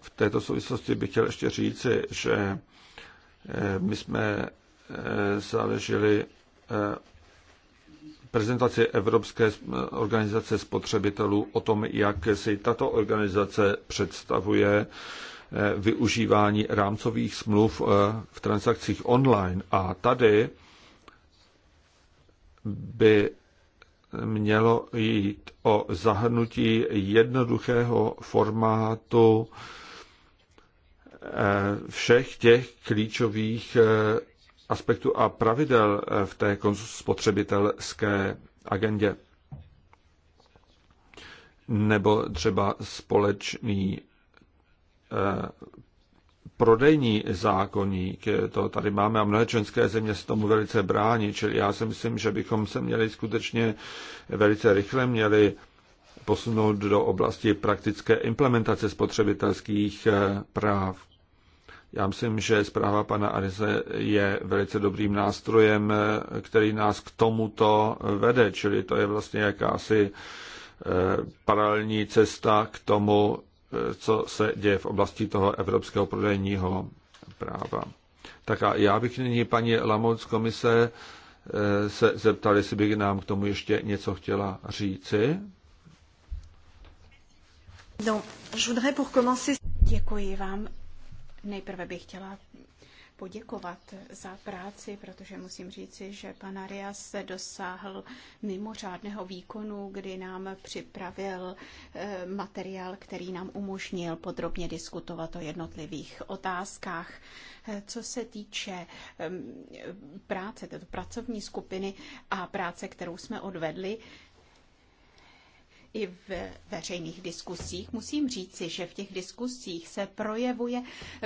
V této souvislosti bych chtěl ještě říci, že eh, my jsme eh, záležili prezentaci Evropské organizace spotřebitelů o tom, jak si tato organizace představuje využívání rámcových smluv v transakcích online. A tady by mělo jít o zahrnutí jednoduchého formátu eh, všech těch klíčových eh, aspektů a pravidel eh, v té spotřebitelské agendě. Nebo třeba společný prodejní zákonník, to tady máme a mnohé členské země se tomu velice brání, čili já si myslím, že bychom se měli skutečně velice rychle měli posunout do oblasti praktické implementace spotřebitelských eh, práv. Já myslím, že zpráva pana Arize je velice dobrým nástrojem, eh, který nás k tomuto vede, čili to je vlastně jakási eh, paralelní cesta k tomu, co se děje v oblasti toho evropského prodejního práva. Tak a já bych nyní paní Lamont z komise eh, se zeptal, jestli bych nám k tomu ještě něco chtěla říci. No, Děkuji vám. Nejprve bych chtěla poděkovat za práci, protože musím říci, že pan Arias se dosáhl mimořádného výkonu, kdy nám připravil eh, materiál, který nám umožnil podrobně diskutovat o jednotlivých otázkách. Eh, co se týče ehm, práce, této pracovní skupiny a práce, kterou jsme odvedli, i ve veřejných diskusích. Musím říci, že v těch diskusích se projevuje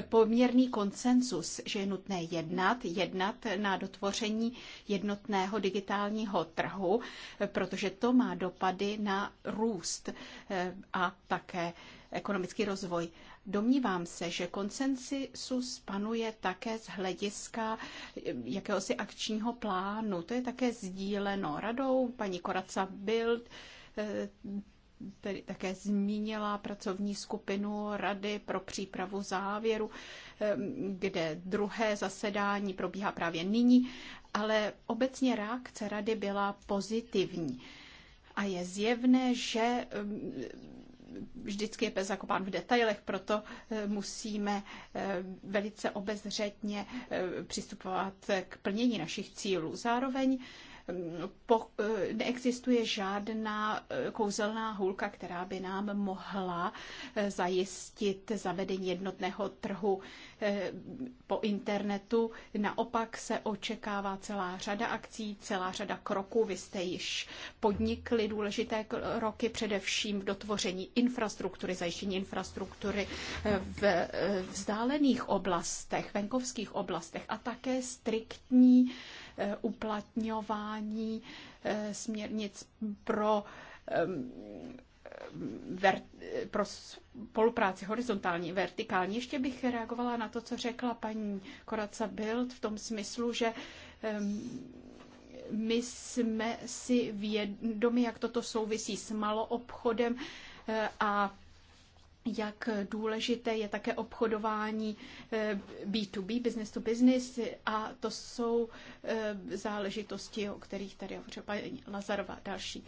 poměrný konsensus, že je nutné jednat, jednat na dotvoření jednotného digitálního trhu, protože to má dopady na růst eh, a také ekonomický rozvoj. Domnívám se, že konsensus panuje také z hlediska eh, jakéhosi akčního plánu. To je také sdíleno radou paní Koraca Bild, Eh, tedy také zmínila pracovní skupinu Rady pro přípravu závěru, eh, kde druhé zasedání probíhá právě nyní, ale obecně reakce Rady byla pozitivní. A je zjevné, že eh, vždycky je pes zakopán v detailech, proto musíme velice obezřetně přistupovat k plnění našich cílů. Zároveň po, eh, neexistuje žádná eh, kouzelná hůlka, která by nám mohla eh, zajistit zavedení jednotného trhu po internetu. Naopak se očekává celá řada akcí, celá řada kroků. Vy jste již podnikli důležité roky především v dotvoření infrastruktury, zajištění infrastruktury v vzdálených oblastech, venkovských oblastech a také striktní Eh, uplatňování eh, směrnic pro pro spolupráci horizontální, vertikální. Ještě bych reagovala na to, co řekla paní Koraca Bild v tom smyslu, že my jsme si vědomi, jak toto souvisí s maloobchodem eh, a jak důležité je také obchodování B2B, eh, business to business a to jsou eh, záležitosti, o kterých tady hovořila paní Lazarova další.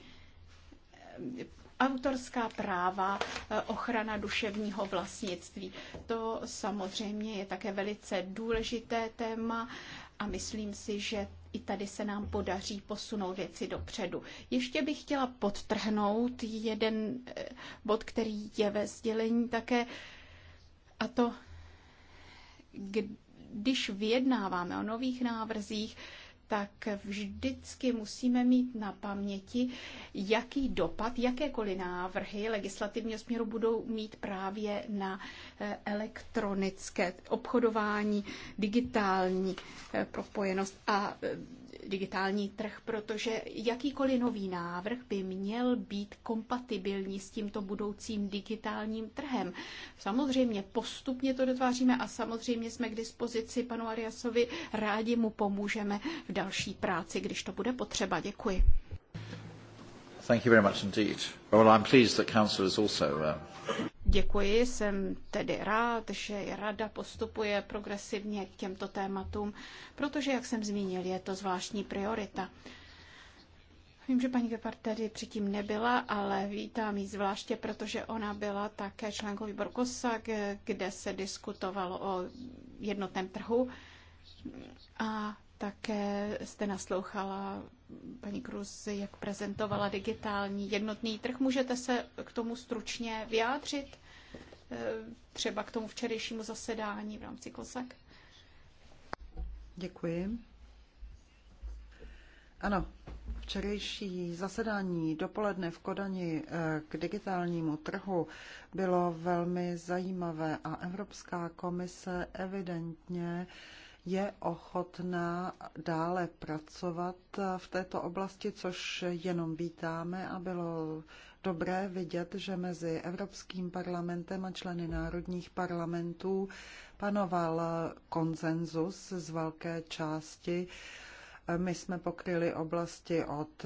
Eh, autorská práva, ochrana duševního vlastnictví. To samozřejmě je také velice důležité téma a myslím si, že i tady se nám podaří posunout věci dopředu. Ještě bych chtěla podtrhnout jeden eh, bod, který je ve sdělení také, a to, když vyjednáváme o nových návrzích, tak vždycky musíme mít na paměti, jaký dopad, jakékoliv návrhy legislativního směru budou mít právě na eh, elektronické obchodování, digitální eh, propojenost a eh, digitální trh, protože jakýkoliv nový návrh by měl být kompatibilní s tímto budoucím digitálním trhem. Samozřejmě postupně to dotváříme a samozřejmě jsme k dispozici panu Ariasovi, rádi mu pomůžeme v další práci, když to bude potřeba. Děkuji. Thank you very much indeed. Well, I'm pleased that Council is also uh... Děkuji, jsem tedy rád, že rada postupuje progresivně k těmto tématům, protože, jak jsem zmínil, je to zvláštní priorita. Vím, že paní Gepard tady předtím nebyla, ale vítám ji zvláště, protože ona byla také členkou výboru kosa, kde se diskutovalo o jednotném trhu a také jste naslouchala paní Kruz, jak prezentovala digitální jednotný trh. Můžete se k tomu stručně vyjádřit? Eh, třeba k tomu včerejšímu zasedání v rámci COSAC? Děkuji. Ano, včerejší zasedání dopoledne v Kodani eh, k digitálnímu trhu bylo velmi zajímavé a Evropská komise evidentně uh, je ochotná dále pracovat v této oblasti, což jenom vítáme a bylo dobré vidět, že mezi Evropským parlamentem a členy národních parlamentů panoval konsenzus z velké části. My jsme pokryli oblasti od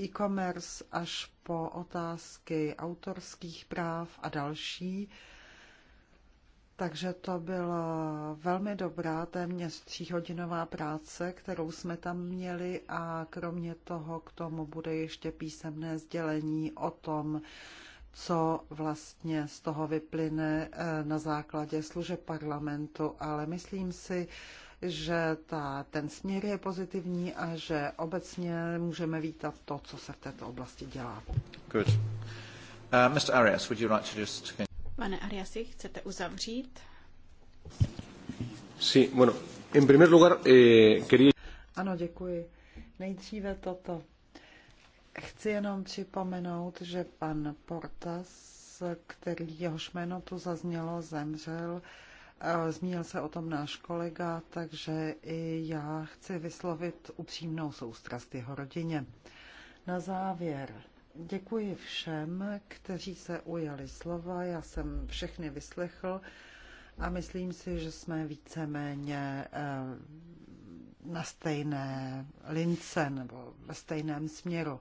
e-commerce až po otázky autorských práv a další. Takže to byla velmi dobrá, téměř tříhodinová práce, kterou jsme tam měli a kromě toho k tomu bude ještě písemné sdělení o tom, co vlastně z toho vyplyne eh, na základě služeb parlamentu, ale myslím si, že ta, ten směr je pozitivní a že obecně můžeme vítat to, co se v této oblasti dělá. Good. Uh, Mr. Arias, would you like to just... Pane Ariasi, chcete uzavřít? Sí, bueno, en primer lugar, eh, quería... Ano, děkuji. Nejdříve toto. Chci jenom připomenout, že pan Portas, který jehož jméno tu zaznělo, zemřel. Eh, zmínil se o tom náš kolega, takže i já chci vyslovit upřímnou soustrast jeho rodině. Na závěr Děkuji všem, kteří se ujali slova. Já jsem všechny vyslechl a myslím si, že jsme víceméně eh, na stejné lince nebo ve stejném směru.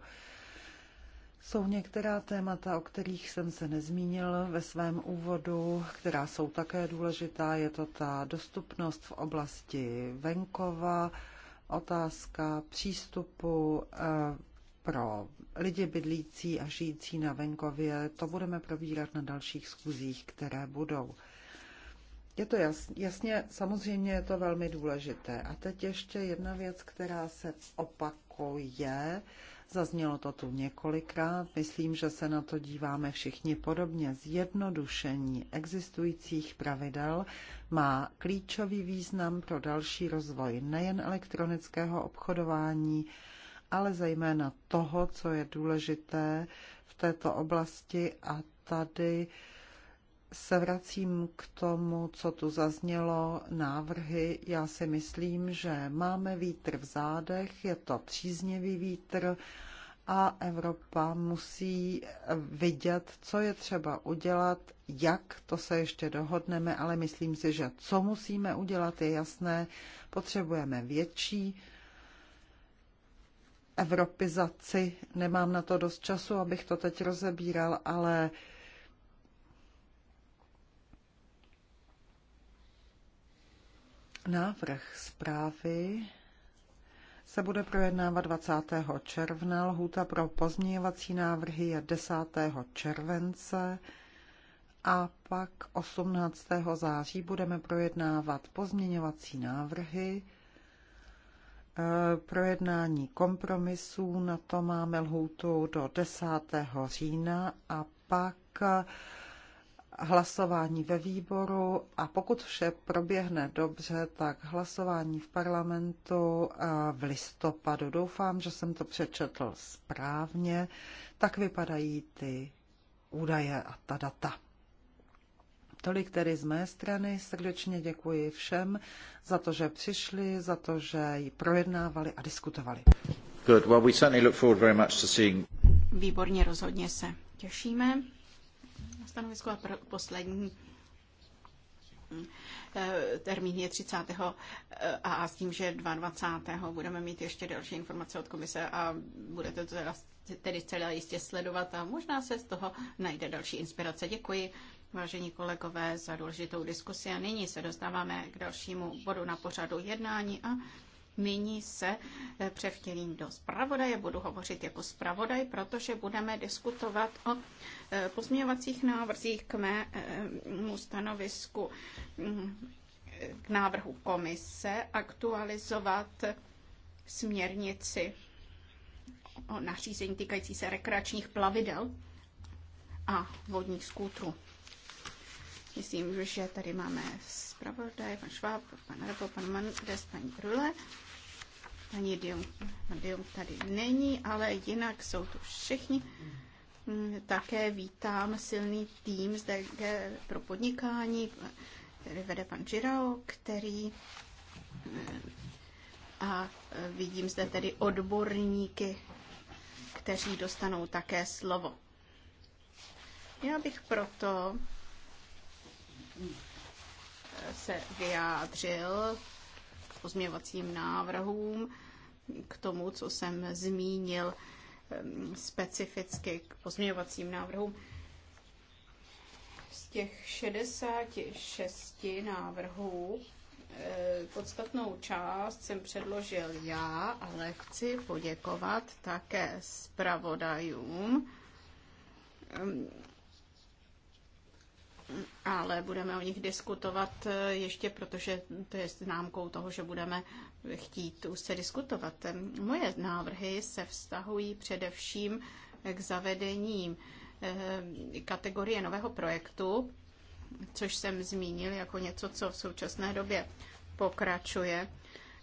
Jsou některá témata, o kterých jsem se nezmínil ve svém úvodu, která jsou také důležitá. Je to ta dostupnost v oblasti venkova, otázka přístupu eh, pro lidi bydlící a žijící na venkově, to budeme probírat na dalších schůzích, které budou. Je to jasně, jasně, samozřejmě je to velmi důležité. A teď ještě jedna věc, která se opakuje. Zaznělo to tu několikrát. Myslím, že se na to díváme všichni podobně. Zjednodušení existujících pravidel má klíčový význam pro další rozvoj nejen elektronického obchodování, ale zejména toho, co je důležité v této oblasti a tady se vracím k tomu, co tu zaznělo, návrhy. Já si myslím, že máme vítr v zádech, je to příznivý vítr a Evropa musí vidět, co je třeba udělat, jak, to se ještě dohodneme, ale myslím si, že co musíme udělat, je jasné. Potřebujeme větší evropizaci. Nemám na to dost času, abych to teď rozebíral, ale návrh zprávy se bude projednávat 20. června. Lhůta pro pozměňovací návrhy je 10. července a pak 18. září budeme projednávat pozměňovací návrhy. Eh, projednání kompromisů, na to máme lhůtu do 10. října a pak eh, hlasování ve výboru a pokud vše proběhne dobře, tak hlasování v parlamentu eh, v listopadu. Doufám, že jsem to přečetl správně. Tak vypadají ty údaje a ta data. Tolik tedy z mé strany. Srdečně děkuji všem za to, že přišli, za to, že ji projednávali a diskutovali. Good. Well, we look very much to seeing... Výborně, rozhodně se těšíme. Na stanovisko a poslední eh, termín je 30. Eh, a s tím, že 22. budeme mít ještě další informace od komise a budete to teda, tedy celé jistě sledovat a možná se z toho najde další inspirace. Děkuji vážení kolegové, za důležitou diskusi. A nyní se dostáváme k dalšímu bodu na pořadu jednání a nyní se eh, převtělím do zpravodaje. Budu hovořit jako zpravodaj, protože budeme diskutovat o eh, pozměňovacích návrzích k mému eh, mm, stanovisku mm, k návrhu komise aktualizovat směrnici o nařízení týkající se rekreačních plavidel a vodních skútrů. Myslím, že tady máme zpravodaj, pan Šváb, pan Repo, pan Mandes, paní Brule. Paní Dium, tady není, ale jinak jsou tu všichni. Mm, také vítám silný tým z DG pro podnikání, který vede pan Žirao, který mm, a vidím zde tedy odborníky, kteří dostanou také slovo. Já bych proto se vyjádřil k pozměvacím návrhům, k tomu, co jsem zmínil specificky k pozměňovacím návrhům. Z těch 66 návrhů eh, podstatnou část jsem předložil já, ale chci poděkovat také zpravodajům ale budeme o nich diskutovat eh, ještě, protože to je známkou toho, že budeme chtít už se diskutovat. Moje návrhy se vztahují především k zavedení eh, kategorie nového projektu, což jsem zmínil jako něco, co v současné době pokračuje.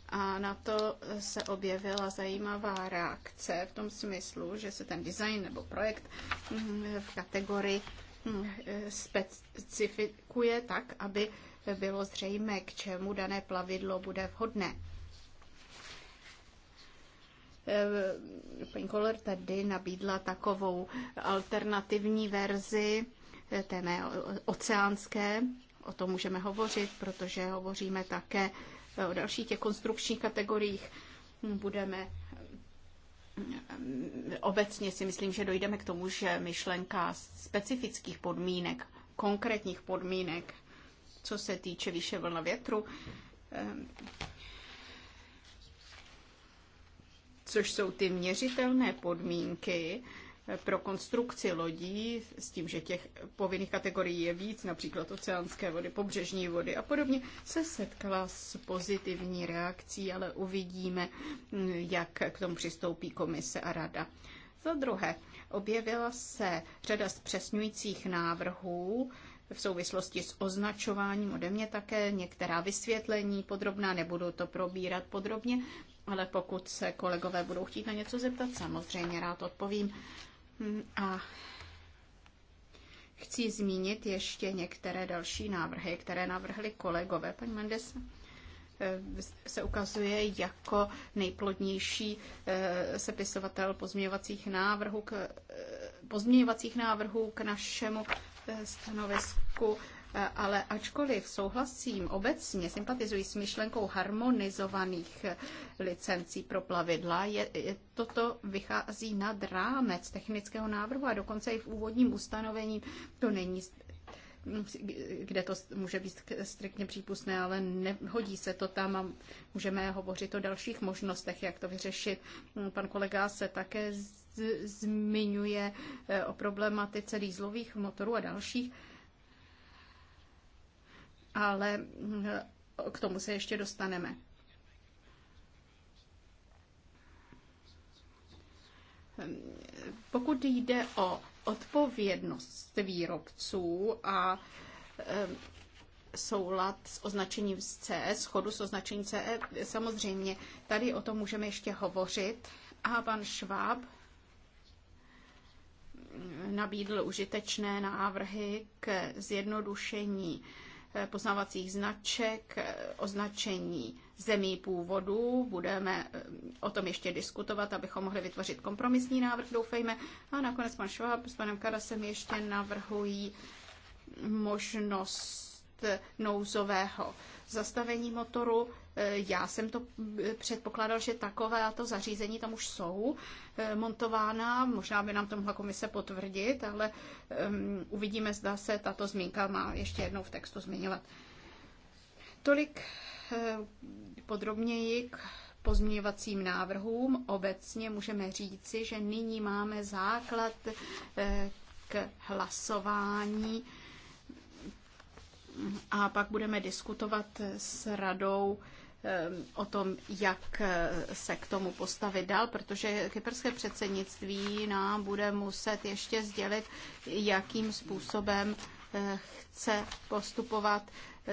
A na to se objevila zajímavá reakce v tom smyslu, že se ten design nebo projekt mm, v kategorii specifikuje tak, aby bylo zřejmé, k čemu dané plavidlo bude vhodné. Pan Koller tedy nabídla takovou alternativní verzi té mé oceánské. O tom můžeme hovořit, protože hovoříme také o dalších těch konstrukčních kategoriích. Budeme obecně si myslím, že dojdeme k tomu, že myšlenka specifických podmínek, konkrétních podmínek, co se týče výše vlna větru, což jsou ty měřitelné podmínky, pro konstrukci lodí, s tím, že těch povinných kategorií je víc, například oceánské vody, pobřežní vody a podobně, se setkala s pozitivní reakcí, ale uvidíme, jak k tomu přistoupí komise a rada. Za druhé, objevila se řada zpřesňujících návrhů, v souvislosti s označováním ode mě také některá vysvětlení podrobná, nebudu to probírat podrobně, ale pokud se kolegové budou chtít na něco zeptat, samozřejmě rád odpovím. Hmm, a chci zmínit ještě některé další návrhy, které navrhli kolegové. Paní Mendes eh, se ukazuje jako nejplodnější eh, sepisovatel pozměňovacích návrhů k, eh, pozměňovacích návrhů k našemu stanovisku Eh, ale ačkoliv souhlasím obecně, sympatizuji s myšlenkou harmonizovaných eh, licencí pro plavidla, je, je, toto vychází nad rámec technického návrhu a dokonce i v úvodním ustanovení to není kde to může být striktně přípustné, ale nehodí se to tam a můžeme hovořit o dalších možnostech, jak to vyřešit. Hm, pan kolega se také zmiňuje eh, o problematice dýzlových motorů a dalších ale hm, k tomu se ještě dostaneme. Pokud jde o odpovědnost výrobců a hm, soulad s označením CE, schodu s označením CE, samozřejmě tady o tom můžeme ještě hovořit. A pan Schwab nabídl užitečné návrhy k zjednodušení Eh, poznávacích značek, eh, označení zemí původu. Budeme eh, o tom ještě diskutovat, abychom mohli vytvořit kompromisní návrh, doufejme. A nakonec pan Šváb s panem Karasem ještě navrhují možnost nouzového zastavení motoru. E, já jsem to e, předpokládal, že takové to zařízení tam už jsou e, montována. Možná by nám to mohla komise potvrdit, ale uvidíme, zda se tato zmínka má ještě jednou v textu zmiňovat. Tolik podrobněji k pozměňovacím návrhům. Obecně můžeme říci, že nyní máme základ k hlasování a pak budeme diskutovat s radou eh, o tom, jak eh, se k tomu postavit dál, protože kyperské předsednictví nám bude muset ještě sdělit, jakým způsobem eh, chce postupovat.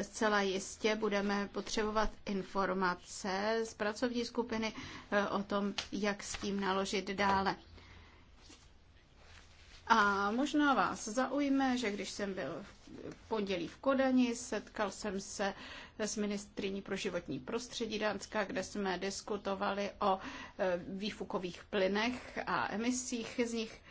Zcela jistě budeme potřebovat informace z pracovní skupiny o tom, jak s tím naložit dále. A možná vás zaujme, že když jsem byl v pondělí v Kodani. Setkal jsem se s ministriní pro životní prostředí Dánska, kde jsme diskutovali o e, výfukových plynech a emisích z nich.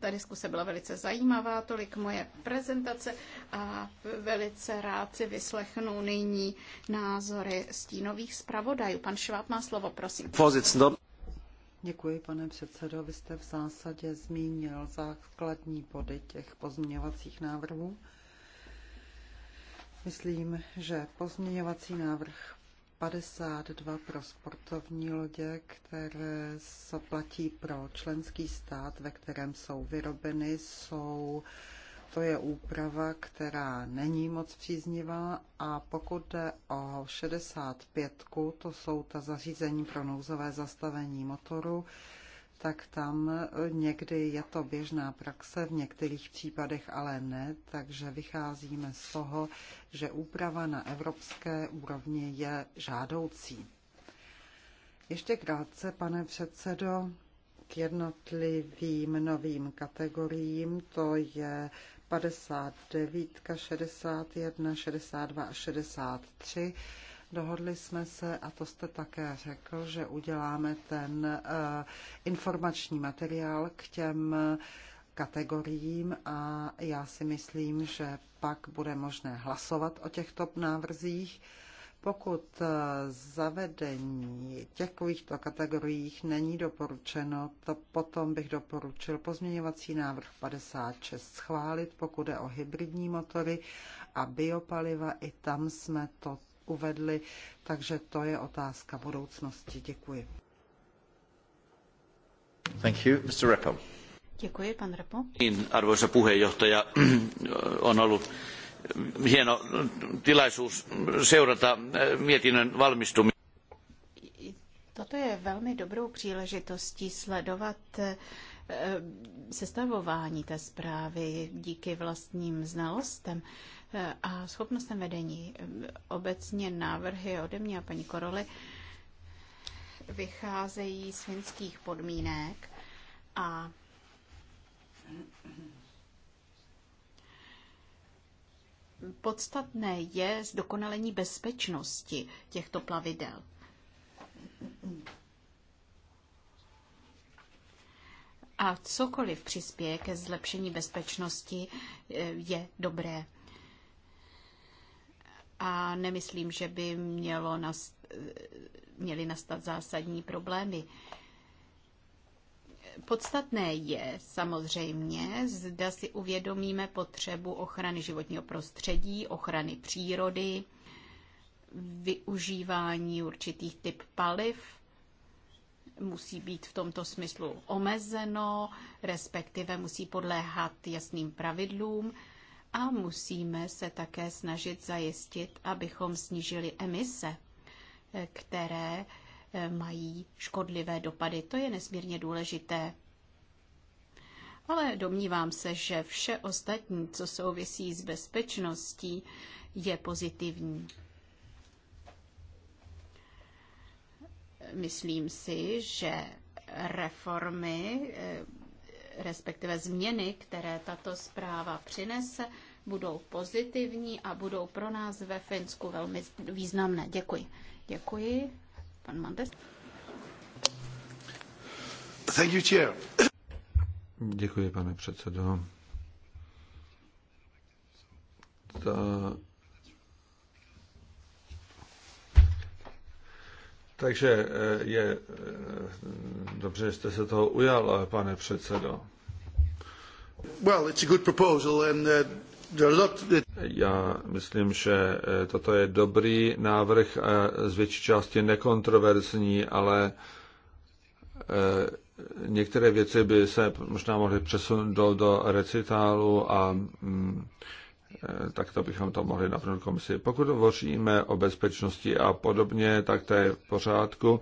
Ta diskuse byla velice zajímavá, tolik moje prezentace a velice rád si vyslechnu nyní názory stínových zpravodajů. Pan Šváb má slovo, prosím. Děkuji, pane předsedo. Vy jste v zásadě zmínil základní body těch pozměňovacích návrhů. Myslím, že pozměňovací návrh 52 pro sportovní lodě, které se platí pro členský stát, ve kterém jsou vyrobeny, jsou uh, to je úprava, která není moc příznivá a pokud jde o 65, to jsou ta zařízení pro nouzové zastavení motoru, tak tam někdy je to běžná praxe, v některých případech ale ne, takže vycházíme z toho, že úprava na evropské úrovni je žádoucí. Ještě krátce, pane předsedo, k jednotlivým novým kategoriím, to je 59, 61, 62 a 63. Dohodli jsme se, a to jste také řekl, že uděláme ten eh, informační materiál k těm eh, kategoriím a já si myslím, že pak bude možné hlasovat o těchto návrzích. Pokud eh, zavedení takovýchto kategoriích není doporučeno, to potom bych doporučil pozměňovací návrh 56 schválit, pokud je o hybridní motory a biopaliva, i tam jsme to uvedli, takže to je otázka budoucnosti. Děkuji. Thank you, Mr. Repo. Děkuji, pan Repo. Arvoisa puheenjohtaja, on ollut hieno tilaisuus seurata eh, mietinnön valmistumista. Toto je velmi dobrou příležitostí sledovat eh, sestavování té zprávy díky vlastním znalostem eh, a schopnostem vedení. Obecně návrhy ode mě a paní Koroly vycházejí z finských podmínek a podstatné je zdokonalení bezpečnosti těchto plavidel. A cokoliv přispěje ke zlepšení bezpečnosti, eh, je dobré. A nemyslím, že by mělo nast- eh, měly nastat zásadní problémy. Podstatné je samozřejmě, zda si uvědomíme potřebu ochrany životního prostředí, ochrany přírody, využívání určitých typ paliv musí být v tomto smyslu omezeno, respektive musí podléhat jasným pravidlům a musíme se také snažit zajistit, abychom snížili emise, které mají škodlivé dopady. To je nesmírně důležité. Ale domnívám se, že vše ostatní, co souvisí s bezpečností, je pozitivní. Myslím si, že reformy, eh, respektive změny, které tato zpráva přinese, budou pozitivní a budou pro nás ve Finsku velmi významné. Děkuji. Děkuji. Pan Mandes. Thank you, chair. Děkuji, pane předsedo. Ta Takže eh, je eh, dobře, že jste se toho ujal, eh, pane předsedo. Well, it's a good proposal and uh, já myslím, že eh, toto je dobrý návrh, eh, z větší části nekontroverzní, ale eh, některé věci by se možná mohly přesunout do recitálu a mm, tak to bychom to mohli navrhnout komisi. Pokud hovoříme o bezpečnosti a podobně, tak to je v pořádku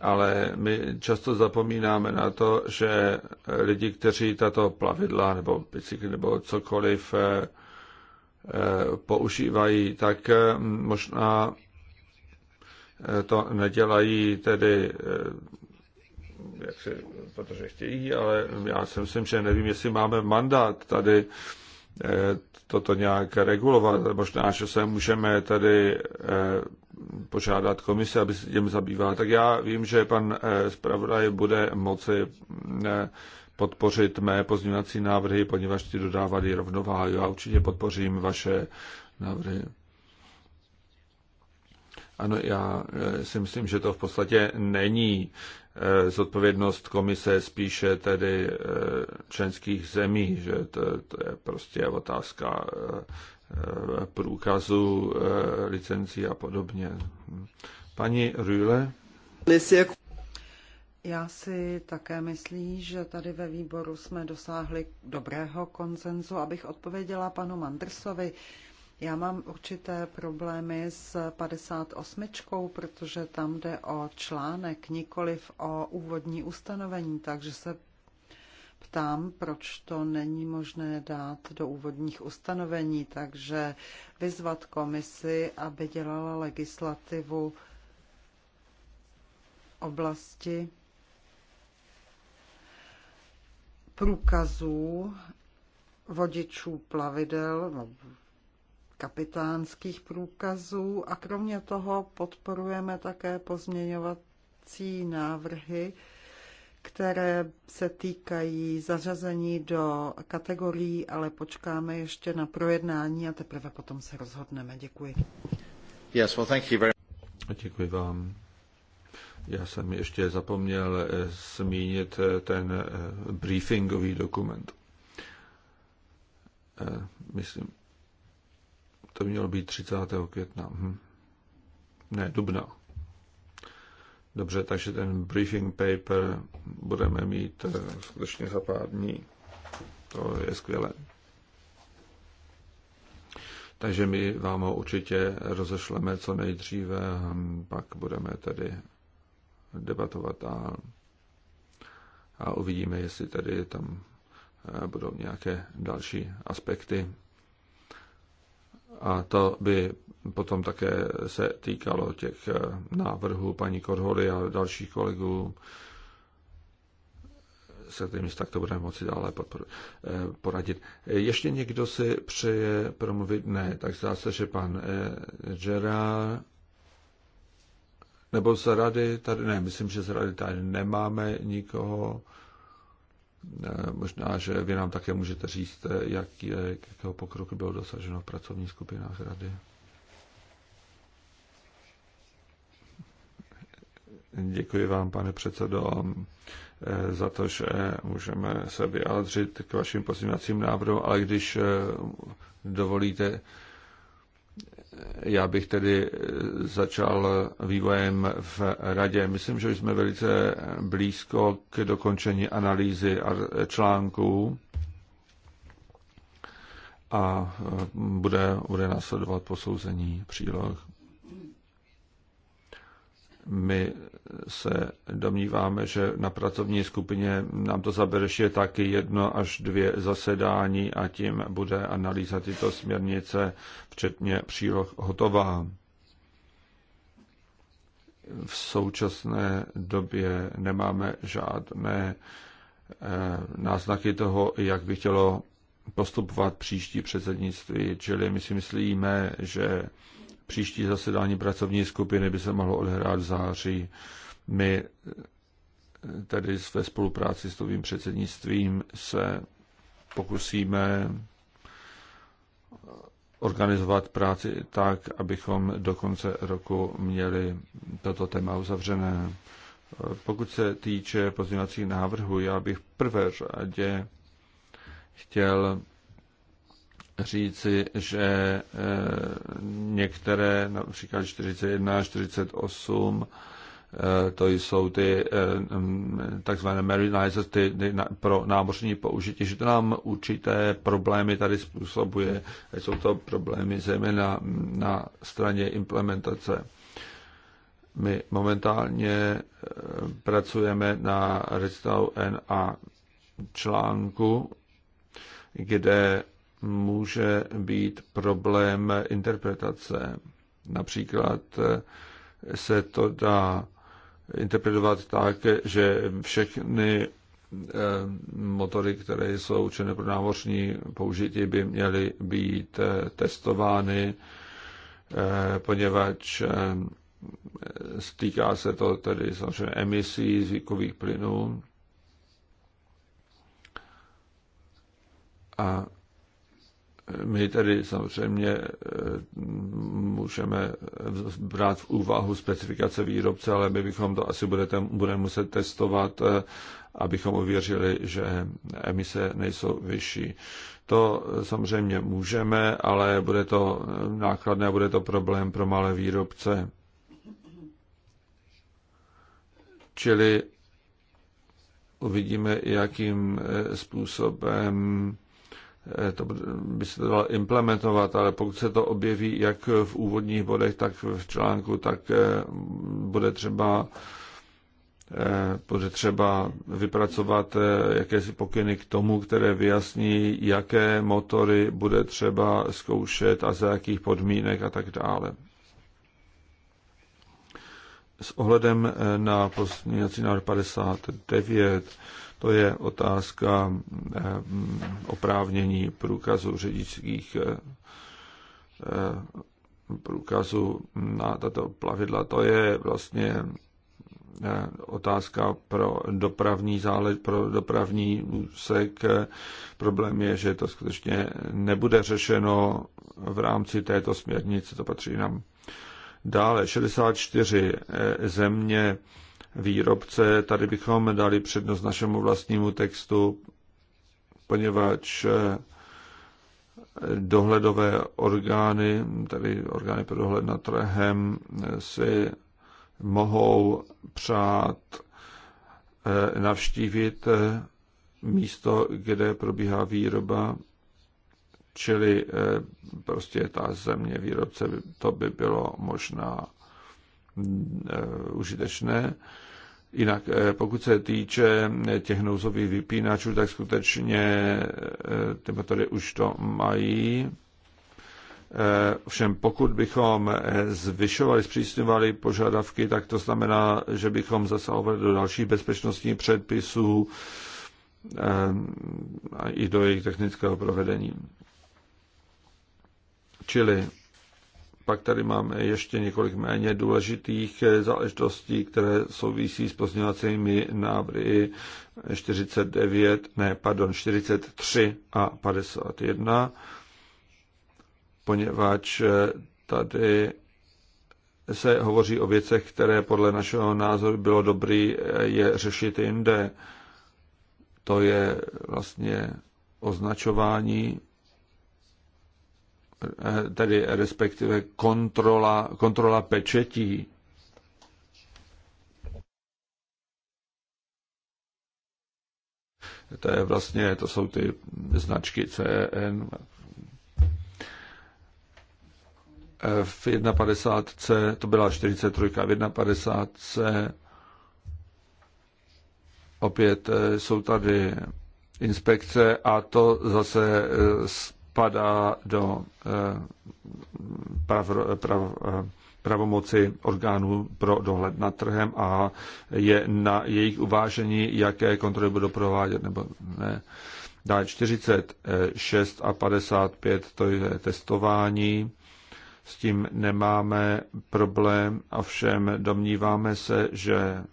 ale my často zapomínáme na to, že lidi, kteří tato plavidla nebo bicykly nebo cokoliv eh, eh, používají, tak eh, možná to nedělají tedy jak si, protože chtějí, ale já si myslím, že nevím, jestli máme mandát tady toto nějak regulovat. Možná, že se můžeme tady požádat komise, aby se tím zabývala. Tak já vím, že pan eh, zpravodaj bude moci eh, podpořit mé pozměňovací návrhy, poněvadž ti dodávali rovnováhu. Já určitě podpořím vaše návrhy. Ano, já eh, si myslím, že to v podstatě není zodpovědnost komise, spíše tedy členských zemí, že to, to je prostě otázka Eh, průkazu, eh, licenci a podobně. Paní Rühle? Já si také myslím, že tady ve výboru jsme dosáhli dobrého konsenzu. Abych odpověděla panu Mandrsovi, já mám určité problémy s 58, protože tam jde o článek, nikoliv o úvodní ustanovení, takže se ptám, proč to není možné dát do úvodních ustanovení, takže vyzvat komisi, aby dělala legislativu oblasti průkazů vodičů plavidel, no, kapitánských průkazů a kromě toho podporujeme také pozměňovací návrhy, které se týkají zařazení do kategorií, ale počkáme ještě na projednání a teprve potom se rozhodneme. Děkuji. Yes, well, thank you very... Děkuji vám. Já jsem ještě zapomněl eh, zmínit eh, ten eh, briefingový dokument. Myslím, to mělo být 30. května. Hm. Ne, dubna. Dobře, takže ten briefing paper budeme mít eh, skutečně za pár dní. To je skvělé. Takže my vám ho určitě rozešleme co nejdříve pak budeme tedy debatovat a, a uvidíme, jestli tedy tam eh, budou nějaké další aspekty. A to by potom také se týkalo těch eh, návrhů paní Korholy a dalších kolegů, se kterými se takto budeme moci dále eh, poradit. Ještě někdo si přeje promluvit? Ne, tak zdá se, že pan eh, Gerard nebo z rady tady, ne, myslím, že z rady tady nemáme nikoho. Eh, možná, že vy nám také můžete říct, eh, jak je, jakého pokroku bylo dosaženo v pracovních skupinách rady. Děkuji vám, pane předsedo, eh, za to, že můžeme se vyjádřit k vašim pozměňovacím návrhům, ale když dovolíte, já bych tedy eh, začal vývojem v radě. Myslím, že jsme velice blízko k dokončení analýzy a článků a eh, bude, bude následovat posouzení příloh. My se domníváme, že na pracovní skupině nám to zabere je taky jedno až dvě zasedání a tím bude analýza tyto směrnice, včetně příloh, hotová. V současné době nemáme žádné eh, náznaky toho, jak by chtělo postupovat příští předsednictví, čili my si myslíme, že Příští zasedání pracovní skupiny by se mohlo odehrát v září. My eh, tedy ve spolupráci s novým předsednictvím se pokusíme eh, organizovat práci tak, abychom do konce roku měli toto téma uzavřené. Eh, pokud se týče pozměňovacích návrhů, já bych v prvé řadě chtěl říci, že eh, některé, například 41, 48, eh, to jsou ty eh, mm, takzvané marinizers, ty, ty pro námořní použití, že to nám určité problémy tady způsobuje. Jsou to problémy zejména na straně implementace. My momentálně pracujeme na n a článku, kde může být problém interpretace. Například se to dá interpretovat tak, že všechny eh, motory, které jsou učené pro námořní použití, by měly být eh, testovány, eh, poněvadž stýká se to tedy samozřejmě emisí zvykových plynů. A my tedy samozřejmě eh, můžeme brát v úvahu specifikace výrobce, ale my bychom to asi budete, budeme muset testovat, eh, abychom uvěřili, že emise nejsou vyšší. To eh, samozřejmě můžeme, ale bude to nákladné bude to problém pro malé výrobce. Čili uvidíme, jakým způsobem Eh, to by se to dalo implementovat, ale pokud se to objeví jak v úvodních bodech, tak v článku, tak eh, bude třeba eh, bude třeba vypracovat jakési pokyny k tomu, které vyjasní, jaké motory bude třeba zkoušet a za jakých podmínek a tak dále. S ohledem na pozměňovací návrh 59 to je otázka eh, mm, oprávnění průkazu řidičských eh, eh, průkazu na tato plavidla. To je vlastně otázka pro dopravní zálež, pro dopravní úsek. Problém je, že to skutečně nebude řešeno v rámci této směrnice, to patří nám. Dále 64 země výrobce. Tady bychom dali přednost našemu vlastnímu textu, poněvadž eh, dohledové orgány, tedy orgány pro dohled nad trhem, eh, si mohou přát eh, navštívit místo, kde probíhá výroba, čili prostě ta země výrobce, to by bylo možná Eh, užitečné. Jinak eh, pokud se týče těch nouzových vypínačů, tak skutečně eh, ty metody už to mají. Všem pokud bychom zvyšovali, zpřísňovali požadavky, tak to znamená, že bychom zasahovali do dalších bezpečnostních předpisů a i do jejich technického provedení. Čili pak tady máme ještě několik méně důležitých záležitostí, které souvisí s pozměňovacími návrhy 49, ne, pardon, 43 a 51, poněvadž tady se hovoří o věcech, které podle našeho názoru bylo dobré je řešit jinde. To je vlastně označování Eh, tedy respektive kontrola, kontrola pečetí. To je vlastně, to jsou ty značky CN. V 1.50C, to byla 43, v 1.50C opět eh, jsou tady inspekce a to zase eh, padá do eh, eh, prav, prav, eh, pravomoci orgánů pro dohled nad trhem a je na jejich uvážení, jaké kontroly budou provádět nebo ne. Dále 46 a 55 to je testování. S tím nemáme problém, ovšem domníváme se, že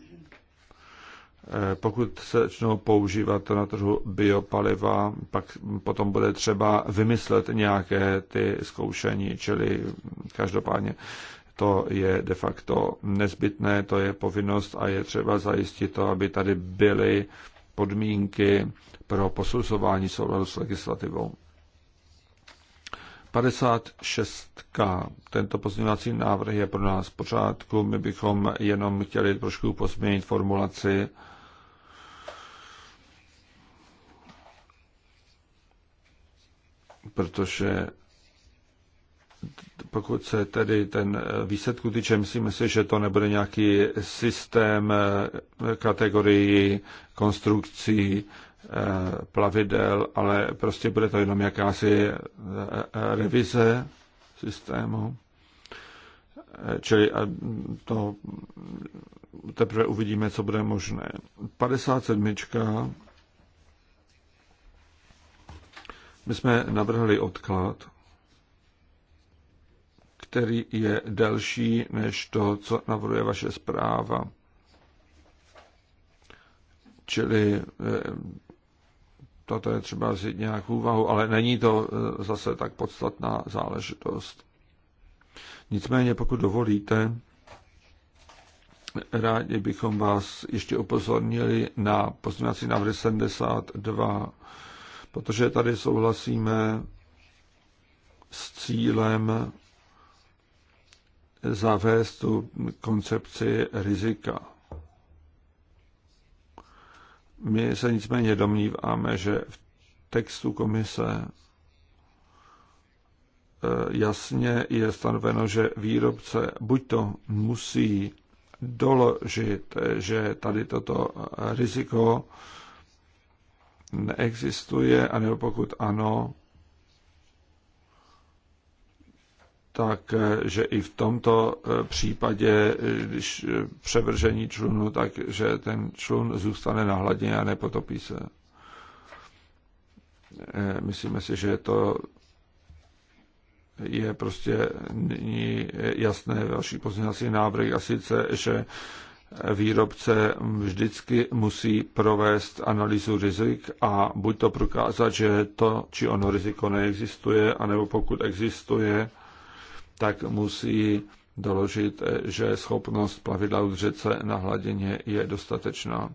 Eh, pokud se začnou používat na trhu biopaliva, pak potom bude třeba vymyslet nějaké ty zkoušení, čili každopádně to je de facto nezbytné, to je povinnost a je třeba zajistit to, aby tady byly podmínky pro posuzování souladu s legislativou. 56K. Tento pozměňovací návrh je pro nás v pořádku. My bychom jenom chtěli trošku pozměnit formulaci protože pokud se tedy ten výsledku týče, myslíme si, že to nebude nějaký systém eh, kategorii konstrukcí eh, plavidel, ale prostě bude to jenom jakási eh, revize systému. Čili to teprve uvidíme, co bude možné. 57 My jsme navrhli odklad, který je delší než to, co navrhuje vaše zpráva. Čili eh, toto je třeba vzít nějakou úvahu, ale není to eh, zase tak podstatná záležitost. Nicméně, pokud dovolíte, rádi bychom vás ještě upozornili na pozměňovací návrh 72 protože tady souhlasíme s cílem zavést tu koncepci rizika. My se nicméně domníváme, že v textu komise eh, jasně je stanoveno, že výrobce buď to musí doložit, eh, že tady toto riziko neexistuje, nebo pokud ano, tak eh, že i v tomto eh, případě, eh, když převržení člunu, tak že ten člun zůstane na hladině a nepotopí se. Myslíme si, že to je prostě nyní jasné další pozměňovací návrh a sice, že výrobce vždycky musí provést analýzu rizik a buď to prokázat, že to či ono riziko neexistuje, anebo pokud existuje, tak musí doložit, že schopnost plavidla udržet se na hladině je dostatečná.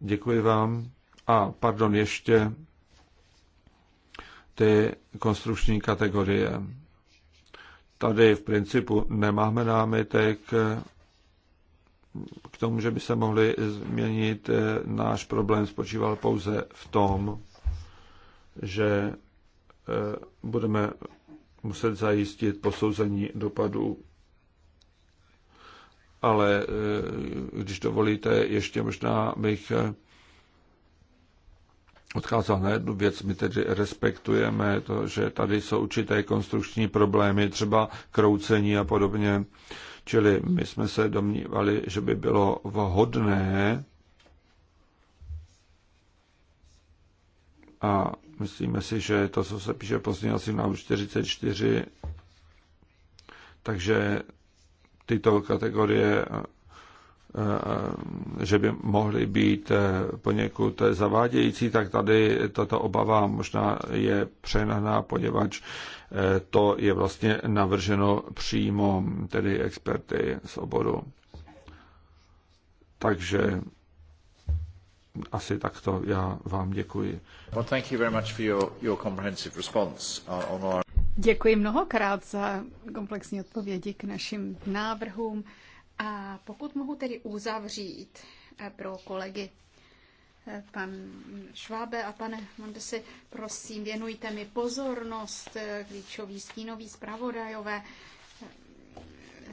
Děkuji vám. A pardon, ještě ty konstrukční kategorie. Tady v principu nemáme námitek, k tomu, že by se mohli změnit, eh, náš problém spočíval pouze v tom, že eh, budeme muset zajistit posouzení dopadů. Ale eh, když dovolíte, ještě možná bych odkázal na jednu věc. My tedy respektujeme to, že tady jsou určité konstrukční problémy, třeba kroucení a podobně. Čili my jsme se domnívali, že by bylo vhodné a myslíme si, že to, co se píše asi na 44, takže tyto kategorie Eh, že by mohly být eh, poněkud zavádějící, tak tady tato obava možná je přehnaná, poněvadž eh, to je vlastně navrženo přímo tedy experty z oboru. Takže asi takto já vám děkuji. Děkuji mnohokrát za komplexní odpovědi k našim návrhům. A pokud mohu tedy uzavřít eh, pro kolegy, eh, pan Švábe a pane Mondesi, prosím, věnujte mi pozornost, eh, klíčový stínový zpravodajové.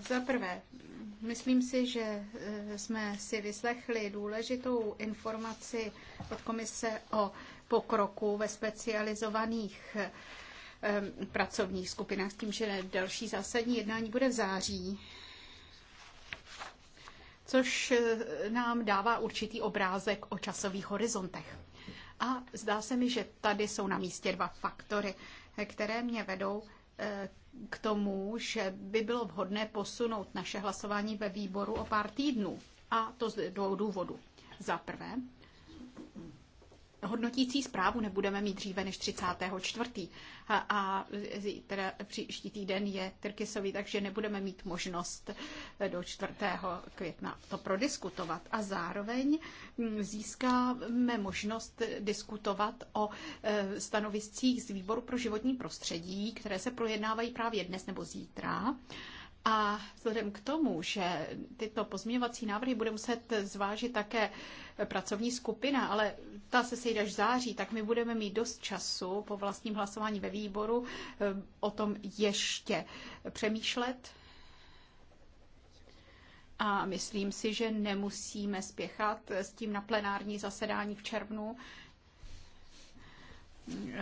Za prvé, myslím si, že jsme si vyslechli důležitou informaci od komise o pokroku ve specializovaných pracovních skupinách s tím, že další zásadní jednání bude v září což eh, nám dává určitý obrázek o časových horizontech. A zdá se mi, že tady jsou na místě dva faktory, eh, které mě vedou eh, k tomu, že by bylo vhodné posunout naše hlasování ve výboru o pár týdnů. A to z dvou důvodů. Za prvé, hodnotící zprávu nebudeme mít dříve než 34. A, a teda příští týden je Tyrkisový, takže nebudeme mít možnost do 4. května to prodiskutovat. A zároveň mm, získáme možnost diskutovat o e, stanoviscích z Výboru pro životní prostředí, které se projednávají právě dnes nebo zítra. A vzhledem k tomu, že tyto pozměňovací návrhy bude muset zvážit také pracovní skupina, ale ta se sejde až v září, tak my budeme mít dost času po vlastním hlasování ve výboru eh, o tom ještě přemýšlet. A myslím si, že nemusíme spěchat s tím na plenární zasedání v červnu,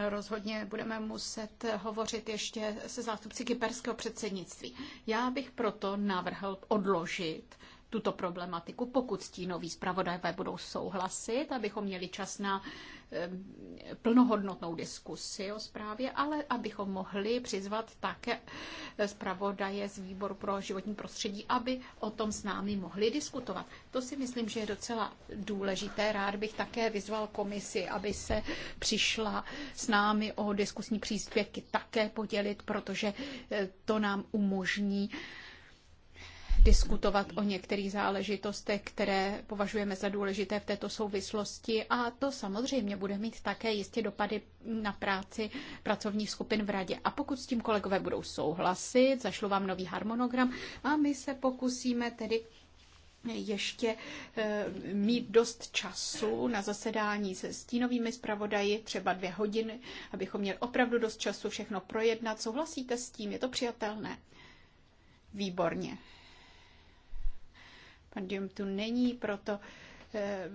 rozhodně budeme muset hovořit ještě se zástupci kyperského předsednictví. Já bych proto navrhl odložit tuto problematiku, pokud stínoví zpravodajové budou souhlasit, abychom měli čas na plnohodnotnou diskusi o zprávě, ale abychom mohli přizvat také eh, zpravodaje z výboru pro životní prostředí, aby o tom s námi mohli diskutovat. To si myslím, že je docela důležité. Rád bych také vyzval komisi, aby se přišla s námi o diskusní příspěvky také podělit, protože eh, to nám umožní diskutovat o některých záležitostech, které považujeme za důležité v této souvislosti a to samozřejmě bude mít také jistě dopady na práci pracovních skupin v radě. A pokud s tím kolegové budou souhlasit, zašlu vám nový harmonogram a my se pokusíme tedy ještě eh, mít dost času na zasedání se stínovými zpravodaji, třeba dvě hodiny, abychom měli opravdu dost času všechno projednat. Souhlasíte s tím? Je to přijatelné? Výborně. Pan Dium tu není, proto eh,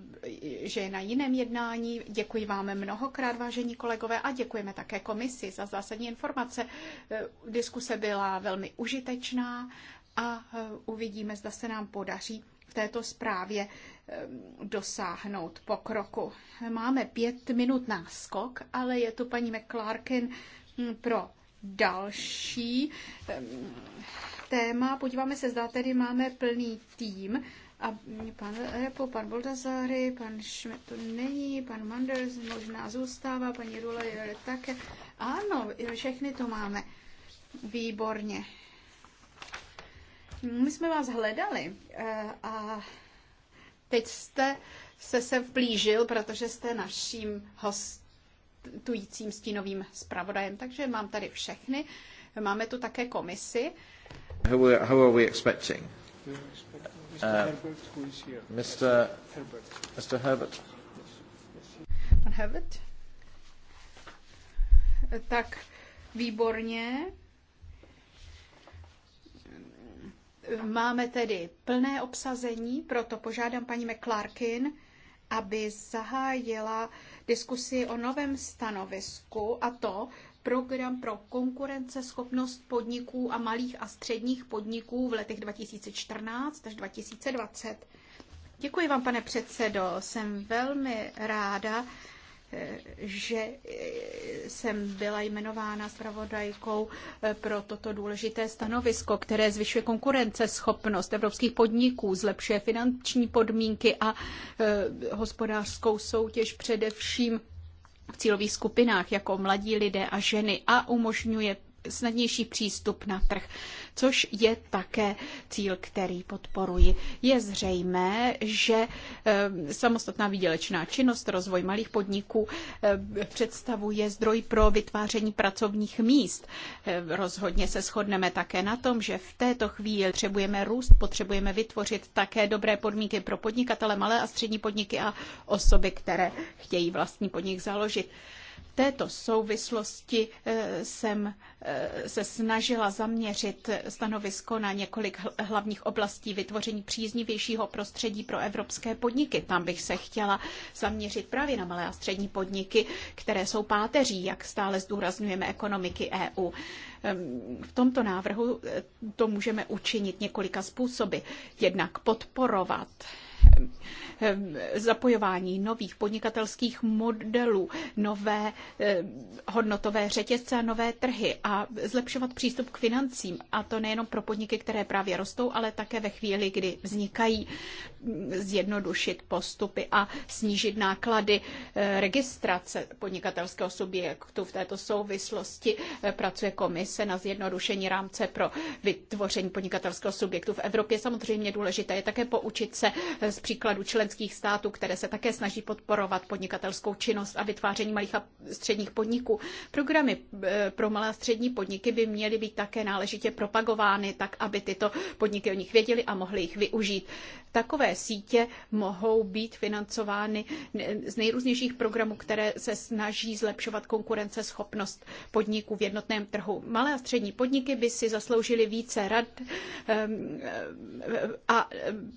že je na jiném jednání. Děkuji vám mnohokrát, vážení kolegové, a děkujeme také komisi za zásadní informace. Eh, diskuse byla velmi užitečná a eh, uvidíme, zda se nám podaří v této zprávě dosáhnout pokroku. Máme pět minut náskok, ale je tu paní McClarkin hm, pro další ehm, téma. Podíváme se, zda tedy máme plný tým. A pan Repo, pan Boldazary, pan Šmet to není, pan Manders možná zůstává, paní Rula je také. Ano, všechny to máme. Výborně. My jsme vás hledali eh, a teď jste se sem vplížil, protože jste naším hostem diskutujícím stínovým zpravodajem. Takže mám tady všechny. Máme tu také komisi. How are, are we expecting? Uh, uh, Mr. Herbert. Mr. Herbert. Pan Herbert? Tak výborně. Máme tedy plné obsazení, proto požádám paní McClarkin, aby zahájila diskusi o novém stanovisku a to program pro konkurenceschopnost podniků a malých a středních podniků v letech 2014 až 2020. Děkuji vám, pane předsedo. Jsem velmi ráda, že eh, jsem byla jmenována zpravodajkou eh, pro toto důležité stanovisko, které zvyšuje konkurenceschopnost evropských podniků, zlepšuje finanční podmínky a eh, hospodářskou soutěž především v cílových skupinách jako mladí lidé a ženy a umožňuje snadnější přístup na trh, což je také cíl, který podporuji. Je zřejmé, že eh, samostatná výdělečná činnost, rozvoj malých podniků eh, představuje zdroj pro vytváření pracovních míst. Eh, rozhodně se shodneme také na tom, že v této chvíli potřebujeme růst, potřebujeme vytvořit také dobré podmínky pro podnikatele, malé a střední podniky a osoby, které chtějí vlastní podnik založit této souvislosti eh, jsem eh, se snažila zaměřit stanovisko na několik hlavních oblastí vytvoření příznivějšího prostředí pro evropské podniky. Tam bych se chtěla zaměřit právě na malé a střední podniky, které jsou páteří, jak stále zdůrazňujeme, ekonomiky EU. Ehm, v tomto návrhu eh, to můžeme učinit několika způsoby. Jednak podporovat zapojování nových podnikatelských modelů, nové eh, hodnotové řetězce a nové trhy a zlepšovat přístup k financím. A to nejenom pro podniky, které právě rostou, ale také ve chvíli, kdy vznikají, zjednodušit postupy a snížit náklady eh, registrace podnikatelského subjektu. V této souvislosti eh, pracuje komise na zjednodušení rámce pro vytvoření podnikatelského subjektu v Evropě. Samozřejmě důležité je také poučit se z příkladu členských států, které se také snaží podporovat podnikatelskou činnost a vytváření malých a středních podniků. Programy eh, pro malé a střední podniky by měly být také náležitě propagovány, tak aby tyto podniky o nich věděli a mohli jich využít. Takové sítě mohou být financovány z nejrůznějších programů, které se snaží zlepšovat konkurenceschopnost podniků v jednotném trhu. Malé a střední podniky by si zasloužily více rad ehm, ehm, a ehm,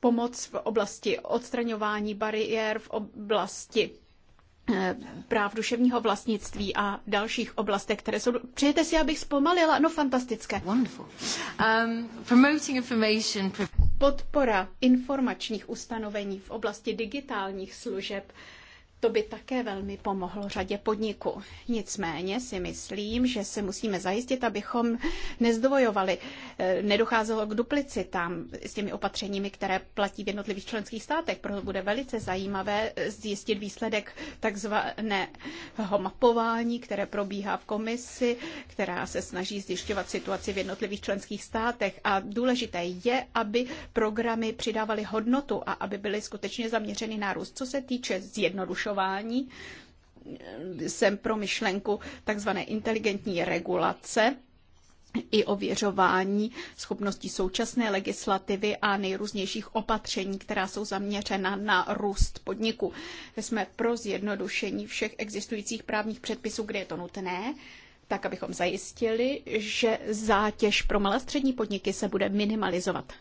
pomoc v oblasti odstraňování bariér, v oblasti eh, práv duševního vlastnictví a dalších oblastech, které jsou... Přejete si, abych zpomalila? No, fantastické. Um, information... Podpora informačních ustanovení v oblasti digitálních služeb to by také velmi pomohlo řadě podniků. Nicméně si myslím, že se musíme zajistit, abychom nezdvojovali, eh, nedocházelo k duplicitám s těmi opatřeními, které platí v jednotlivých členských státech. Proto bude velice zajímavé eh, zjistit výsledek takzvaného mapování, které probíhá v komisi, která se snaží zjišťovat situaci v jednotlivých členských státech. A důležité je, aby programy přidávaly hodnotu a aby byly skutečně zaměřeny na růst. Co se týče zjednodušování, zjednodušování. Eh, jsem pro myšlenku takzvané inteligentní regulace, i ověřování schopností současné legislativy a nejrůznějších opatření, která jsou zaměřena na růst podniku. Jsme pro zjednodušení všech existujících právních předpisů, kde je to nutné, tak abychom zajistili, že zátěž pro malé střední podniky se bude minimalizovat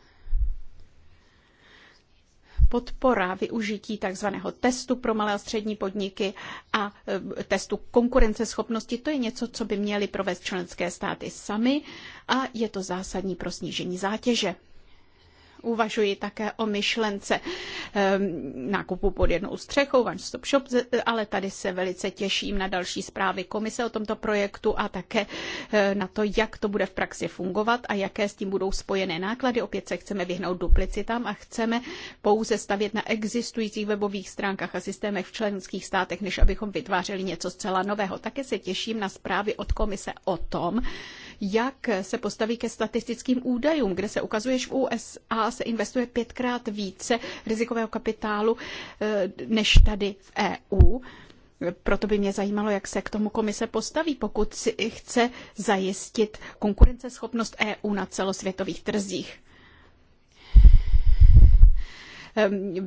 podpora využití takzvaného testu pro malé a střední podniky a e, testu konkurenceschopnosti, to je něco, co by měly provést členské státy sami a je to zásadní pro snížení zátěže uvažuji také o myšlence ehm, nákupu pod jednou střechou, One Stop Shop, ale tady se velice těším na další zprávy komise o tomto projektu a také eh, na to, jak to bude v praxi fungovat a jaké s tím budou spojené náklady. Opět se chceme vyhnout duplicitám a chceme pouze stavět na existujících webových stránkách a systémech v členských státech, než abychom vytvářeli něco zcela nového. Také se těším na zprávy od komise o tom, jak se postaví ke statistickým údajům, kde se ukazuje, že v USA se investuje pětkrát více rizikového kapitálu eh, než tady v EU. Proto by mě zajímalo, jak se k tomu komise postaví, pokud si chce zajistit konkurenceschopnost EU na celosvětových trzích.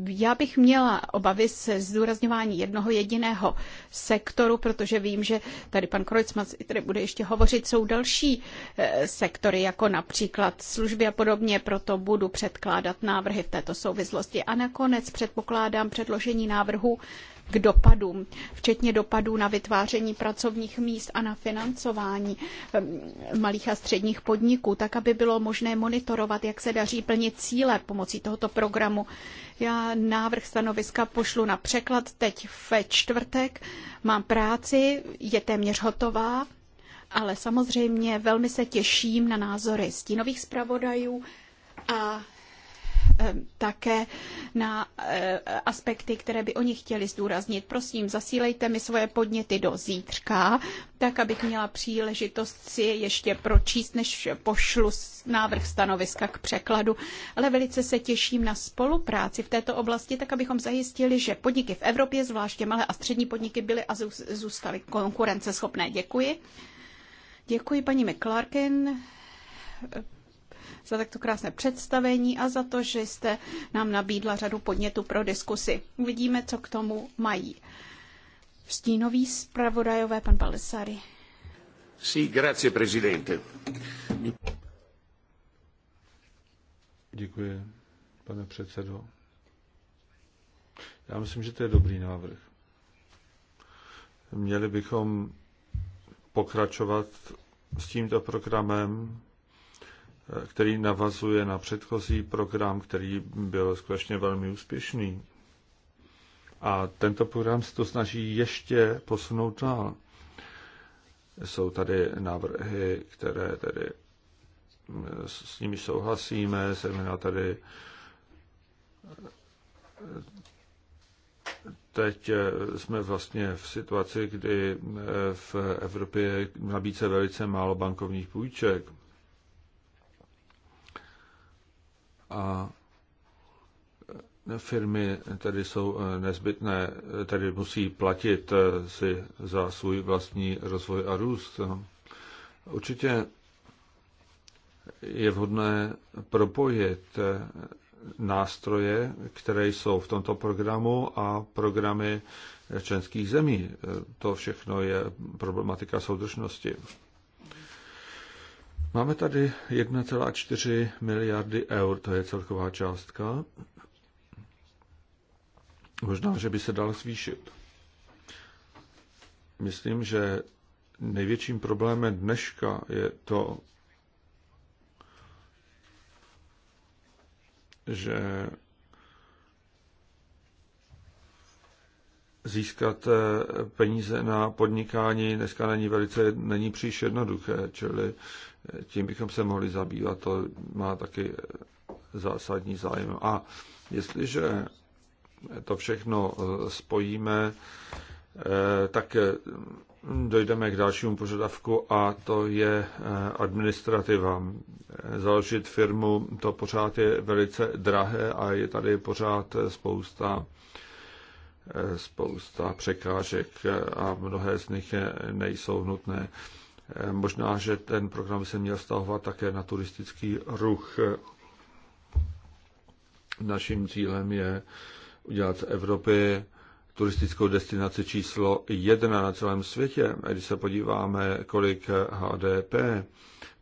Já bych měla obavy se zdůrazňování jednoho jediného sektoru, protože vím, že tady pan i tady bude ještě hovořit, jsou další eh, sektory, jako například služby a podobně, proto budu předkládat návrhy v této souvislosti. A nakonec předpokládám předložení návrhu k dopadům, včetně dopadů na vytváření pracovních míst a na financování ehm, malých a středních podniků, tak aby bylo možné monitorovat, jak se daří plnit cíle pomocí tohoto programu. Já návrh stanoviska pošlu na překlad teď ve čtvrtek. Mám práci, je téměř hotová, ale samozřejmě velmi se těším na názory stínových zpravodajů a Eh, také na eh, aspekty, které by oni chtěli zdůraznit. Prosím, zasílejte mi svoje podněty do zítřka, tak abych měla příležitost si je ještě pročíst, než pošlu návrh stanoviska k překladu. Ale velice se těším na spolupráci v této oblasti, tak abychom zajistili, že podniky v Evropě, zvláště malé a střední podniky, byly a zůstaly konkurenceschopné. Děkuji. Děkuji paní McClarkin za takto krásné představení a za to, že jste nám nabídla řadu podnětů pro diskusy. Uvidíme, co k tomu mají. Stínový zpravodajové pan Balesari. Sí, grazie, presidente. Děkuji, pane předsedo. Já myslím, že to je dobrý návrh. Měli bychom pokračovat s tímto programem který navazuje na předchozí program, který byl skutečně velmi úspěšný. A tento program se to snaží ještě posunout dál. Jsou tady návrhy, které tedy s nimi souhlasíme, zejména tady teď jsme vlastně v situaci, kdy v Evropě nabídce velice málo bankovních půjček. a firmy tedy jsou eh, nezbytné, tedy musí platit eh, si za svůj vlastní rozvoj a růst. No. Určitě je vhodné propojit eh, nástroje, které jsou v tomto programu a programy členských zemí. To všechno je problematika soudržnosti. Máme tady 1,4 miliardy eur, to je celková částka. Možná, že by se dal zvýšit. Myslím, že největším problémem dneška je to, že získat eh, peníze na podnikání dneska není velice, není příliš jednoduché, čili eh, tím bychom se mohli zabývat, to má taky eh, zásadní zájem. A jestliže to všechno spojíme, tak dojdeme k dalšímu požadavku a to je administrativa. Založit firmu to pořád je velice drahé a je tady pořád spousta spousta překážek a mnohé z nich nejsou nutné. Možná, že ten program se měl stahovat také na turistický ruch. Naším cílem je udělat z Evropy turistickou destinaci číslo jedna na celém světě. Když se podíváme, kolik HDP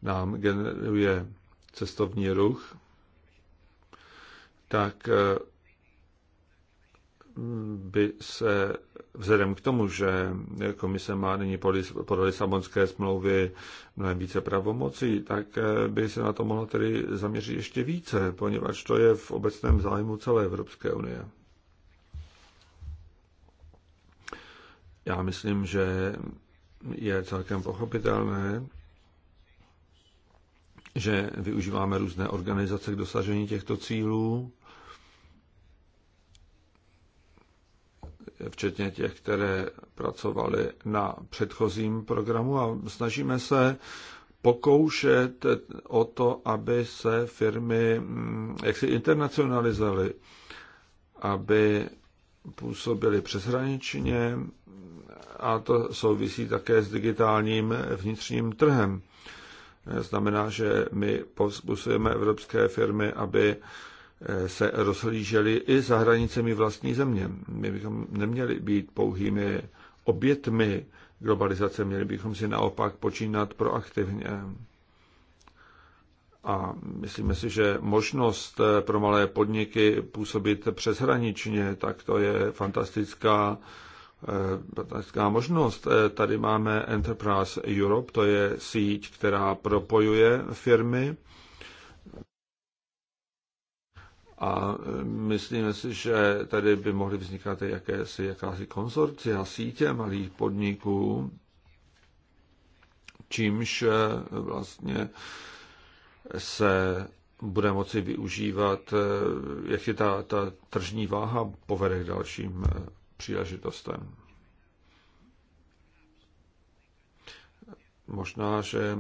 nám generuje cestovní ruch, tak by se vzhledem k tomu, že komise má nyní podle Lisabonské smlouvy mnohem více pravomocí, tak eh, by se na to mohlo tedy zaměřit ještě více, poněvadž to je v obecném zájmu celé Evropské unie. Já myslím, že je celkem pochopitelné, že využíváme různé organizace k dosažení těchto cílů, včetně těch, které pracovali na předchozím programu a snažíme se pokoušet o to, aby se firmy mm, jaksi internacionalizovaly, aby působily přeshraničně a to souvisí také s digitálním vnitřním trhem. Znamená, že my povzbuzujeme evropské firmy, aby se rozhlíželi i za hranicemi vlastní země. My bychom neměli být pouhými obětmi globalizace, měli bychom si naopak počínat proaktivně. A myslíme si, že možnost pro malé podniky působit přeshraničně, tak to je fantastická, eh, fantastická možnost. Eh, tady máme Enterprise Europe, to je síť, která propojuje firmy a e, myslíme si, že tady by mohly vznikat jakési, jakási a sítě malých podniků, čímž e, vlastně se bude moci využívat, e, jak je ta, ta tržní váha povede k dalším příležitostem. Možná, že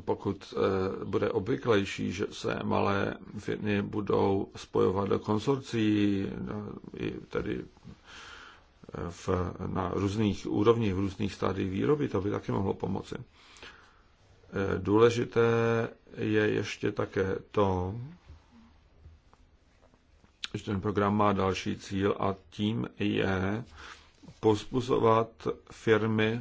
pokud eh, bude obvyklejší, že se malé firmy budou spojovat do konsorcí, no, tedy eh, v, na různých úrovních, v různých stádiích výroby, to by taky mohlo pomoci. Eh, důležité je ještě také to, že ten program má další cíl a tím je pozbuzovat firmy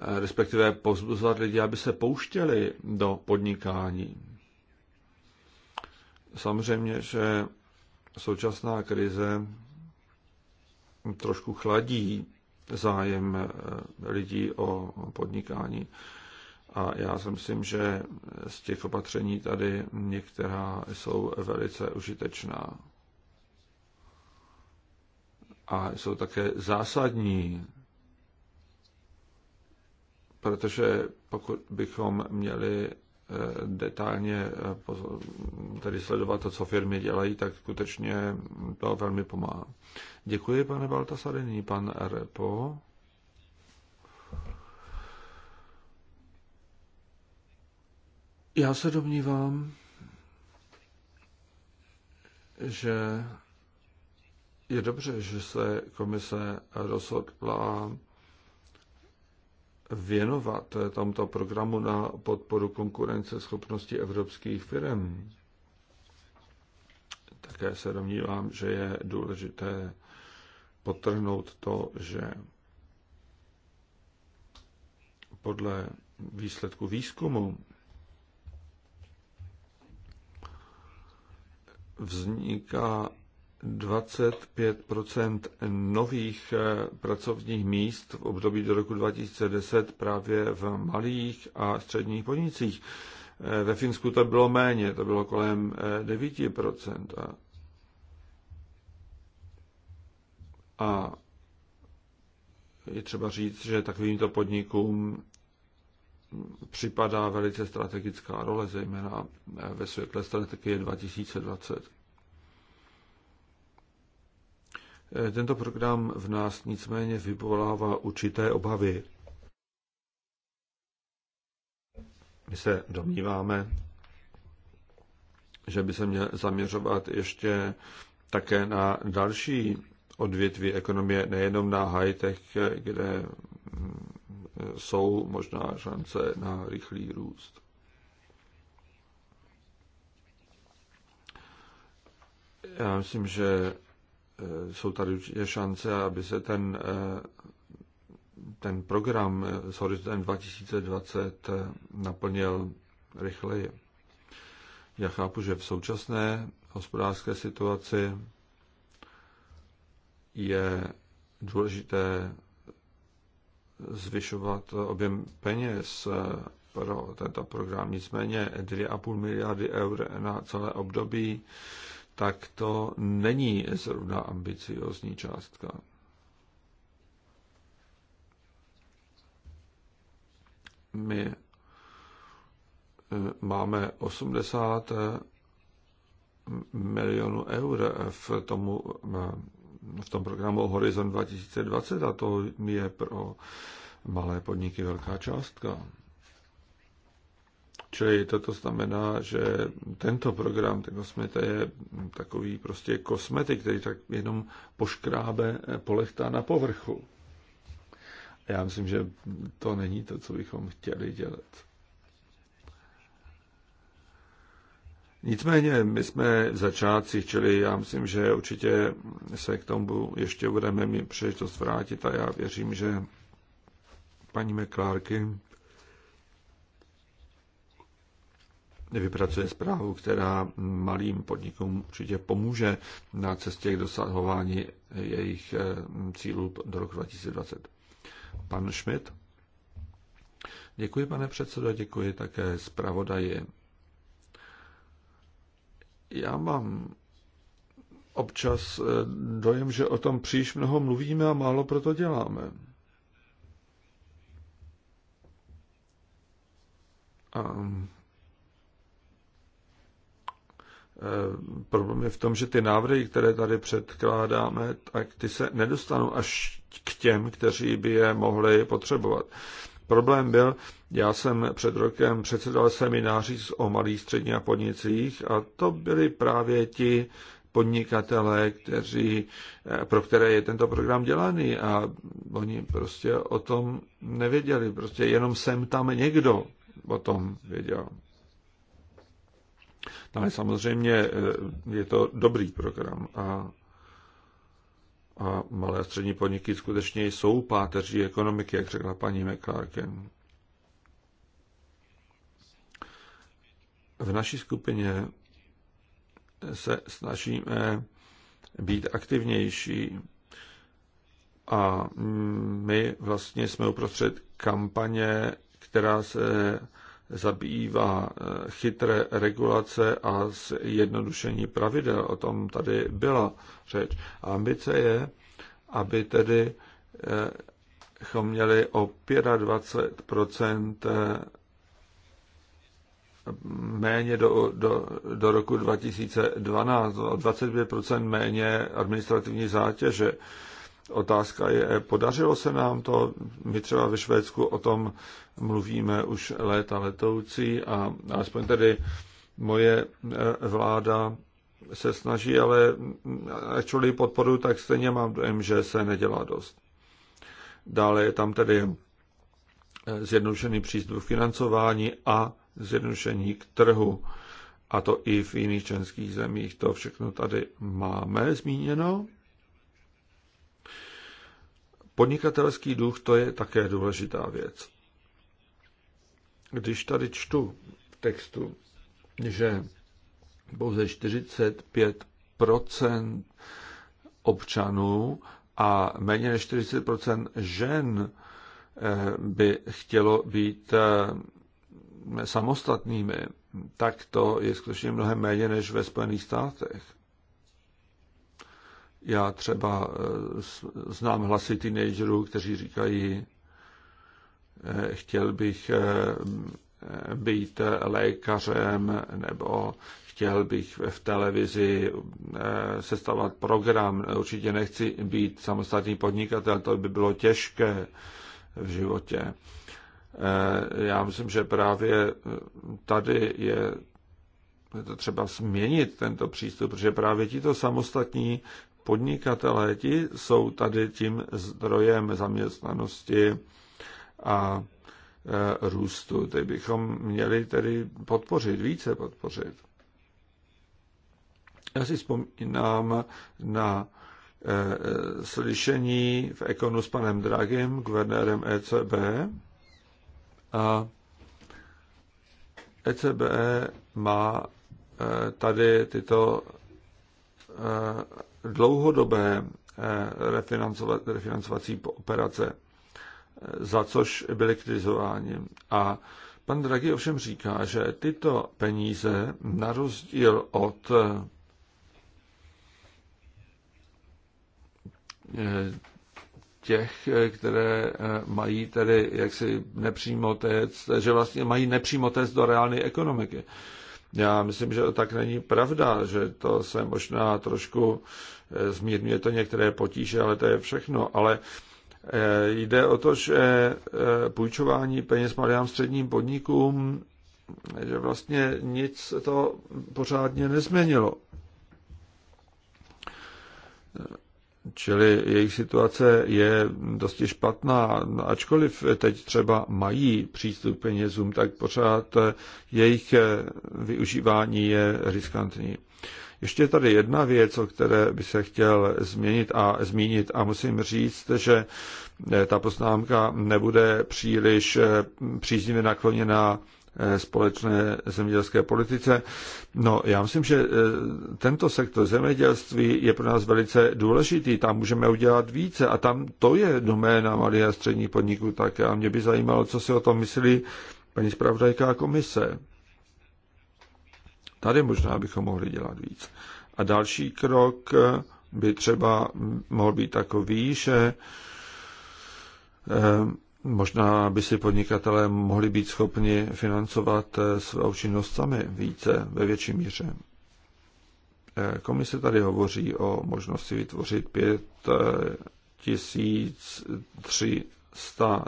respektive pozbuzovat lidi, aby se pouštěli do podnikání. Samozřejmě, že současná krize trošku chladí zájem eh, lidí o podnikání. A já si myslím, že z těch opatření tady některá jsou velice užitečná. A jsou také zásadní protože pokud bychom měli eh, detailně eh, tedy sledovat to, co firmy dělají, tak skutečně to velmi pomáhá. Děkuji, pane Baltasary. Nyní pan Repo. Já se domnívám, že je dobře, že se komise rozhodla věnovat tomto programu na podporu konkurenceschopnosti evropských firm. Také se domnívám, že je důležité potrhnout to, že podle výsledku výzkumu vzniká 25 nových eh, pracovních míst v období do roku 2010 právě v malých a středních podnicích. Eh, ve Finsku to bylo méně, to bylo kolem 9 eh, A je třeba říct, že takovýmto podnikům připadá velice strategická role, zejména ve světle strategie 2020. Eh, tento program v nás nicméně vyvolává určité obavy. My se domníváme, že by se měl zaměřovat ještě také na další odvětví ekonomie, nejenom na high-tech, kde hm, jsou možná šance na rychlý růst. Já myslím, že Eh, jsou tady určitě šance, aby se ten, eh, ten program s horizontem 2020 eh, naplnil rychleji. Já chápu, že v současné hospodářské situaci je důležité zvyšovat objem peněz pro tento program. Nicméně 2,5 miliardy eur na celé období tak to není zrovna ambiciozní částka. My eh, máme 80 eh, milionů eur v, tomu, eh, v tom programu Horizon 2020 a to je pro malé podniky velká částka. Čili toto znamená, že tento program, ten kosmeta, je takový prostě kosmetik, který tak jenom poškrábe eh, polechtá na povrchu. Já myslím, že to není to, co bychom chtěli dělat. Nicméně my jsme v začátcích, čili já myslím, že určitě se k tomu ještě budeme mít příležitost vrátit a já věřím, že paní McClarky vypracuje zprávu, která malým podnikům určitě pomůže na cestě k dosahování jejich eh, cílů do roku 2020. Pan Schmidt. Děkuji, pane předsedo, děkuji také zpravodaji. Já mám občas eh, dojem, že o tom příliš mnoho mluvíme a málo proto děláme. A Eh, problém je v tom, že ty návrhy, které tady předkládáme, tak ty se nedostanou až k těm, kteří by je mohli potřebovat. Problém byl, já jsem před rokem předsedal semináři o malých středních a podnicích a to byli právě ti podnikatele, kteří, eh, pro které je tento program dělaný a oni prostě o tom nevěděli, prostě jenom jsem tam někdo o tom věděl. Ale samozřejmě eh, je to dobrý program a, a malé a střední podniky skutečně jsou páteří ekonomiky, jak řekla paní McClarken. V naší skupině se snažíme být aktivnější a my vlastně jsme uprostřed kampaně, která se zabývá eh, chytré regulace a zjednodušení pravidel. O tom tady byla řeč. A ambice je, aby tedy eh, chom měli o 25 eh, méně do, do, do roku 2012, o 25 méně administrativní zátěže. Otázka je, podařilo se nám to, my třeba ve Švédsku o tom mluvíme už léta letoucí a alespoň tedy moje e, vláda se snaží, ale ačkoliv podporu, tak stejně mám dojem, že se nedělá dost. Dále je tam tedy e, zjednodušený přístup k financování a zjednodušení k trhu. A to i v jiných členských zemích. To všechno tady máme zmíněno. Podnikatelský duch to je také důležitá věc. Když tady čtu v textu, že pouze 45 občanů a méně než 40 žen eh, by chtělo být eh, samostatnými, tak to je skutečně mnohem méně než ve Spojených státech. Já třeba eh, znám hlasy teenagerů, kteří říkají, eh, chtěl bych eh, být lékařem nebo chtěl bych v televizi sestavovat program. Určitě nechci být samostatný podnikatel, to by bylo těžké v životě. Já myslím, že právě tady je to třeba změnit tento přístup, protože právě tito samostatní podnikatelé, ti jsou tady tím zdrojem zaměstnanosti a e, růstu. Teď bychom měli tedy podpořit, více podpořit. Já si vzpomínám na e, slyšení v Ekonu s panem Dragim, guvernérem ECB. A ECB má e, tady tyto dlouhodobé eh, refinancovací operace, eh, za což byli kritizováni. A pan Draghi ovšem říká, že tyto peníze, na rozdíl od eh, těch, které mají tedy jaksi nepřímo tec, že vlastně mají nepřímo tec do reálné ekonomiky. Já myslím, že to tak není pravda, že to se možná trošku eh, zmírňuje to některé potíže, ale to je všechno. Ale eh, jde o to, že eh, půjčování peněz malým středním podnikům, že vlastně nic to pořádně nezměnilo. Čili jejich situace je dosti špatná, no, ačkoliv teď třeba mají přístup penězům, tak pořád jejich využívání je riskantní. Ještě tady jedna věc, o které by se chtěl změnit a zmínit a musím říct, že ta poznámka nebude příliš příznivě nakloněná Eh, společné zemědělské politice. No, já myslím, že eh, tento sektor zemědělství je pro nás velice důležitý. Tam můžeme udělat více a tam to je doména malých a středních podniků Tak A mě by zajímalo, co si o tom myslí paní zpravodajka komise. Tady možná bychom mohli dělat víc. A další krok by třeba mohl být takový, že eh, Možná by si podnikatelé mohli být schopni financovat eh, svou činnost sami více, ve větší míře. Eh, komise tady hovoří o možnosti vytvořit 5300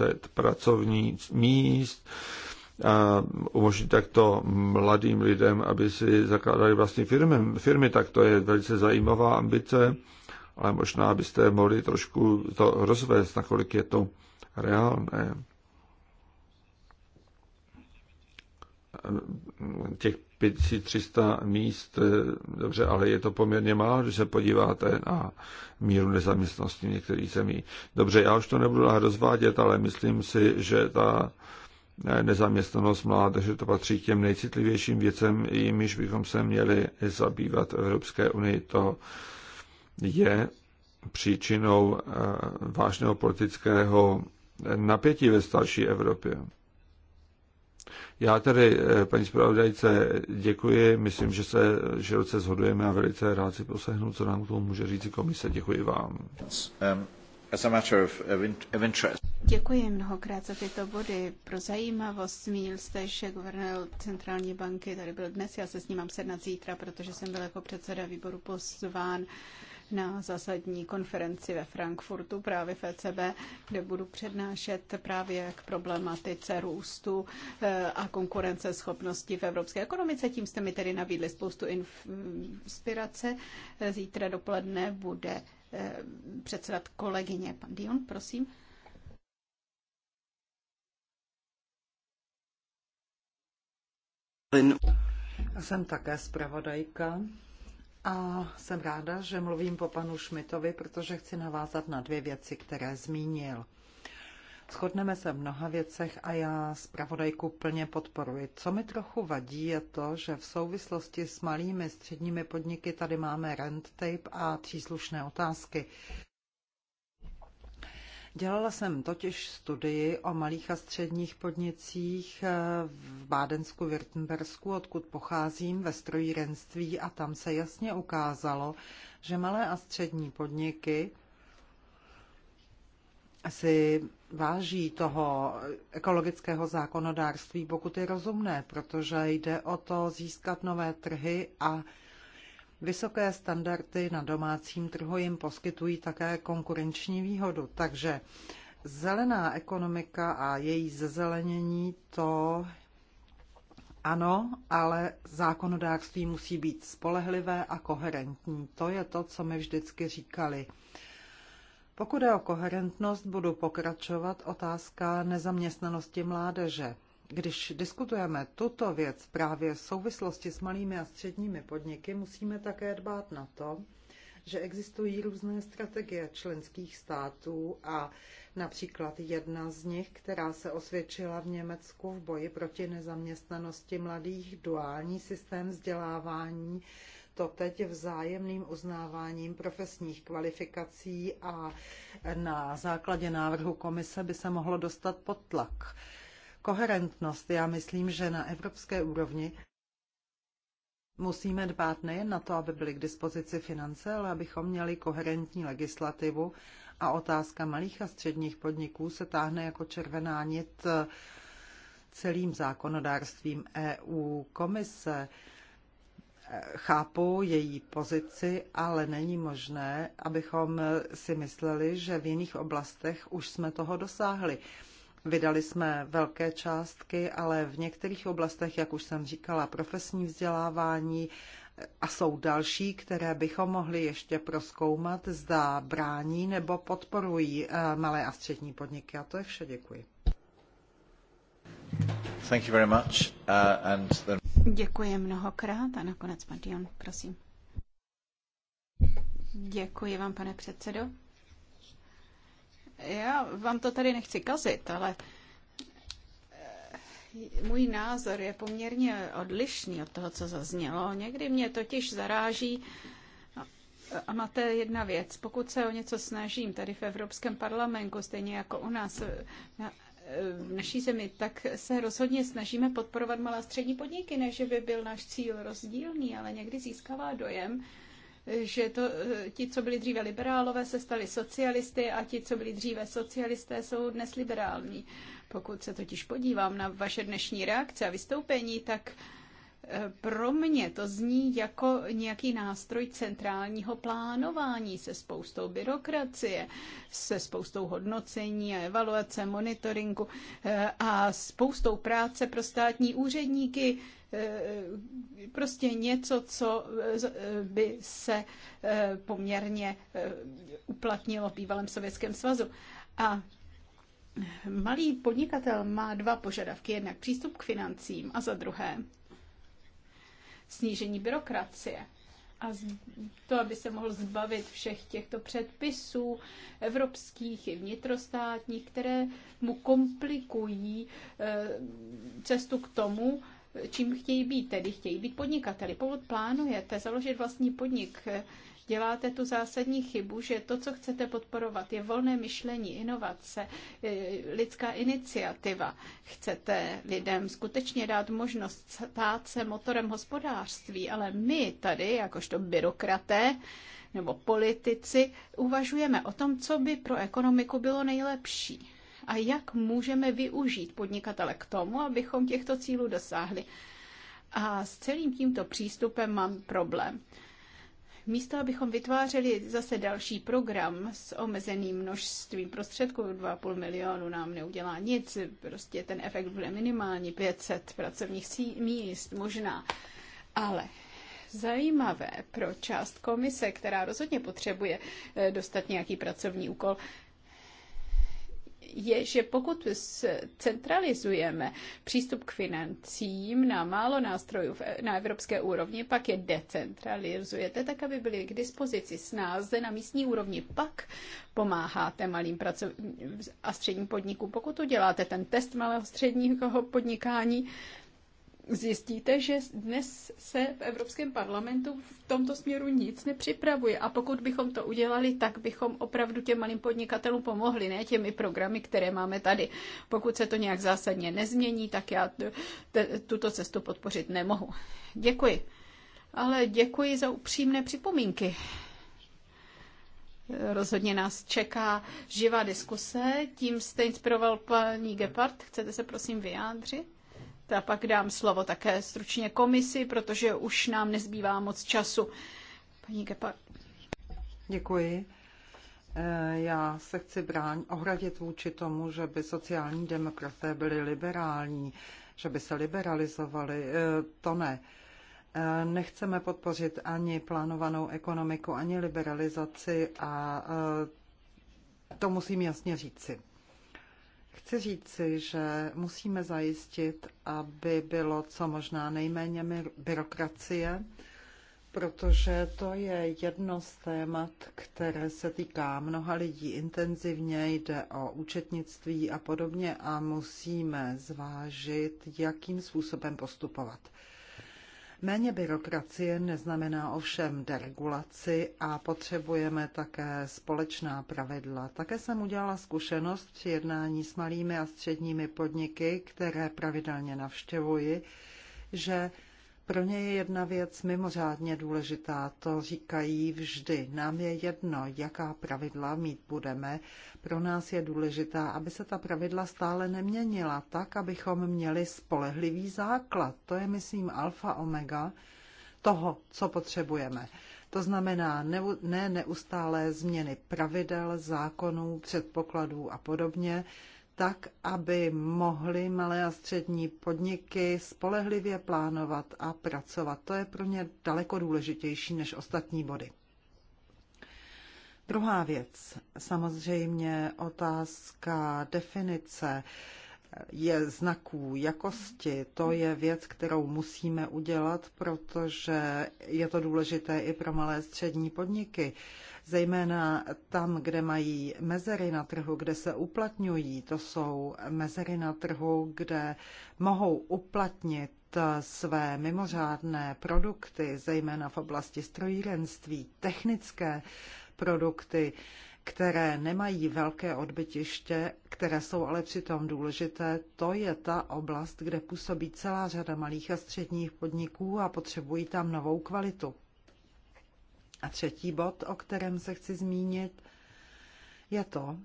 eh, pracovních míst, a umožnit takto mladým lidem, aby si zakládali vlastní firmy. firmy, tak to je velice zajímavá ambice, ale možná byste mohli trošku to rozvést, nakolik je to reálné. Těch 5300 míst, dobře, ale je to poměrně málo, když se podíváte na míru nezaměstnosti v některých zemí. Dobře, já už to nebudu rozvádět, ale myslím si, že ta nezaměstnanost mládeže, to patří k těm nejcitlivějším věcem, jimiž bychom se měli zabývat v Evropské unii. To je příčinou eh, vážného politického napětí ve starší Evropě. Já tedy, eh, paní zpravodajce, děkuji. Myslím, že se široce shodujeme a velice rád si poslechnu, co nám k tomu může říct komise. Děkuji vám. Um, děkuji mnohokrát za tyto body. Pro zajímavost zmínil jste, že guvernér centrální banky tady byl dnes, já se s ním mám sednat zítra, protože jsem byl jako předseda výboru pozván na zásadní konferenci ve Frankfurtu právě v ECB, kde budu přednášet právě k problematice růstu eh, a konkurenceschopnosti v evropské ekonomice. Tím jste mi tedy nabídli spoustu inspirace. Zítra dopoledne bude eh, předsedat kolegyně. Pan Dion, prosím. Jsem také zpravodajka a jsem ráda, že mluvím po panu Šmitovi, protože chci navázat na dvě věci, které zmínil. Shodneme se v mnoha věcech a já zpravodajku plně podporuji. Co mi trochu vadí, je to, že v souvislosti s malými středními podniky tady máme rent tape a příslušné otázky. Dělala jsem totiž studii o malých a středních podnicích eh, v Bádensku, Württembersku, odkud pocházím, ve strojírenství a tam se jasně ukázalo, že malé a střední podniky si váží toho ekologického zákonodárství, pokud je rozumné, protože jde o to získat nové trhy a Vysoké standardy na domácím trhu jim poskytují také konkurenční výhodu. Takže zelená ekonomika a její zezelenění to ano, ale zákonodárství musí být spolehlivé a koherentní. To je to, co mi vždycky říkali. Pokud je o koherentnost, budu pokračovat otázka nezaměstnanosti mládeže. Když diskutujeme tuto věc právě v souvislosti s malými a středními podniky, musíme také dbát na to, že existují různé strategie členských států a například jedna z nich, která se osvědčila v Německu v boji proti nezaměstnanosti mladých, duální systém vzdělávání, to teď vzájemným uznáváním profesních kvalifikací a na základě návrhu komise by se mohlo dostat pod tlak koherentnost. Já myslím, že na evropské úrovni musíme dbát nejen na to, aby byly k dispozici finance, ale abychom měli koherentní legislativu a otázka malých a středních podniků se táhne jako červená nit celým zákonodárstvím EU. Komise eh, chápu její pozici, ale není možné, abychom si mysleli, že v jiných oblastech už jsme toho dosáhli. Vydali jsme velké částky, ale v některých oblastech, jak už jsem říkala, profesní vzdělávání a jsou další, které bychom mohli ještě proskoumat, zda brání nebo podporují eh, malé a střední podniky. A to je vše. Děkuji. Thank you very much. Uh, and then... Děkuji mnohokrát a nakonec pan Dion, prosím. Děkuji vám, pane předsedo. Já vám to tady nechci kazit, ale eh, můj názor je poměrně odlišný od toho, co zaznělo. Někdy mě totiž zaráží, a máte jedna věc, pokud se o něco snažím tady v Evropském parlamentu, stejně jako u nás eh, na, eh, v naší zemi, tak se rozhodně snažíme podporovat malá střední podniky, než by byl náš cíl rozdílný, ale někdy získává dojem, že to, eh, ti, co byli dříve liberálové, se stali socialisty a ti, co byli dříve socialisté, jsou dnes liberální. Pokud se totiž podívám na vaše dnešní reakce a vystoupení, tak eh, pro mě to zní jako nějaký nástroj centrálního plánování se spoustou byrokracie, se spoustou hodnocení a evaluace, monitoringu eh, a spoustou práce pro státní úředníky, Eh, prostě něco, co eh, eh, by se poměrně uplatnilo v bývalém Sovětském svazu. A malý podnikatel má dva požadavky, jednak přístup k financím a za druhé snížení byrokracie a to, aby se mohl zbavit všech těchto předpisů evropských i vnitrostátních, které mu komplikují cestu k tomu, čím chtějí být, tedy chtějí být podnikateli. Pokud plánujete založit vlastní podnik, děláte tu zásadní chybu, že to, co chcete podporovat, je volné myšlení, inovace, e, lidská iniciativa. Chcete lidem skutečně dát možnost stát se motorem hospodářství, ale my tady, jakožto byrokraté, nebo politici, uvažujeme o tom, co by pro ekonomiku bylo nejlepší a jak můžeme využít podnikatele k tomu, abychom těchto cílů dosáhli. A s celým tímto přístupem mám problém. Místo, abychom vytvářeli zase další program s omezeným množstvím prostředků, 2,5 milionu nám neudělá nic, prostě ten efekt bude minimální, 500 pracovních míst možná. Ale zajímavé pro část komise, která rozhodně potřebuje eh, dostat nějaký pracovní úkol, je, že pokud centralizujeme přístup k financím na málo nástrojů na evropské úrovni, pak je decentralizujete, tak aby byly k dispozici snáze na místní úrovni, pak pomáháte malým pracov- a středním podnikům. Pokud uděláte ten test malého středního podnikání, zjistíte, že dnes se v Evropském parlamentu v tomto směru nic nepřipravuje. A pokud bychom to udělali, tak bychom opravdu těm malým podnikatelům pomohli, ne těmi programy, které máme tady. Pokud se to nějak zásadně nezmění, tak já tuto cestu podpořit nemohu. Děkuji. Ale děkuji za upřímné připomínky. Rozhodně nás čeká živá diskuse. Tím jste inspiroval paní Gepard. Chcete se prosím vyjádřit? A pak dám slovo také stručně komisi, protože už nám nezbývá moc času. Paní Gepard. Děkuji. Eh, já se chci brán, ohradit vůči tomu, že by sociální demokraté byli liberální, že by se liberalizovali. Eh, to ne. Eh, nechceme podpořit ani plánovanou ekonomiku, ani liberalizaci a to musím jasně říci. Chci říci, že musíme zajistit, aby bylo co možná nejméně byrokracie, protože to je jedno z témat, které se týká mnoha lidí intenzivně, jde o účetnictví a podobně a musíme zvážit, jakým způsobem postupovat. Méně byrokracie neznamená ovšem deregulaci a potřebujeme také společná pravidla. Také jsem udělala zkušenost při jednání s malými a středními podniky, které pravidelně navštěvuji, že pro ně je jedna věc mimořádně důležitá, to říkají vždy. Nám je jedno, jaká pravidla mít budeme. Pro nás je důležitá, aby se ta pravidla stále neměnila tak, abychom měli spolehlivý základ. To je, myslím, alfa omega toho, co potřebujeme. To znamená ne, ne neustálé změny pravidel, zákonů, předpokladů a podobně, tak, aby mohly malé a střední podniky spolehlivě plánovat a pracovat. To je pro ně daleko důležitější než ostatní body. Druhá věc, samozřejmě otázka definice je znaků jakosti. To je věc, kterou musíme udělat, protože je to důležité i pro malé střední podniky zejména tam, kde mají mezery na trhu, kde se uplatňují. To jsou mezery na trhu, kde mohou uplatnit své mimořádné produkty, zejména v oblasti strojírenství, technické produkty, které nemají velké odbytiště, které jsou ale přitom důležité, to je ta oblast, kde působí celá řada malých a středních podniků a potřebují tam novou kvalitu. A třetí bod, o kterém se chci zmínit, je to,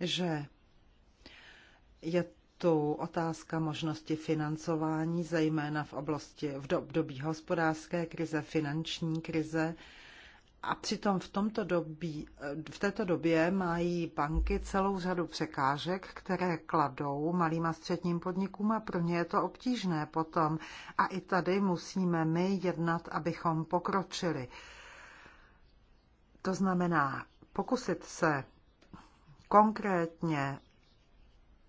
že je tu otázka možnosti financování, zejména v oblasti v období hospodářské krize, finanční krize. A přitom v, tomto dobí, v této době mají banky celou řadu překážek, které kladou malým a středním podnikům a pro ně je to obtížné potom. A i tady musíme my jednat, abychom pokročili. To znamená pokusit se konkrétně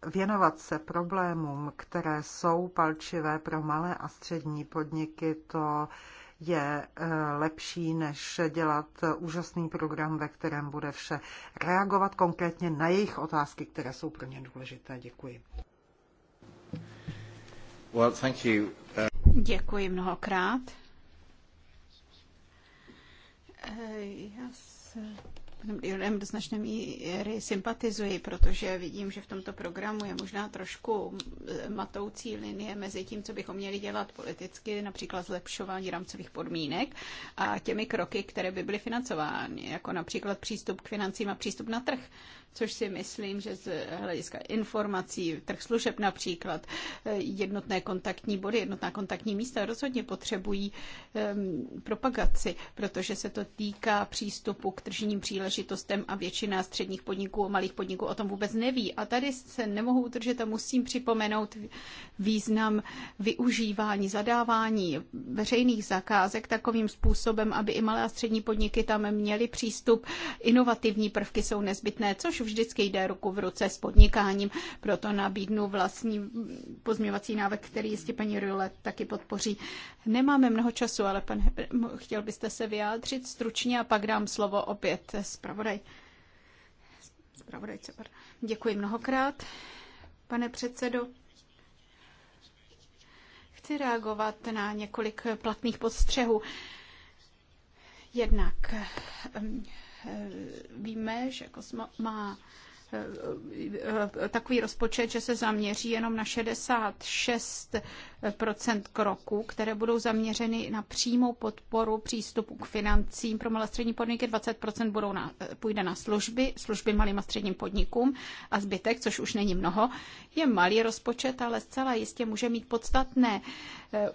věnovat se problémům, které jsou palčivé pro malé a střední podniky, to je eh, lepší, než dělat úžasný program, ve kterém bude vše reagovat konkrétně na jejich otázky, které jsou pro ně důležité. Děkuji. Well, thank you. Děkuji mnohokrát. Já s panem Dionem do značné míry sympatizuji, protože vidím, že v tomto programu je možná trošku matoucí linie mezi tím, co bychom měli dělat politicky, například zlepšování rámcových podmínek a těmi kroky, které by byly financovány, jako například přístup k financím a přístup na trh což si myslím, že z hlediska informací, trh služeb například, eh, jednotné kontaktní body, jednotná kontaktní místa rozhodně potřebují um, propagaci, protože se to týká přístupu k tržním příležitostem a většina středních podniků a malých podniků o tom vůbec neví. A tady se nemohu udržet a musím připomenout význam využívání, zadávání veřejných zakázek takovým způsobem, aby i malé a střední podniky tam měly přístup. Inovativní prvky jsou nezbytné, což vždycky jde ruku v ruce s podnikáním, proto nabídnu vlastní pozměvací návrh, který jistě paní Rule taky podpoří. Nemáme mnoho času, ale pan Hebr, chtěl byste se vyjádřit stručně a pak dám slovo opět zpravodaj. Zpravodajce, Děkuji mnohokrát, pane předsedo chci reagovat na několik platných postřehů. Jednak ehm, Eh, víme, že Kosmo má eh, eh, takový rozpočet, že se zaměří jenom na 66 kroků, které budou zaměřeny na přímou podporu přístupu k financím pro malé střední podniky, 20 budou na, půjde na služby, služby malým a středním podnikům a zbytek, což už není mnoho, je malý rozpočet, ale zcela jistě může mít podstatné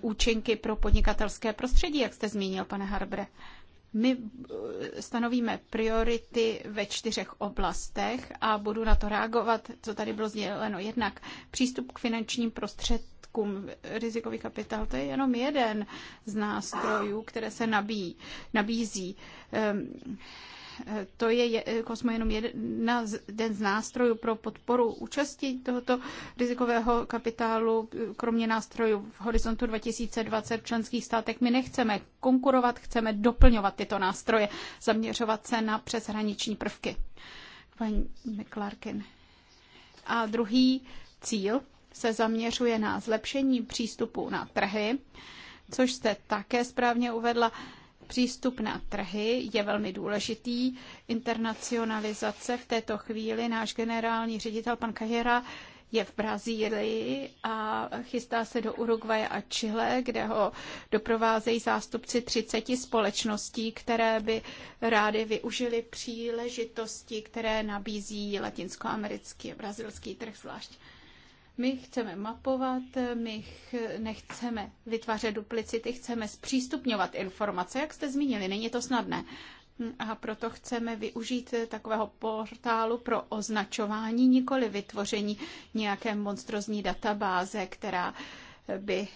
účinky pro podnikatelské prostředí, jak jste zmínil, pane Harbre. My eh, stanovíme priority ve čtyřech oblastech a budu na to reagovat, co tady bylo sděleno. Jednak přístup k finančním prostředkům, rizikový kapitál, to je jenom jeden z nástrojů, které se nabíjí, nabízí. Um, to je Kosmo jenom jedna z, jeden z nástrojů pro podporu účasti tohoto rizikového kapitálu. Kromě nástrojů v horizontu 2020 v členských státech my nechceme konkurovat, chceme doplňovat tyto nástroje, zaměřovat se na přeshraniční prvky. Paní McClarkin. A druhý cíl se zaměřuje na zlepšení přístupu na trhy, což jste také správně uvedla Přístup na trhy je velmi důležitý. Internacionalizace v této chvíli náš generální ředitel pan Kahera je v Brazílii a chystá se do Uruguay a Chile, kde ho doprovázejí zástupci 30 společností, které by rády využili příležitosti, které nabízí latinskoamerický a brazilský trh zvlášť. My chceme mapovat, my nechceme vytvářet duplicity, chceme zpřístupňovat informace, jak jste zmínili, není to snadné. A proto chceme využít takového portálu pro označování, nikoli vytvoření nějaké monstrozní databáze, která by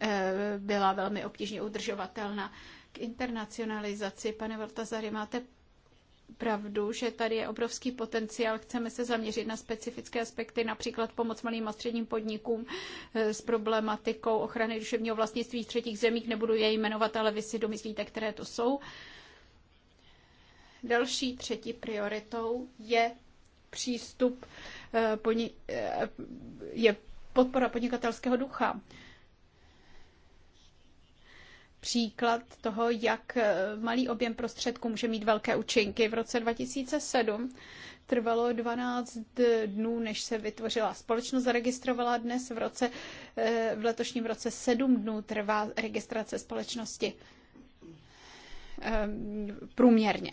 eh, byla velmi obtížně udržovatelná. K internacionalizaci, pane Vortazary, máte pravdu, že tady je obrovský potenciál. Chceme se zaměřit na specifické aspekty, například pomoc malým a středním podnikům eh, s problematikou ochrany duševního vlastnictví v třetích zemích. Nebudu je jmenovat, ale vy si domyslíte, které to jsou. Další třetí prioritou je přístup, eh, eh, je podpora podnikatelského ducha příklad toho, jak eh, malý objem prostředků může mít velké účinky. V roce 2007 trvalo 12 dnů, než se vytvořila společnost, zaregistrovala dnes v, roce, eh, v letošním roce 7 dnů trvá registrace společnosti eh, průměrně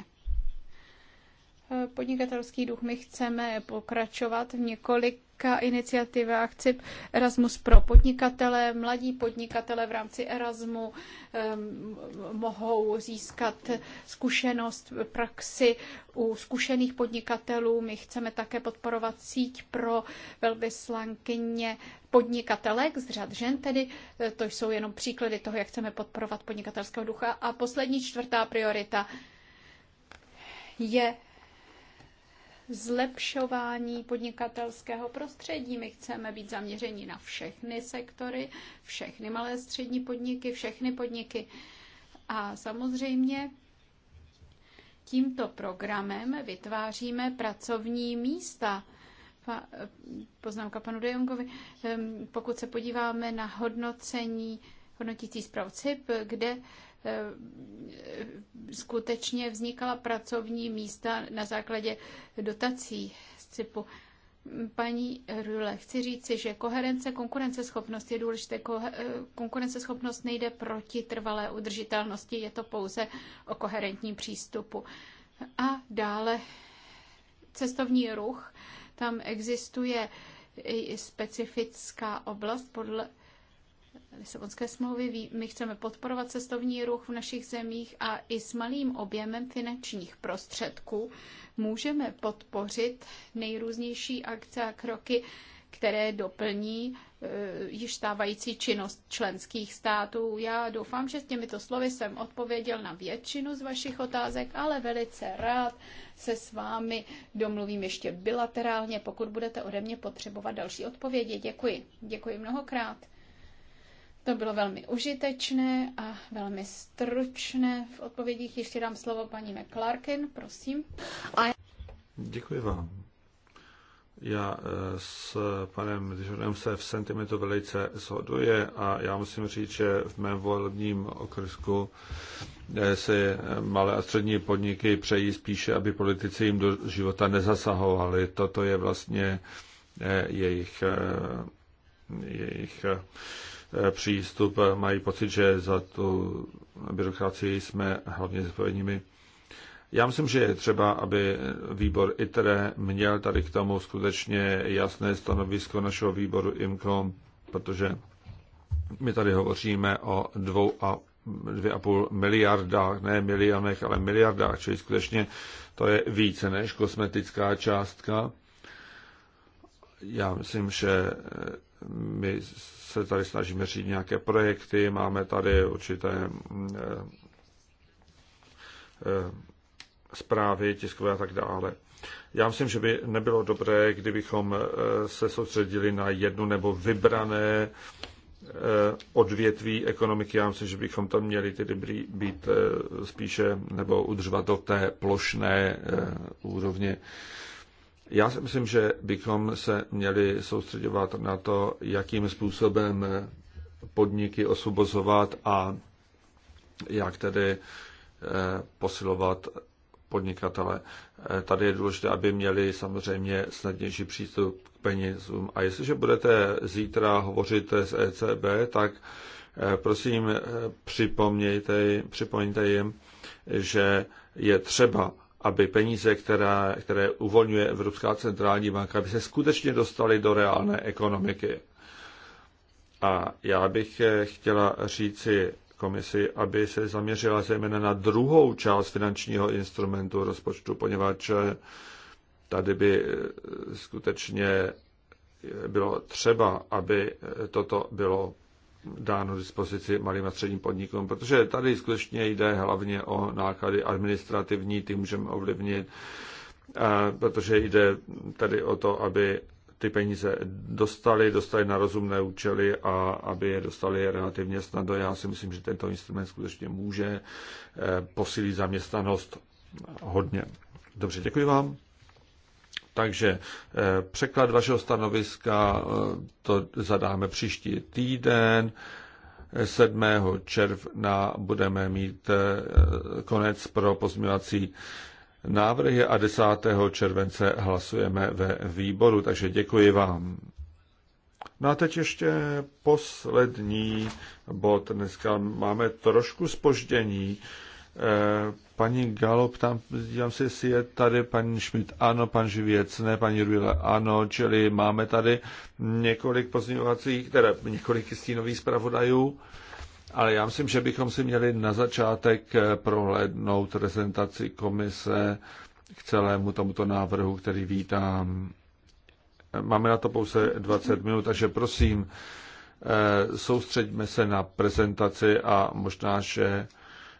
podnikatelský duch. My chceme pokračovat v několika iniciativách CIP Erasmus pro podnikatele. Mladí podnikatele v rámci Erasmu mohou získat zkušenost, praxi u zkušených podnikatelů. My chceme také podporovat síť pro velvyslankyně podnikatelek z řad žen, tedy e, to jsou jenom příklady toho, jak chceme podporovat podnikatelského ducha. A poslední čtvrtá priorita je zlepšování podnikatelského prostředí. My chceme být zaměřeni na všechny sektory, všechny malé střední podniky, všechny podniky. A samozřejmě tímto programem vytváříme pracovní místa. poznámka panu De Jongovi. Ehm, pokud se podíváme na hodnocení hodnotící zpráv CIP, kde Eh, skutečně vznikala pracovní místa na základě dotací z CIPu. Paní Rule, chci říci, že koherence, konkurenceschopnost je důležité. Eh, konkurenceschopnost nejde proti trvalé udržitelnosti, je to pouze o koherentním přístupu. A dále cestovní ruch. Tam existuje specifická oblast podle Lisabonské smlouvy. My chceme podporovat cestovní ruch v našich zemích a i s malým objemem finančních prostředků můžeme podpořit nejrůznější akce a kroky, které doplní eh, již stávající činnost členských států. Já doufám, že s těmito slovy jsem odpověděl na většinu z vašich otázek, ale velice rád se s vámi domluvím ještě bilaterálně, pokud budete ode mě potřebovat další odpovědi. Děkuji. Děkuji mnohokrát. To bylo velmi užitečné a velmi stručné. V odpovědích ještě dám slovo paní McClarkin, prosím. A... Děkuji vám. Já eh, s panem Dižonem se v sentimentu velice shoduje a já musím říct, že v mém volebním okrsku eh, si malé a střední podniky přejí spíše, aby politici jim do života nezasahovali. Toto je vlastně eh, jejich, jejich přístup, mají pocit, že za tu byrokracii jsme hlavně zodpovědními. Já myslím, že je třeba, aby výbor ITRE měl tady k tomu skutečně jasné stanovisko našeho výboru IMCO, protože my tady hovoříme o dvou a dvě a půl miliardách, ne milionech, ale miliardách, čili skutečně to je více než kosmetická částka. Já myslím, že my se tady snažíme říct nějaké projekty, máme tady určité mm, eh, eh, zprávy, tiskové a tak dále. Já myslím, že by nebylo dobré, kdybychom eh, se soustředili na jednu nebo vybrané odvětví ekonomiky. Já myslím, že bychom tam měli tedy být spíše nebo udržovat do té plošné úrovně. Já si myslím, že bychom se měli soustředovat na to, jakým způsobem podniky osvobozovat a jak tedy eh, posilovat podnikatele. Eh, tady je důležité, aby měli samozřejmě snadnější přístup k penězům. A jestliže budete zítra hovořit s ECB, tak eh, prosím připomněte, připomeňte jim, že je třeba aby peníze, které, které uvolňuje Evropská centrální banka, aby se skutečně dostaly do reálné ekonomiky. A já bych eh, chtěla říci komisi, aby se zaměřila zejména na druhou část finančního instrumentu rozpočtu, poněvadž eh, tady by eh, skutečně bylo třeba, aby toto bylo dáno dispozici malým a středním podnikům, protože tady skutečně jde hlavně o náklady administrativní, ty můžeme ovlivnit, eh, protože jde tady o to, aby ty peníze dostali, dostali na rozumné účely a aby je dostali relativně snadno. Já si myslím, že tento instrument skutečně může eh, posílit zaměstnanost hodně. Dobře, děkuji vám. Takže eh, překlad vašeho stanoviska eh, to zadáme příští týden. 7. Eh, června budeme mít konec pro pozměňovací návrhy a 10. července hlasujeme ve výboru, takže děkuji vám. No a teď ještě poslední bod. Dneska máme trošku spoždění Eh, paní Galo, ptám, dívám se, jestli je tady paní Schmidt, ano, pan Živěc, ne, paní Rujle, ano, čili máme tady několik pozměňovacích, teda několik stínových zpravodajů, ale já myslím, že bychom si měli na začátek eh, prohlédnout prezentaci komise k celému tomuto návrhu, který vítám. Eh, máme na to pouze 20 minut, takže prosím, soustředíme se na prezentaci a možná, že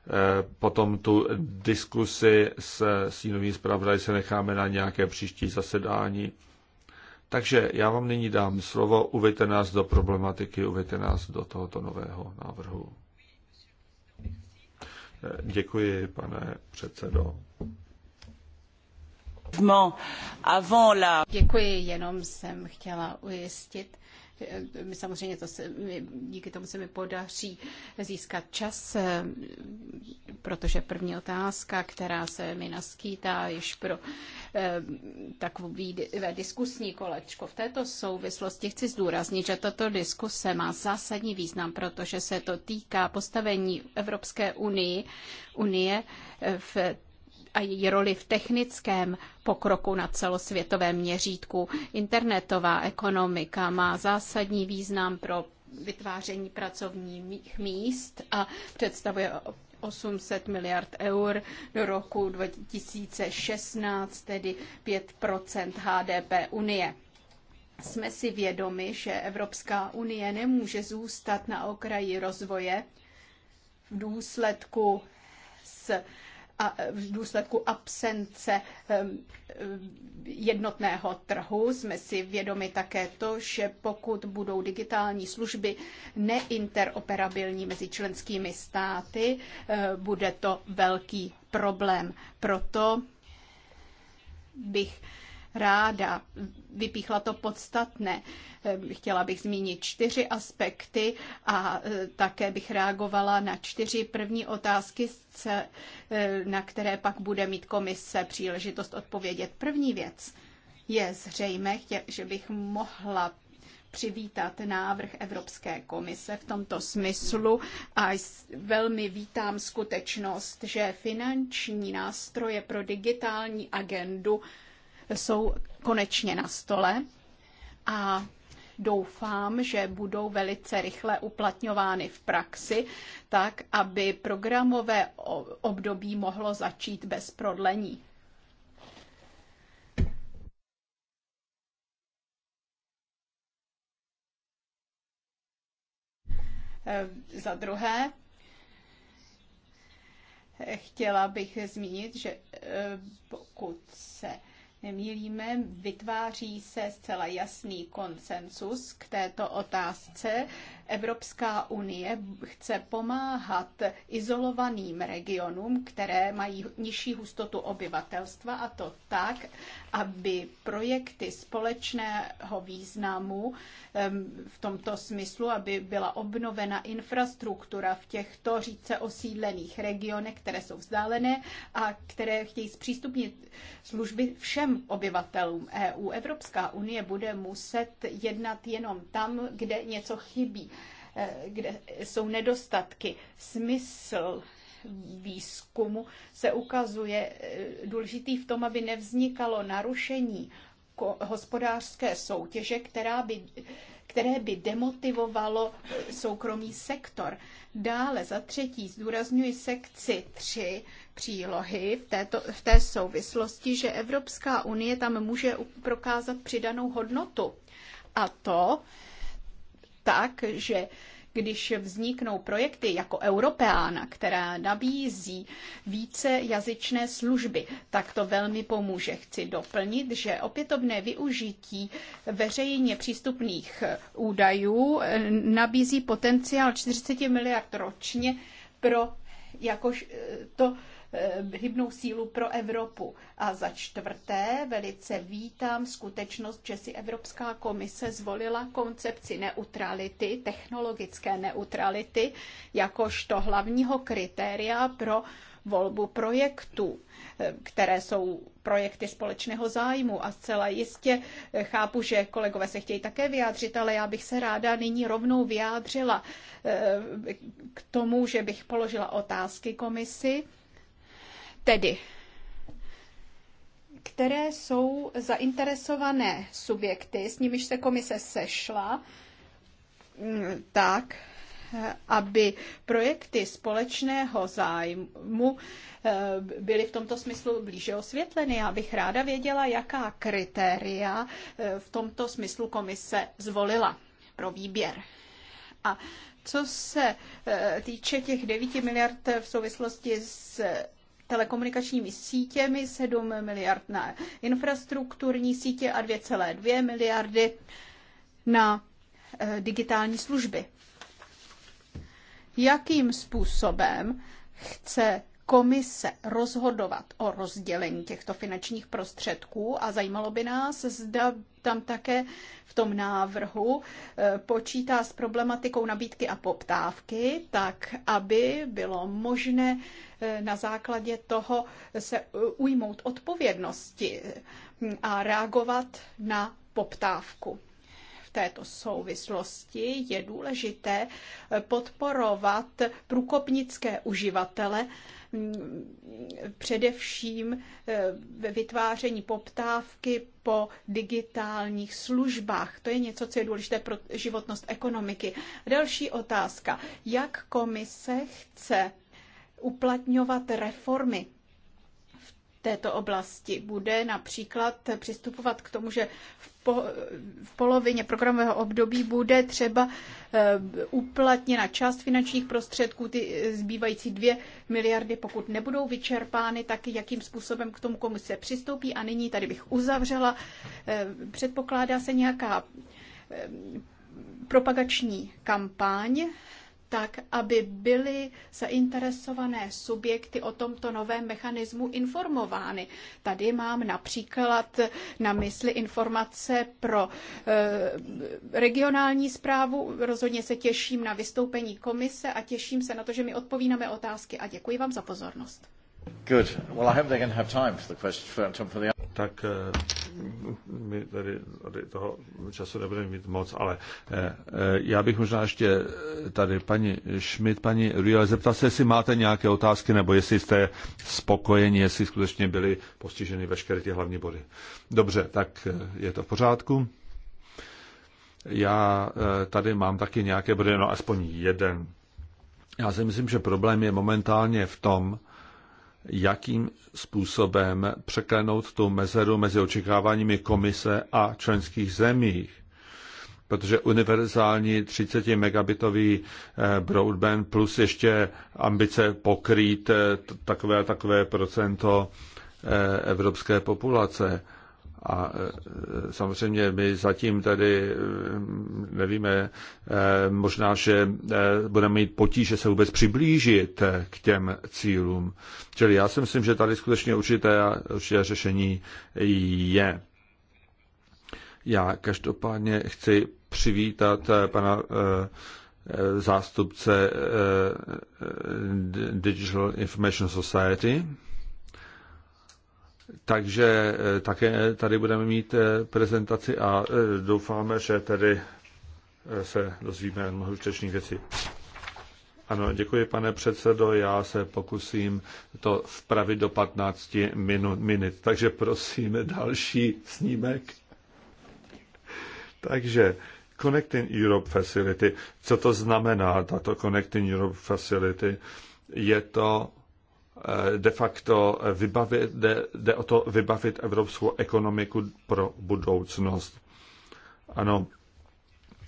Eh, potom tu diskusi s sínovým zpravodaj se necháme na nějaké příští zasedání. Takže já vám nyní dám slovo, uvěte nás do problematiky, uvěte nás do tohoto nového návrhu. Eh, děkuji, pane předsedo. Děkuji, jenom jsem chtěla ujistit my samozřejmě to se, my, díky tomu se mi podaří získat čas, eh, protože první otázka, která se mi naskýtá již pro eh, takové diskusní kolečko. V této souvislosti chci zdůraznit, že tato diskuse má zásadní význam, protože se to týká postavení Evropské unii, unie eh, v a její roli v technickém pokroku na celosvětovém měřítku. Internetová ekonomika má zásadní význam pro vytváření pracovních míst a představuje 800 miliard eur do roku 2016, tedy 5 HDP Unie. Jsme si vědomi, že Evropská unie nemůže zůstat na okraji rozvoje v důsledku s a v důsledku absence ehm, ehm, jednotného trhu jsme si vědomi také to, že pokud budou digitální služby neinteroperabilní mezi členskými státy, eh, bude to velký problém. Proto bych ráda. Vypíchla to podstatné. Ehm, chtěla bych zmínit čtyři aspekty a e, také bych reagovala na čtyři první otázky, e, na které pak bude mít komise příležitost odpovědět. První věc je zřejmé, že bych mohla přivítat návrh Evropské komise v tomto smyslu a velmi vítám skutečnost, že finanční nástroje pro digitální agendu jsou konečně na stole a doufám, že budou velice rychle uplatňovány v praxi, tak aby programové období mohlo začít bez prodlení. Eh, za druhé, chtěla bych zmínit, že eh, pokud se nemýlíme, vytváří se zcela jasný konsensus k této otázce Evropská unie chce pomáhat izolovaným regionům, které mají nižší hustotu obyvatelstva a to tak, aby projekty společného významu v tomto smyslu, aby byla obnovena infrastruktura v těchto říce osídlených regionech, které jsou vzdálené a které chtějí zpřístupnit služby všem obyvatelům EU. Evropská unie bude muset jednat jenom tam, kde něco chybí. Eh, kde jsou nedostatky. Smysl výzkumu se ukazuje eh, důležitý v tom, aby nevznikalo narušení hospodářské soutěže, která by, které by demotivovalo soukromý sektor. Dále za třetí zdůrazňuji sekci tři přílohy v, této, v té souvislosti, že Evropská unie tam může prokázat přidanou hodnotu. A to tak, že když vzniknou projekty jako Europeana, která nabízí více jazyčné služby, tak to velmi pomůže. Chci doplnit, že opětovné využití veřejně přístupných údajů eh, nabízí potenciál 40 miliard ročně pro jakož eh, to Eh, hybnou sílu pro Evropu. A za čtvrté, velice vítám skutečnost, že si Evropská komise zvolila koncepci neutrality, technologické neutrality, jakožto hlavního kritéria pro volbu projektů, eh, které jsou projekty společného zájmu. A zcela jistě eh, chápu, že kolegové se chtějí také vyjádřit, ale já bych se ráda nyní rovnou vyjádřila k tomu, že bych položila otázky komisi Tedy, které jsou zainteresované subjekty, s nimiž se komise sešla, mm, tak, aby projekty společného zájmu eh, byly v tomto smyslu blíže osvětleny. Já bych ráda věděla, jaká kritéria eh, v tomto smyslu komise zvolila pro výběr. A co se eh, týče těch 9 miliard v souvislosti s telekomunikačními sítěmi, 7 miliard na infrastrukturní sítě a 2,2 miliardy na eh, digitální služby. Jakým způsobem chce komise rozhodovat o rozdělení těchto finančních prostředků a zajímalo by nás, zda tam také v tom návrhu eh, počítá s problematikou nabídky a poptávky, tak aby bylo možné eh, na základě toho se eh, ujmout odpovědnosti hm, a reagovat na poptávku v této souvislosti je důležité podporovat průkopnické uživatele Mm, především eh, ve vytváření poptávky po digitálních službách. To je něco, co je důležité pro životnost ekonomiky. Další otázka. Jak komise chce uplatňovat reformy této oblasti. Bude například přistupovat k tomu, že v, po, v polovině programového období bude třeba eh, uplatněna část finančních prostředků, ty eh, zbývající dvě miliardy, pokud nebudou vyčerpány, tak jakým způsobem k tomu komise přistoupí. A nyní tady bych uzavřela. Eh, předpokládá se nějaká propagační kampaň tak, aby byly zainteresované subjekty o tomto novém mechanismu informovány. Tady mám například na mysli informace pro eh, regionální zprávu. Rozhodně se těším na vystoupení komise a těším se na to, že mi odpoví otázky a děkuji vám za pozornost. Good. Well, I hope going to have time for the question for, for the... Tak eh, my tady, tady toho času nebudeme mít moc, ale eh, eh, já bych možná ještě tady paní Schmidt, paní Riel, zeptal se, jestli máte nějaké otázky, nebo jestli jste spokojeni, jestli skutečně byly postiženy veškeré ty hlavní body. Dobře, tak eh, je to v pořádku. Já tady mám taky nějaké body, no aspoň jeden. Já si myslím, že problém je momentálně v tom, jakým způsobem překlenout tu mezeru mezi očekáváními komise a členských zemích. Protože univerzální 30 megabitový eh, broadband plus ještě ambice pokrýt eh, takové a takové procento eh, evropské populace a e, samozřejmě my zatím tady e, nevíme, e, možná, že budeme mít potíže se vůbec přiblížit k těm cílům. Čili já si myslím, že tady skutečně určité, určité řešení je. Já každopádně chci přivítat pana zástupce Digital Information Society, takže eh, také tady budeme mít eh, prezentaci a eh, doufáme, že tedy se dozvíme mnoho užitečných věcí. Ano, děkuji, pane předsedo. Já se pokusím to vpravit do 15 minut. minut. Takže prosím další snímek. Takže Connecting Europe Facility. Co to znamená, tato Connecting Europe Facility? Je to Eh, de facto vybavit, jde, jde o to vybavit evropskou ekonomiku pro budoucnost. Ano,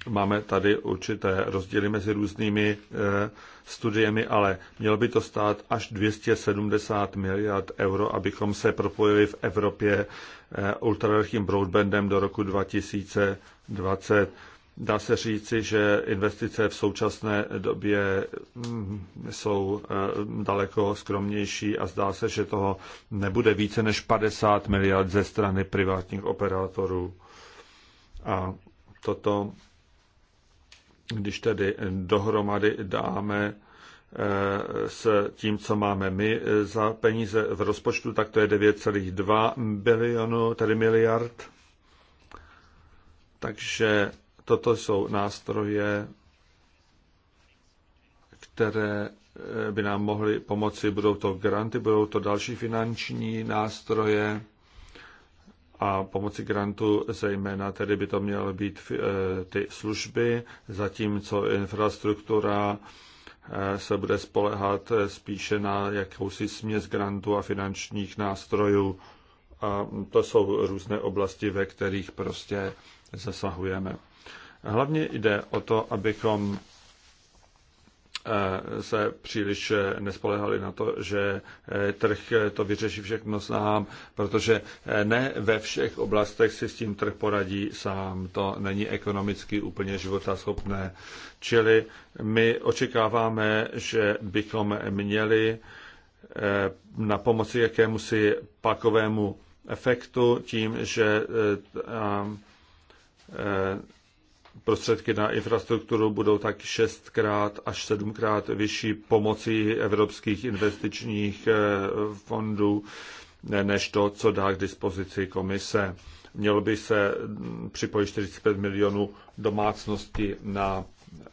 máme tady určité rozdíly mezi různými eh, studiemi, ale mělo by to stát až 270 miliard euro, abychom se propojili v Evropě eh, ultrarychlým broadbandem do roku 2020. Dá se říci, že investice v současné době mm, jsou eh, daleko skromnější a zdá se, že toho nebude více než 50 miliard ze strany privátních operátorů. A toto, když tedy dohromady dáme eh, s tím, co máme my eh, za peníze v rozpočtu, tak to je 9,2 bilionu, tedy miliard. Takže Toto jsou nástroje, které eh, by nám mohly pomoci. Budou to granty, budou to další finanční nástroje a pomocí grantu zejména tedy by to měly být eh, ty služby, zatímco infrastruktura eh, se bude spolehat spíše na jakousi směs grantů a finančních nástrojů. A to jsou různé oblasti, ve kterých prostě zasahujeme. Hlavně jde o to, abychom eh, se příliš eh, nespolehali na to, že eh, trh to vyřeší všechno sám, protože ne ve všech oblastech si s tím trh poradí sám. To není ekonomicky úplně životaschopné. Čili my očekáváme, že bychom měli na pomoci jakémusi pakovému efektu tím, že prostředky na infrastrukturu budou tak šestkrát až sedmkrát vyšší pomocí evropských investičních eh, fondů než to, co dá k dispozici komise. Mělo by se mm, připojit 45 milionů domácnosti na eh,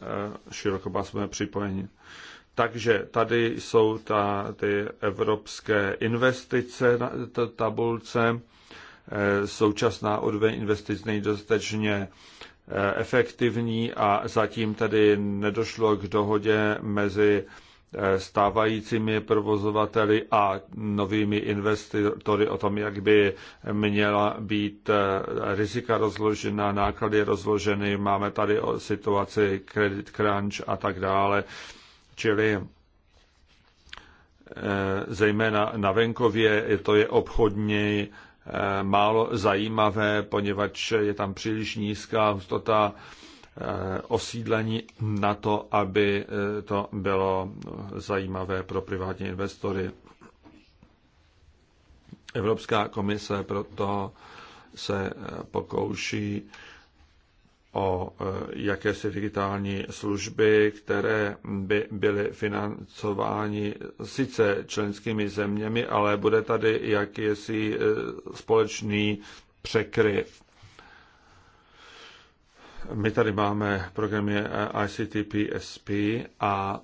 širokopásmové připojení. Takže tady jsou ta, ty evropské investice na tabulce. Eh, současná odveň investic není dostatečně efektivní a zatím tedy nedošlo k dohodě mezi eh, stávajícími provozovateli a novými investory o tom, jak by měla být eh, rizika rozložena, náklady rozloženy. Máme tady o situaci credit crunch a tak dále. Čili eh, zejména na venkově to je obchodní Eh, málo zajímavé, poněvadž je tam příliš nízká hustota eh, osídlení na to, aby eh, to bylo zajímavé pro privátní investory. Evropská komise proto se pokouší o e, jakési digitální služby, které by byly financovány sice členskými zeměmi, ale bude tady jakýsi e, společný překryv. My tady máme programy ICTPSP a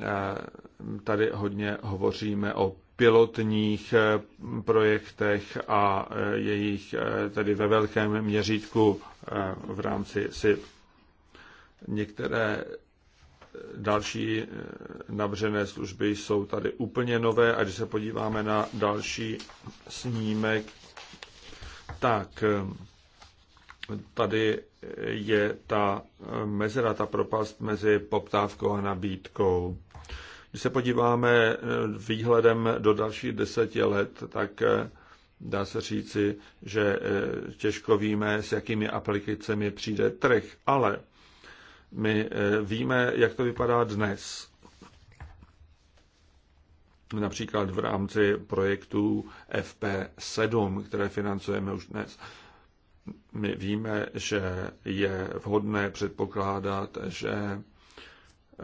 e, tady hodně hovoříme o pilotních eh, projektech a eh, jejich eh, tedy ve velkém měřítku v rámci SIP. Některé další nabřené služby jsou tady úplně nové a když se podíváme na další snímek, tak tady je ta mezera, ta propast mezi poptávkou a nabídkou. Když se podíváme eh, výhledem do dalších deseti let, tak eh, dá se říci, že eh, těžko víme, s jakými aplikacemi přijde trh, ale my víme, jak to vypadá dnes. Například v rámci projektů FP7, které financujeme už dnes. My víme, že je vhodné předpokládat, že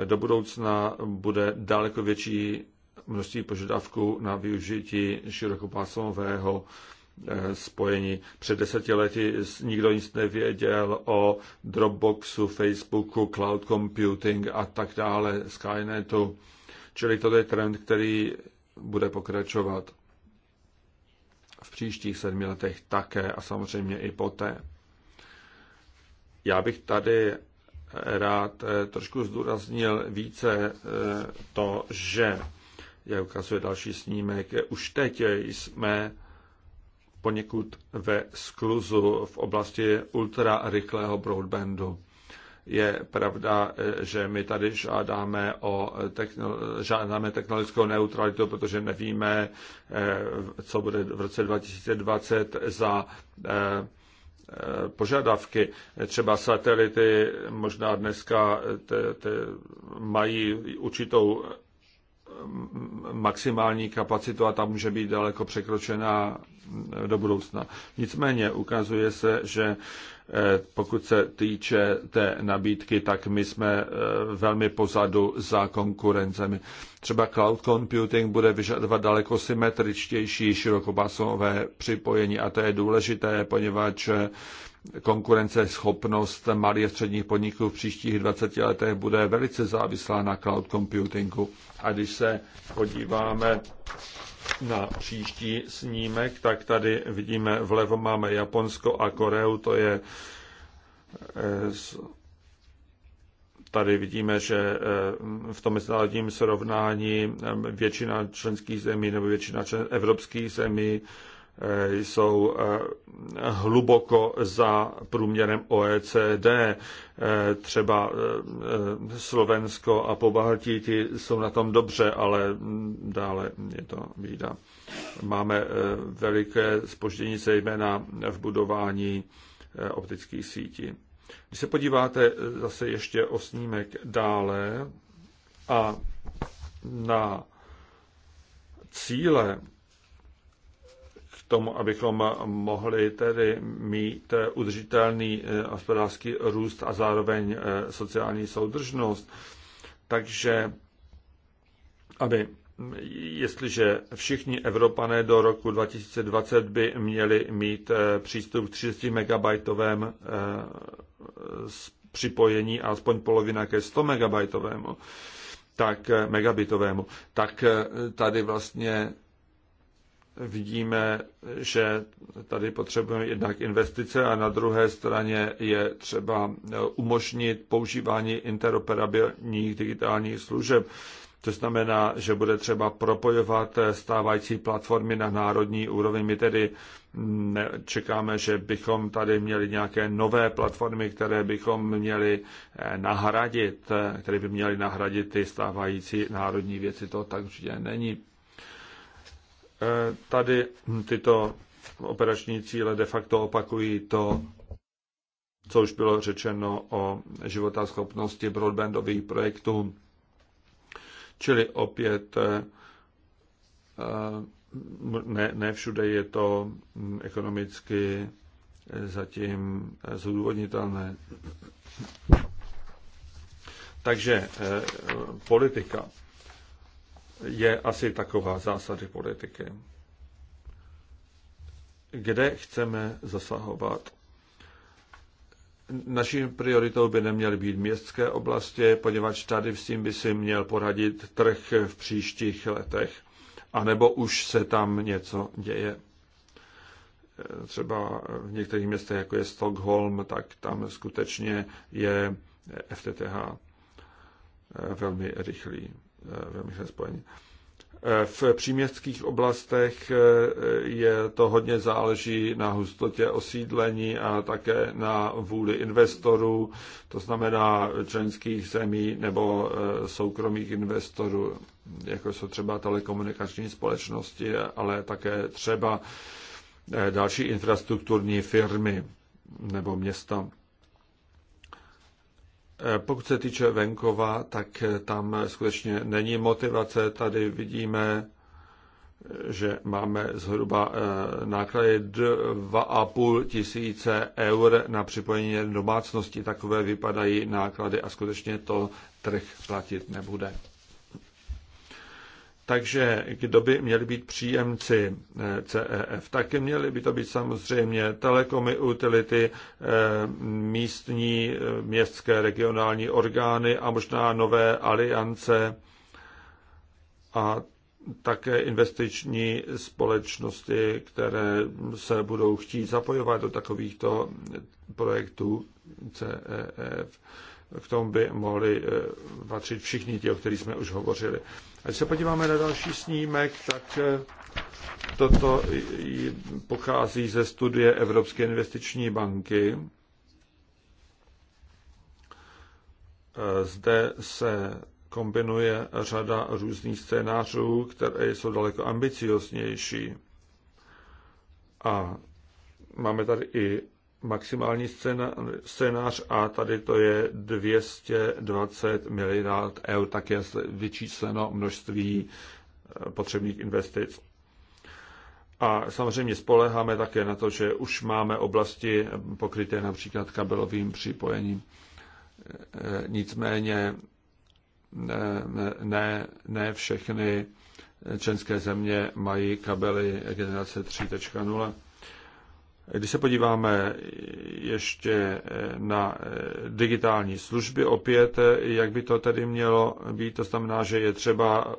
do budoucna bude daleko větší množství požadavků na využití širokopásmového eh, spojení. Před deseti lety nikdo nic nevěděl o Dropboxu, Facebooku, cloud computing a tak dále, Skynetu. Čili to je trend, který bude pokračovat v příštích sedmi letech také a samozřejmě i poté. Já bych tady rád eh, trošku zdůraznil více eh, to, že, jak ukazuje další snímek, už teď jsme poněkud ve skluzu v oblasti ultrarychlého broadbandu. Je pravda, eh, že my tady žádáme, o technolo- žádáme technologickou neutralitu, protože nevíme, co bude v roce 2020 za Eh, požadavky. Třeba satelity možná dneska te, te mají určitou mm, maximální kapacitu a ta může být daleko překročená do budoucna. Nicméně ukazuje se, že Eh, pokud se týče té nabídky, tak my jsme eh, velmi pozadu za konkurencemi. Třeba cloud computing bude vyžadovat daleko symetričtější širokopasové připojení a to je důležité, poněvadž eh, konkurenceschopnost malých a středních podniků v příštích 20 letech bude velice závislá na cloud computingu. A když se podíváme na příští snímek, tak tady vidíme vlevo máme Japonsko a Koreu, to je eh, tady vidíme, že eh, v tom mezinárodním srovnání eh, většina členských zemí nebo většina evropských zemí Eh, jsou eh, hluboko za průměrem OECD. Eh, třeba Slovensko a Pobaltí ty jsou na tom dobře, ale hm, dále je to výda. Máme veliké spoždění zejména v budování optických sítí. Když se podíváte zase ještě o snímek dále a na cíle tomu, abychom mohli tedy mít udržitelný eh, hospodářský růst a zároveň eh, sociální soudržnost. Takže aby jestliže všichni Evropané do roku 2020 by měli mít eh, přístup k 30 megabajtovém připojení a aspoň polovina ke 100 megabajtovému, tak megabitovému, tak tady vlastně vidíme, že tady potřebujeme jednak investice a na druhé straně je třeba umožnit používání interoperabilních digitálních služeb. To znamená, že bude třeba propojovat stávající platformy na národní úroveň. My tedy čekáme, že bychom tady měli nějaké nové platformy, které bychom měli eh, nahradit, eh, které by měly nahradit ty stávající národní věci. To tak určitě není. Eh, tady tyto operační cíle de facto opakují to, co už bylo řečeno o životaschopnosti broadbandových projektů. Čili opět eh, ne, ne všude je to hm, ekonomicky zatím zúvodnitelné. Takže eh, politika je asi taková zásady politiky. Kde chceme zasahovat? Naším prioritou by neměly být městské oblasti, poněvadž tady s tím by si měl poradit trh v příštích letech, anebo už se tam něco děje. Třeba v některých městech, jako je Stockholm, tak tam skutečně je FTTH velmi rychlý. Eh, vymýšlet spojení. Eh, v příměstských oblastech eh, je to hodně záleží na hustotě osídlení a také na vůli investorů, to znamená členských zemí nebo soukromých investorů, jako jsou třeba telekomunikační společnosti, ale také třeba další infrastrukturní firmy nebo města. Eh, pokud se týče venkova, tak eh, tam skutečně není motivace. Tady vidíme, eh, že máme zhruba náklady 2,5 tisíce eur na připojení domácnosti. Takové vypadají náklady a skutečně to trh platit nebude. Takže kdo by měli být příjemci eh, CEF? Taky měly by to být samozřejmě telekomy, utility, eh, místní, eh, městské, regionální orgány a možná nové aliance a také investiční společnosti, které se budou chtít zapojovat do takovýchto projektů CEF k tomu by mohli eh, patřit všichni ti, o kterých jsme už hovořili. A když se podíváme na další snímek, tak eh, toto pochází ze studie Evropské investiční banky. Eh, zde se kombinuje řada různých scénářů, které jsou daleko ambicioznější. A máme tady i maximální scénář a tady to je 220 miliard eur, tak je vyčísleno množství eh, potřebných investic. A samozřejmě spoleháme také na to, že už máme oblasti pokryté například kabelovým připojením. Eh, nicméně ne, ne ne všechny české země mají kabely generace 3.0 když se podíváme ještě eh, na eh, digitální služby, opět, eh, jak by to tedy mělo být, to znamená, že je třeba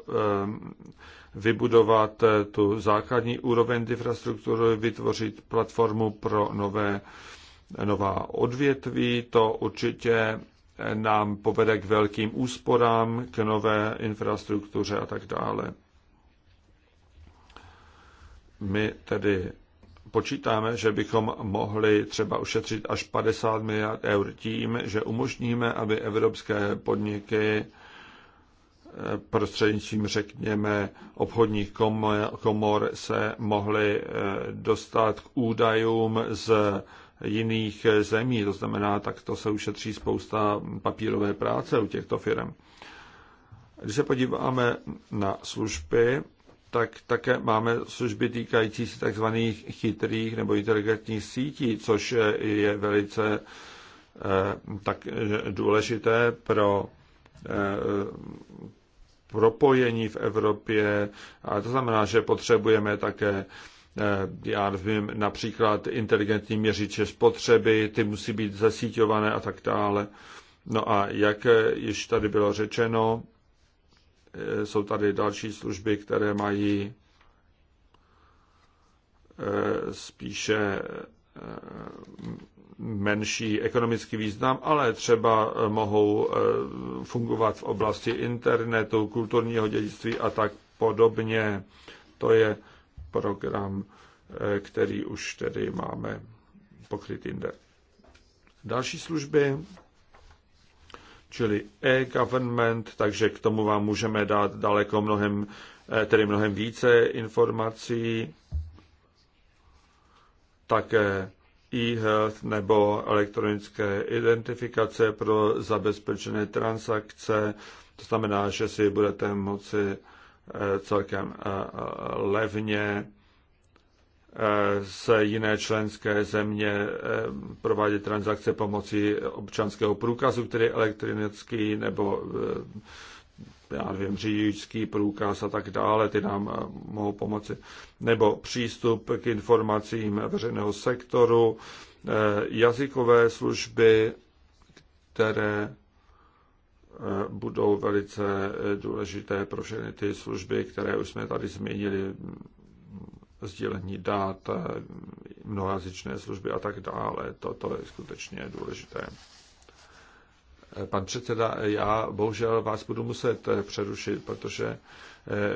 vybudovat tu základní úroveň infrastruktury, vytvořit platformu pro nové, nová odvětví. To určitě nám povede k velkým úsporám, k nové infrastruktuře a tak dále. My tedy počítáme, že bychom mohli třeba ušetřit až 50 miliard eur tím, že umožníme, aby evropské podniky eh, prostřednictvím, řekněme, obchodních komor se mohly eh, dostat k údajům z jiných eh, zemí. To znamená, tak to se ušetří spousta papírové práce u těchto firm. Když se podíváme na služby, tak také máme služby týkající se tzv. chytrých nebo inteligentních sítí, což eh, je velice eh, tak eh, důležité pro propojení v Evropě. A to znamená, že potřebujeme také já vím, například inteligentní měřiče spotřeby, ty musí být zasíťované a tak dále. No a jak již tady bylo řečeno, Eh, jsou tady další služby, které mají eh, spíše eh, menší ekonomický význam, ale třeba mohou fungovat v oblasti internetu, kulturního dědictví a tak podobně. To je program, který už tedy máme pokryt jinde. Další služby čili e-government, takže k tomu vám můžeme dát daleko mnohem, eh, tedy mnohem více informací, také e-health nebo elektronické identifikace pro zabezpečené transakce. To znamená, že si budete moci eh, celkem eh, levně z jiné členské země eh, provádět transakce pomocí občanského průkazu, který je elektronický nebo eh, já nevím, řidičský průkaz a tak dále, ty nám eh, mohou pomoci. Nebo přístup k informacím veřejného sektoru, jazykové služby, které budou velice důležité pro všechny ty služby, které už jsme tady změnili sdílení dát, eh, mnohojazyčné služby a tak dále. Toto je skutečně důležité. Eh, pan předseda, eh, já bohužel vás budu muset přerušit, protože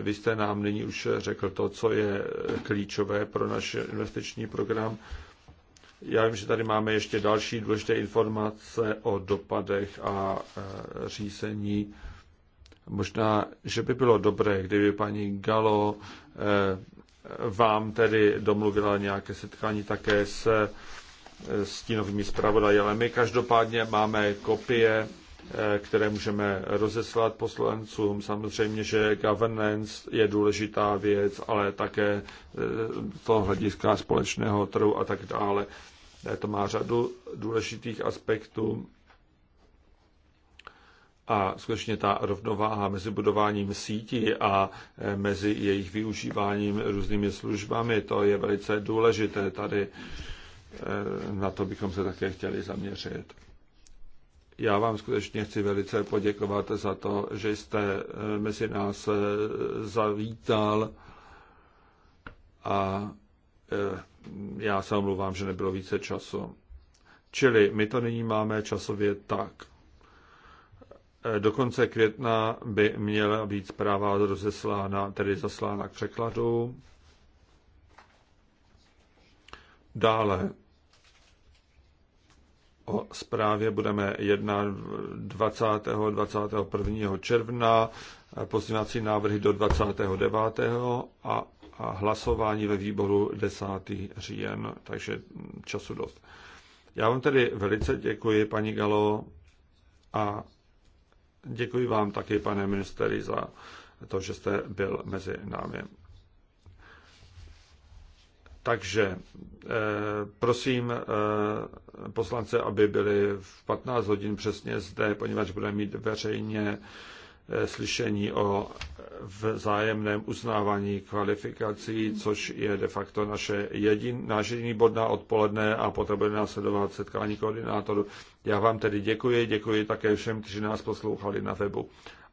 vy jste nám nyní už řekl to, co je klíčové pro náš investiční program. Já vím, že tady máme ještě další důležité informace o dopadech a řízení. Možná, že by bylo dobré, kdyby paní Galo vám tedy domluvila nějaké setkání také s e, stínovými zpravodaji, ale my každopádně máme kopie, e, které můžeme rozeslat poslancům. Samozřejmě, že governance je důležitá věc, ale také e, to hlediska společného trhu a tak dále. To má řadu důležitých aspektů a skutečně ta rovnováha mezi budováním sítí a eh, mezi jejich využíváním různými službami, to je velice důležité tady. Eh, na to bychom se také chtěli zaměřit. Já vám skutečně chci velice poděkovat za to, že jste eh, mezi nás zavítal a já se omluvám, že nebylo více času. Čili my to nyní máme časově tak do konce května by měla být zpráva rozeslána, tedy zaslána k překladu. Dále o zprávě budeme jednat 20. 21. června, pozměňovací návrhy do 29. A, a hlasování ve výboru 10. říjen, takže času dost. Já vám tedy velice děkuji, paní Galo, a Děkuji vám taky, pane ministeri, za to, že jste byl mezi námi. Takže eh, prosím eh, poslance, aby byli v 15 hodin přesně zde, poněvadž budeme mít veřejně eh, slyšení o vzájemném uznávání kvalifikací, což je de facto naše jedin, náš jediný bod na odpoledne a poté bude následovat setkání koordinátorů. Já vám tedy děkuji, děkuji také všem, kteří nás poslouchali na webu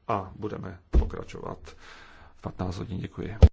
a budeme pokračovat 15 hodin. Děkuji.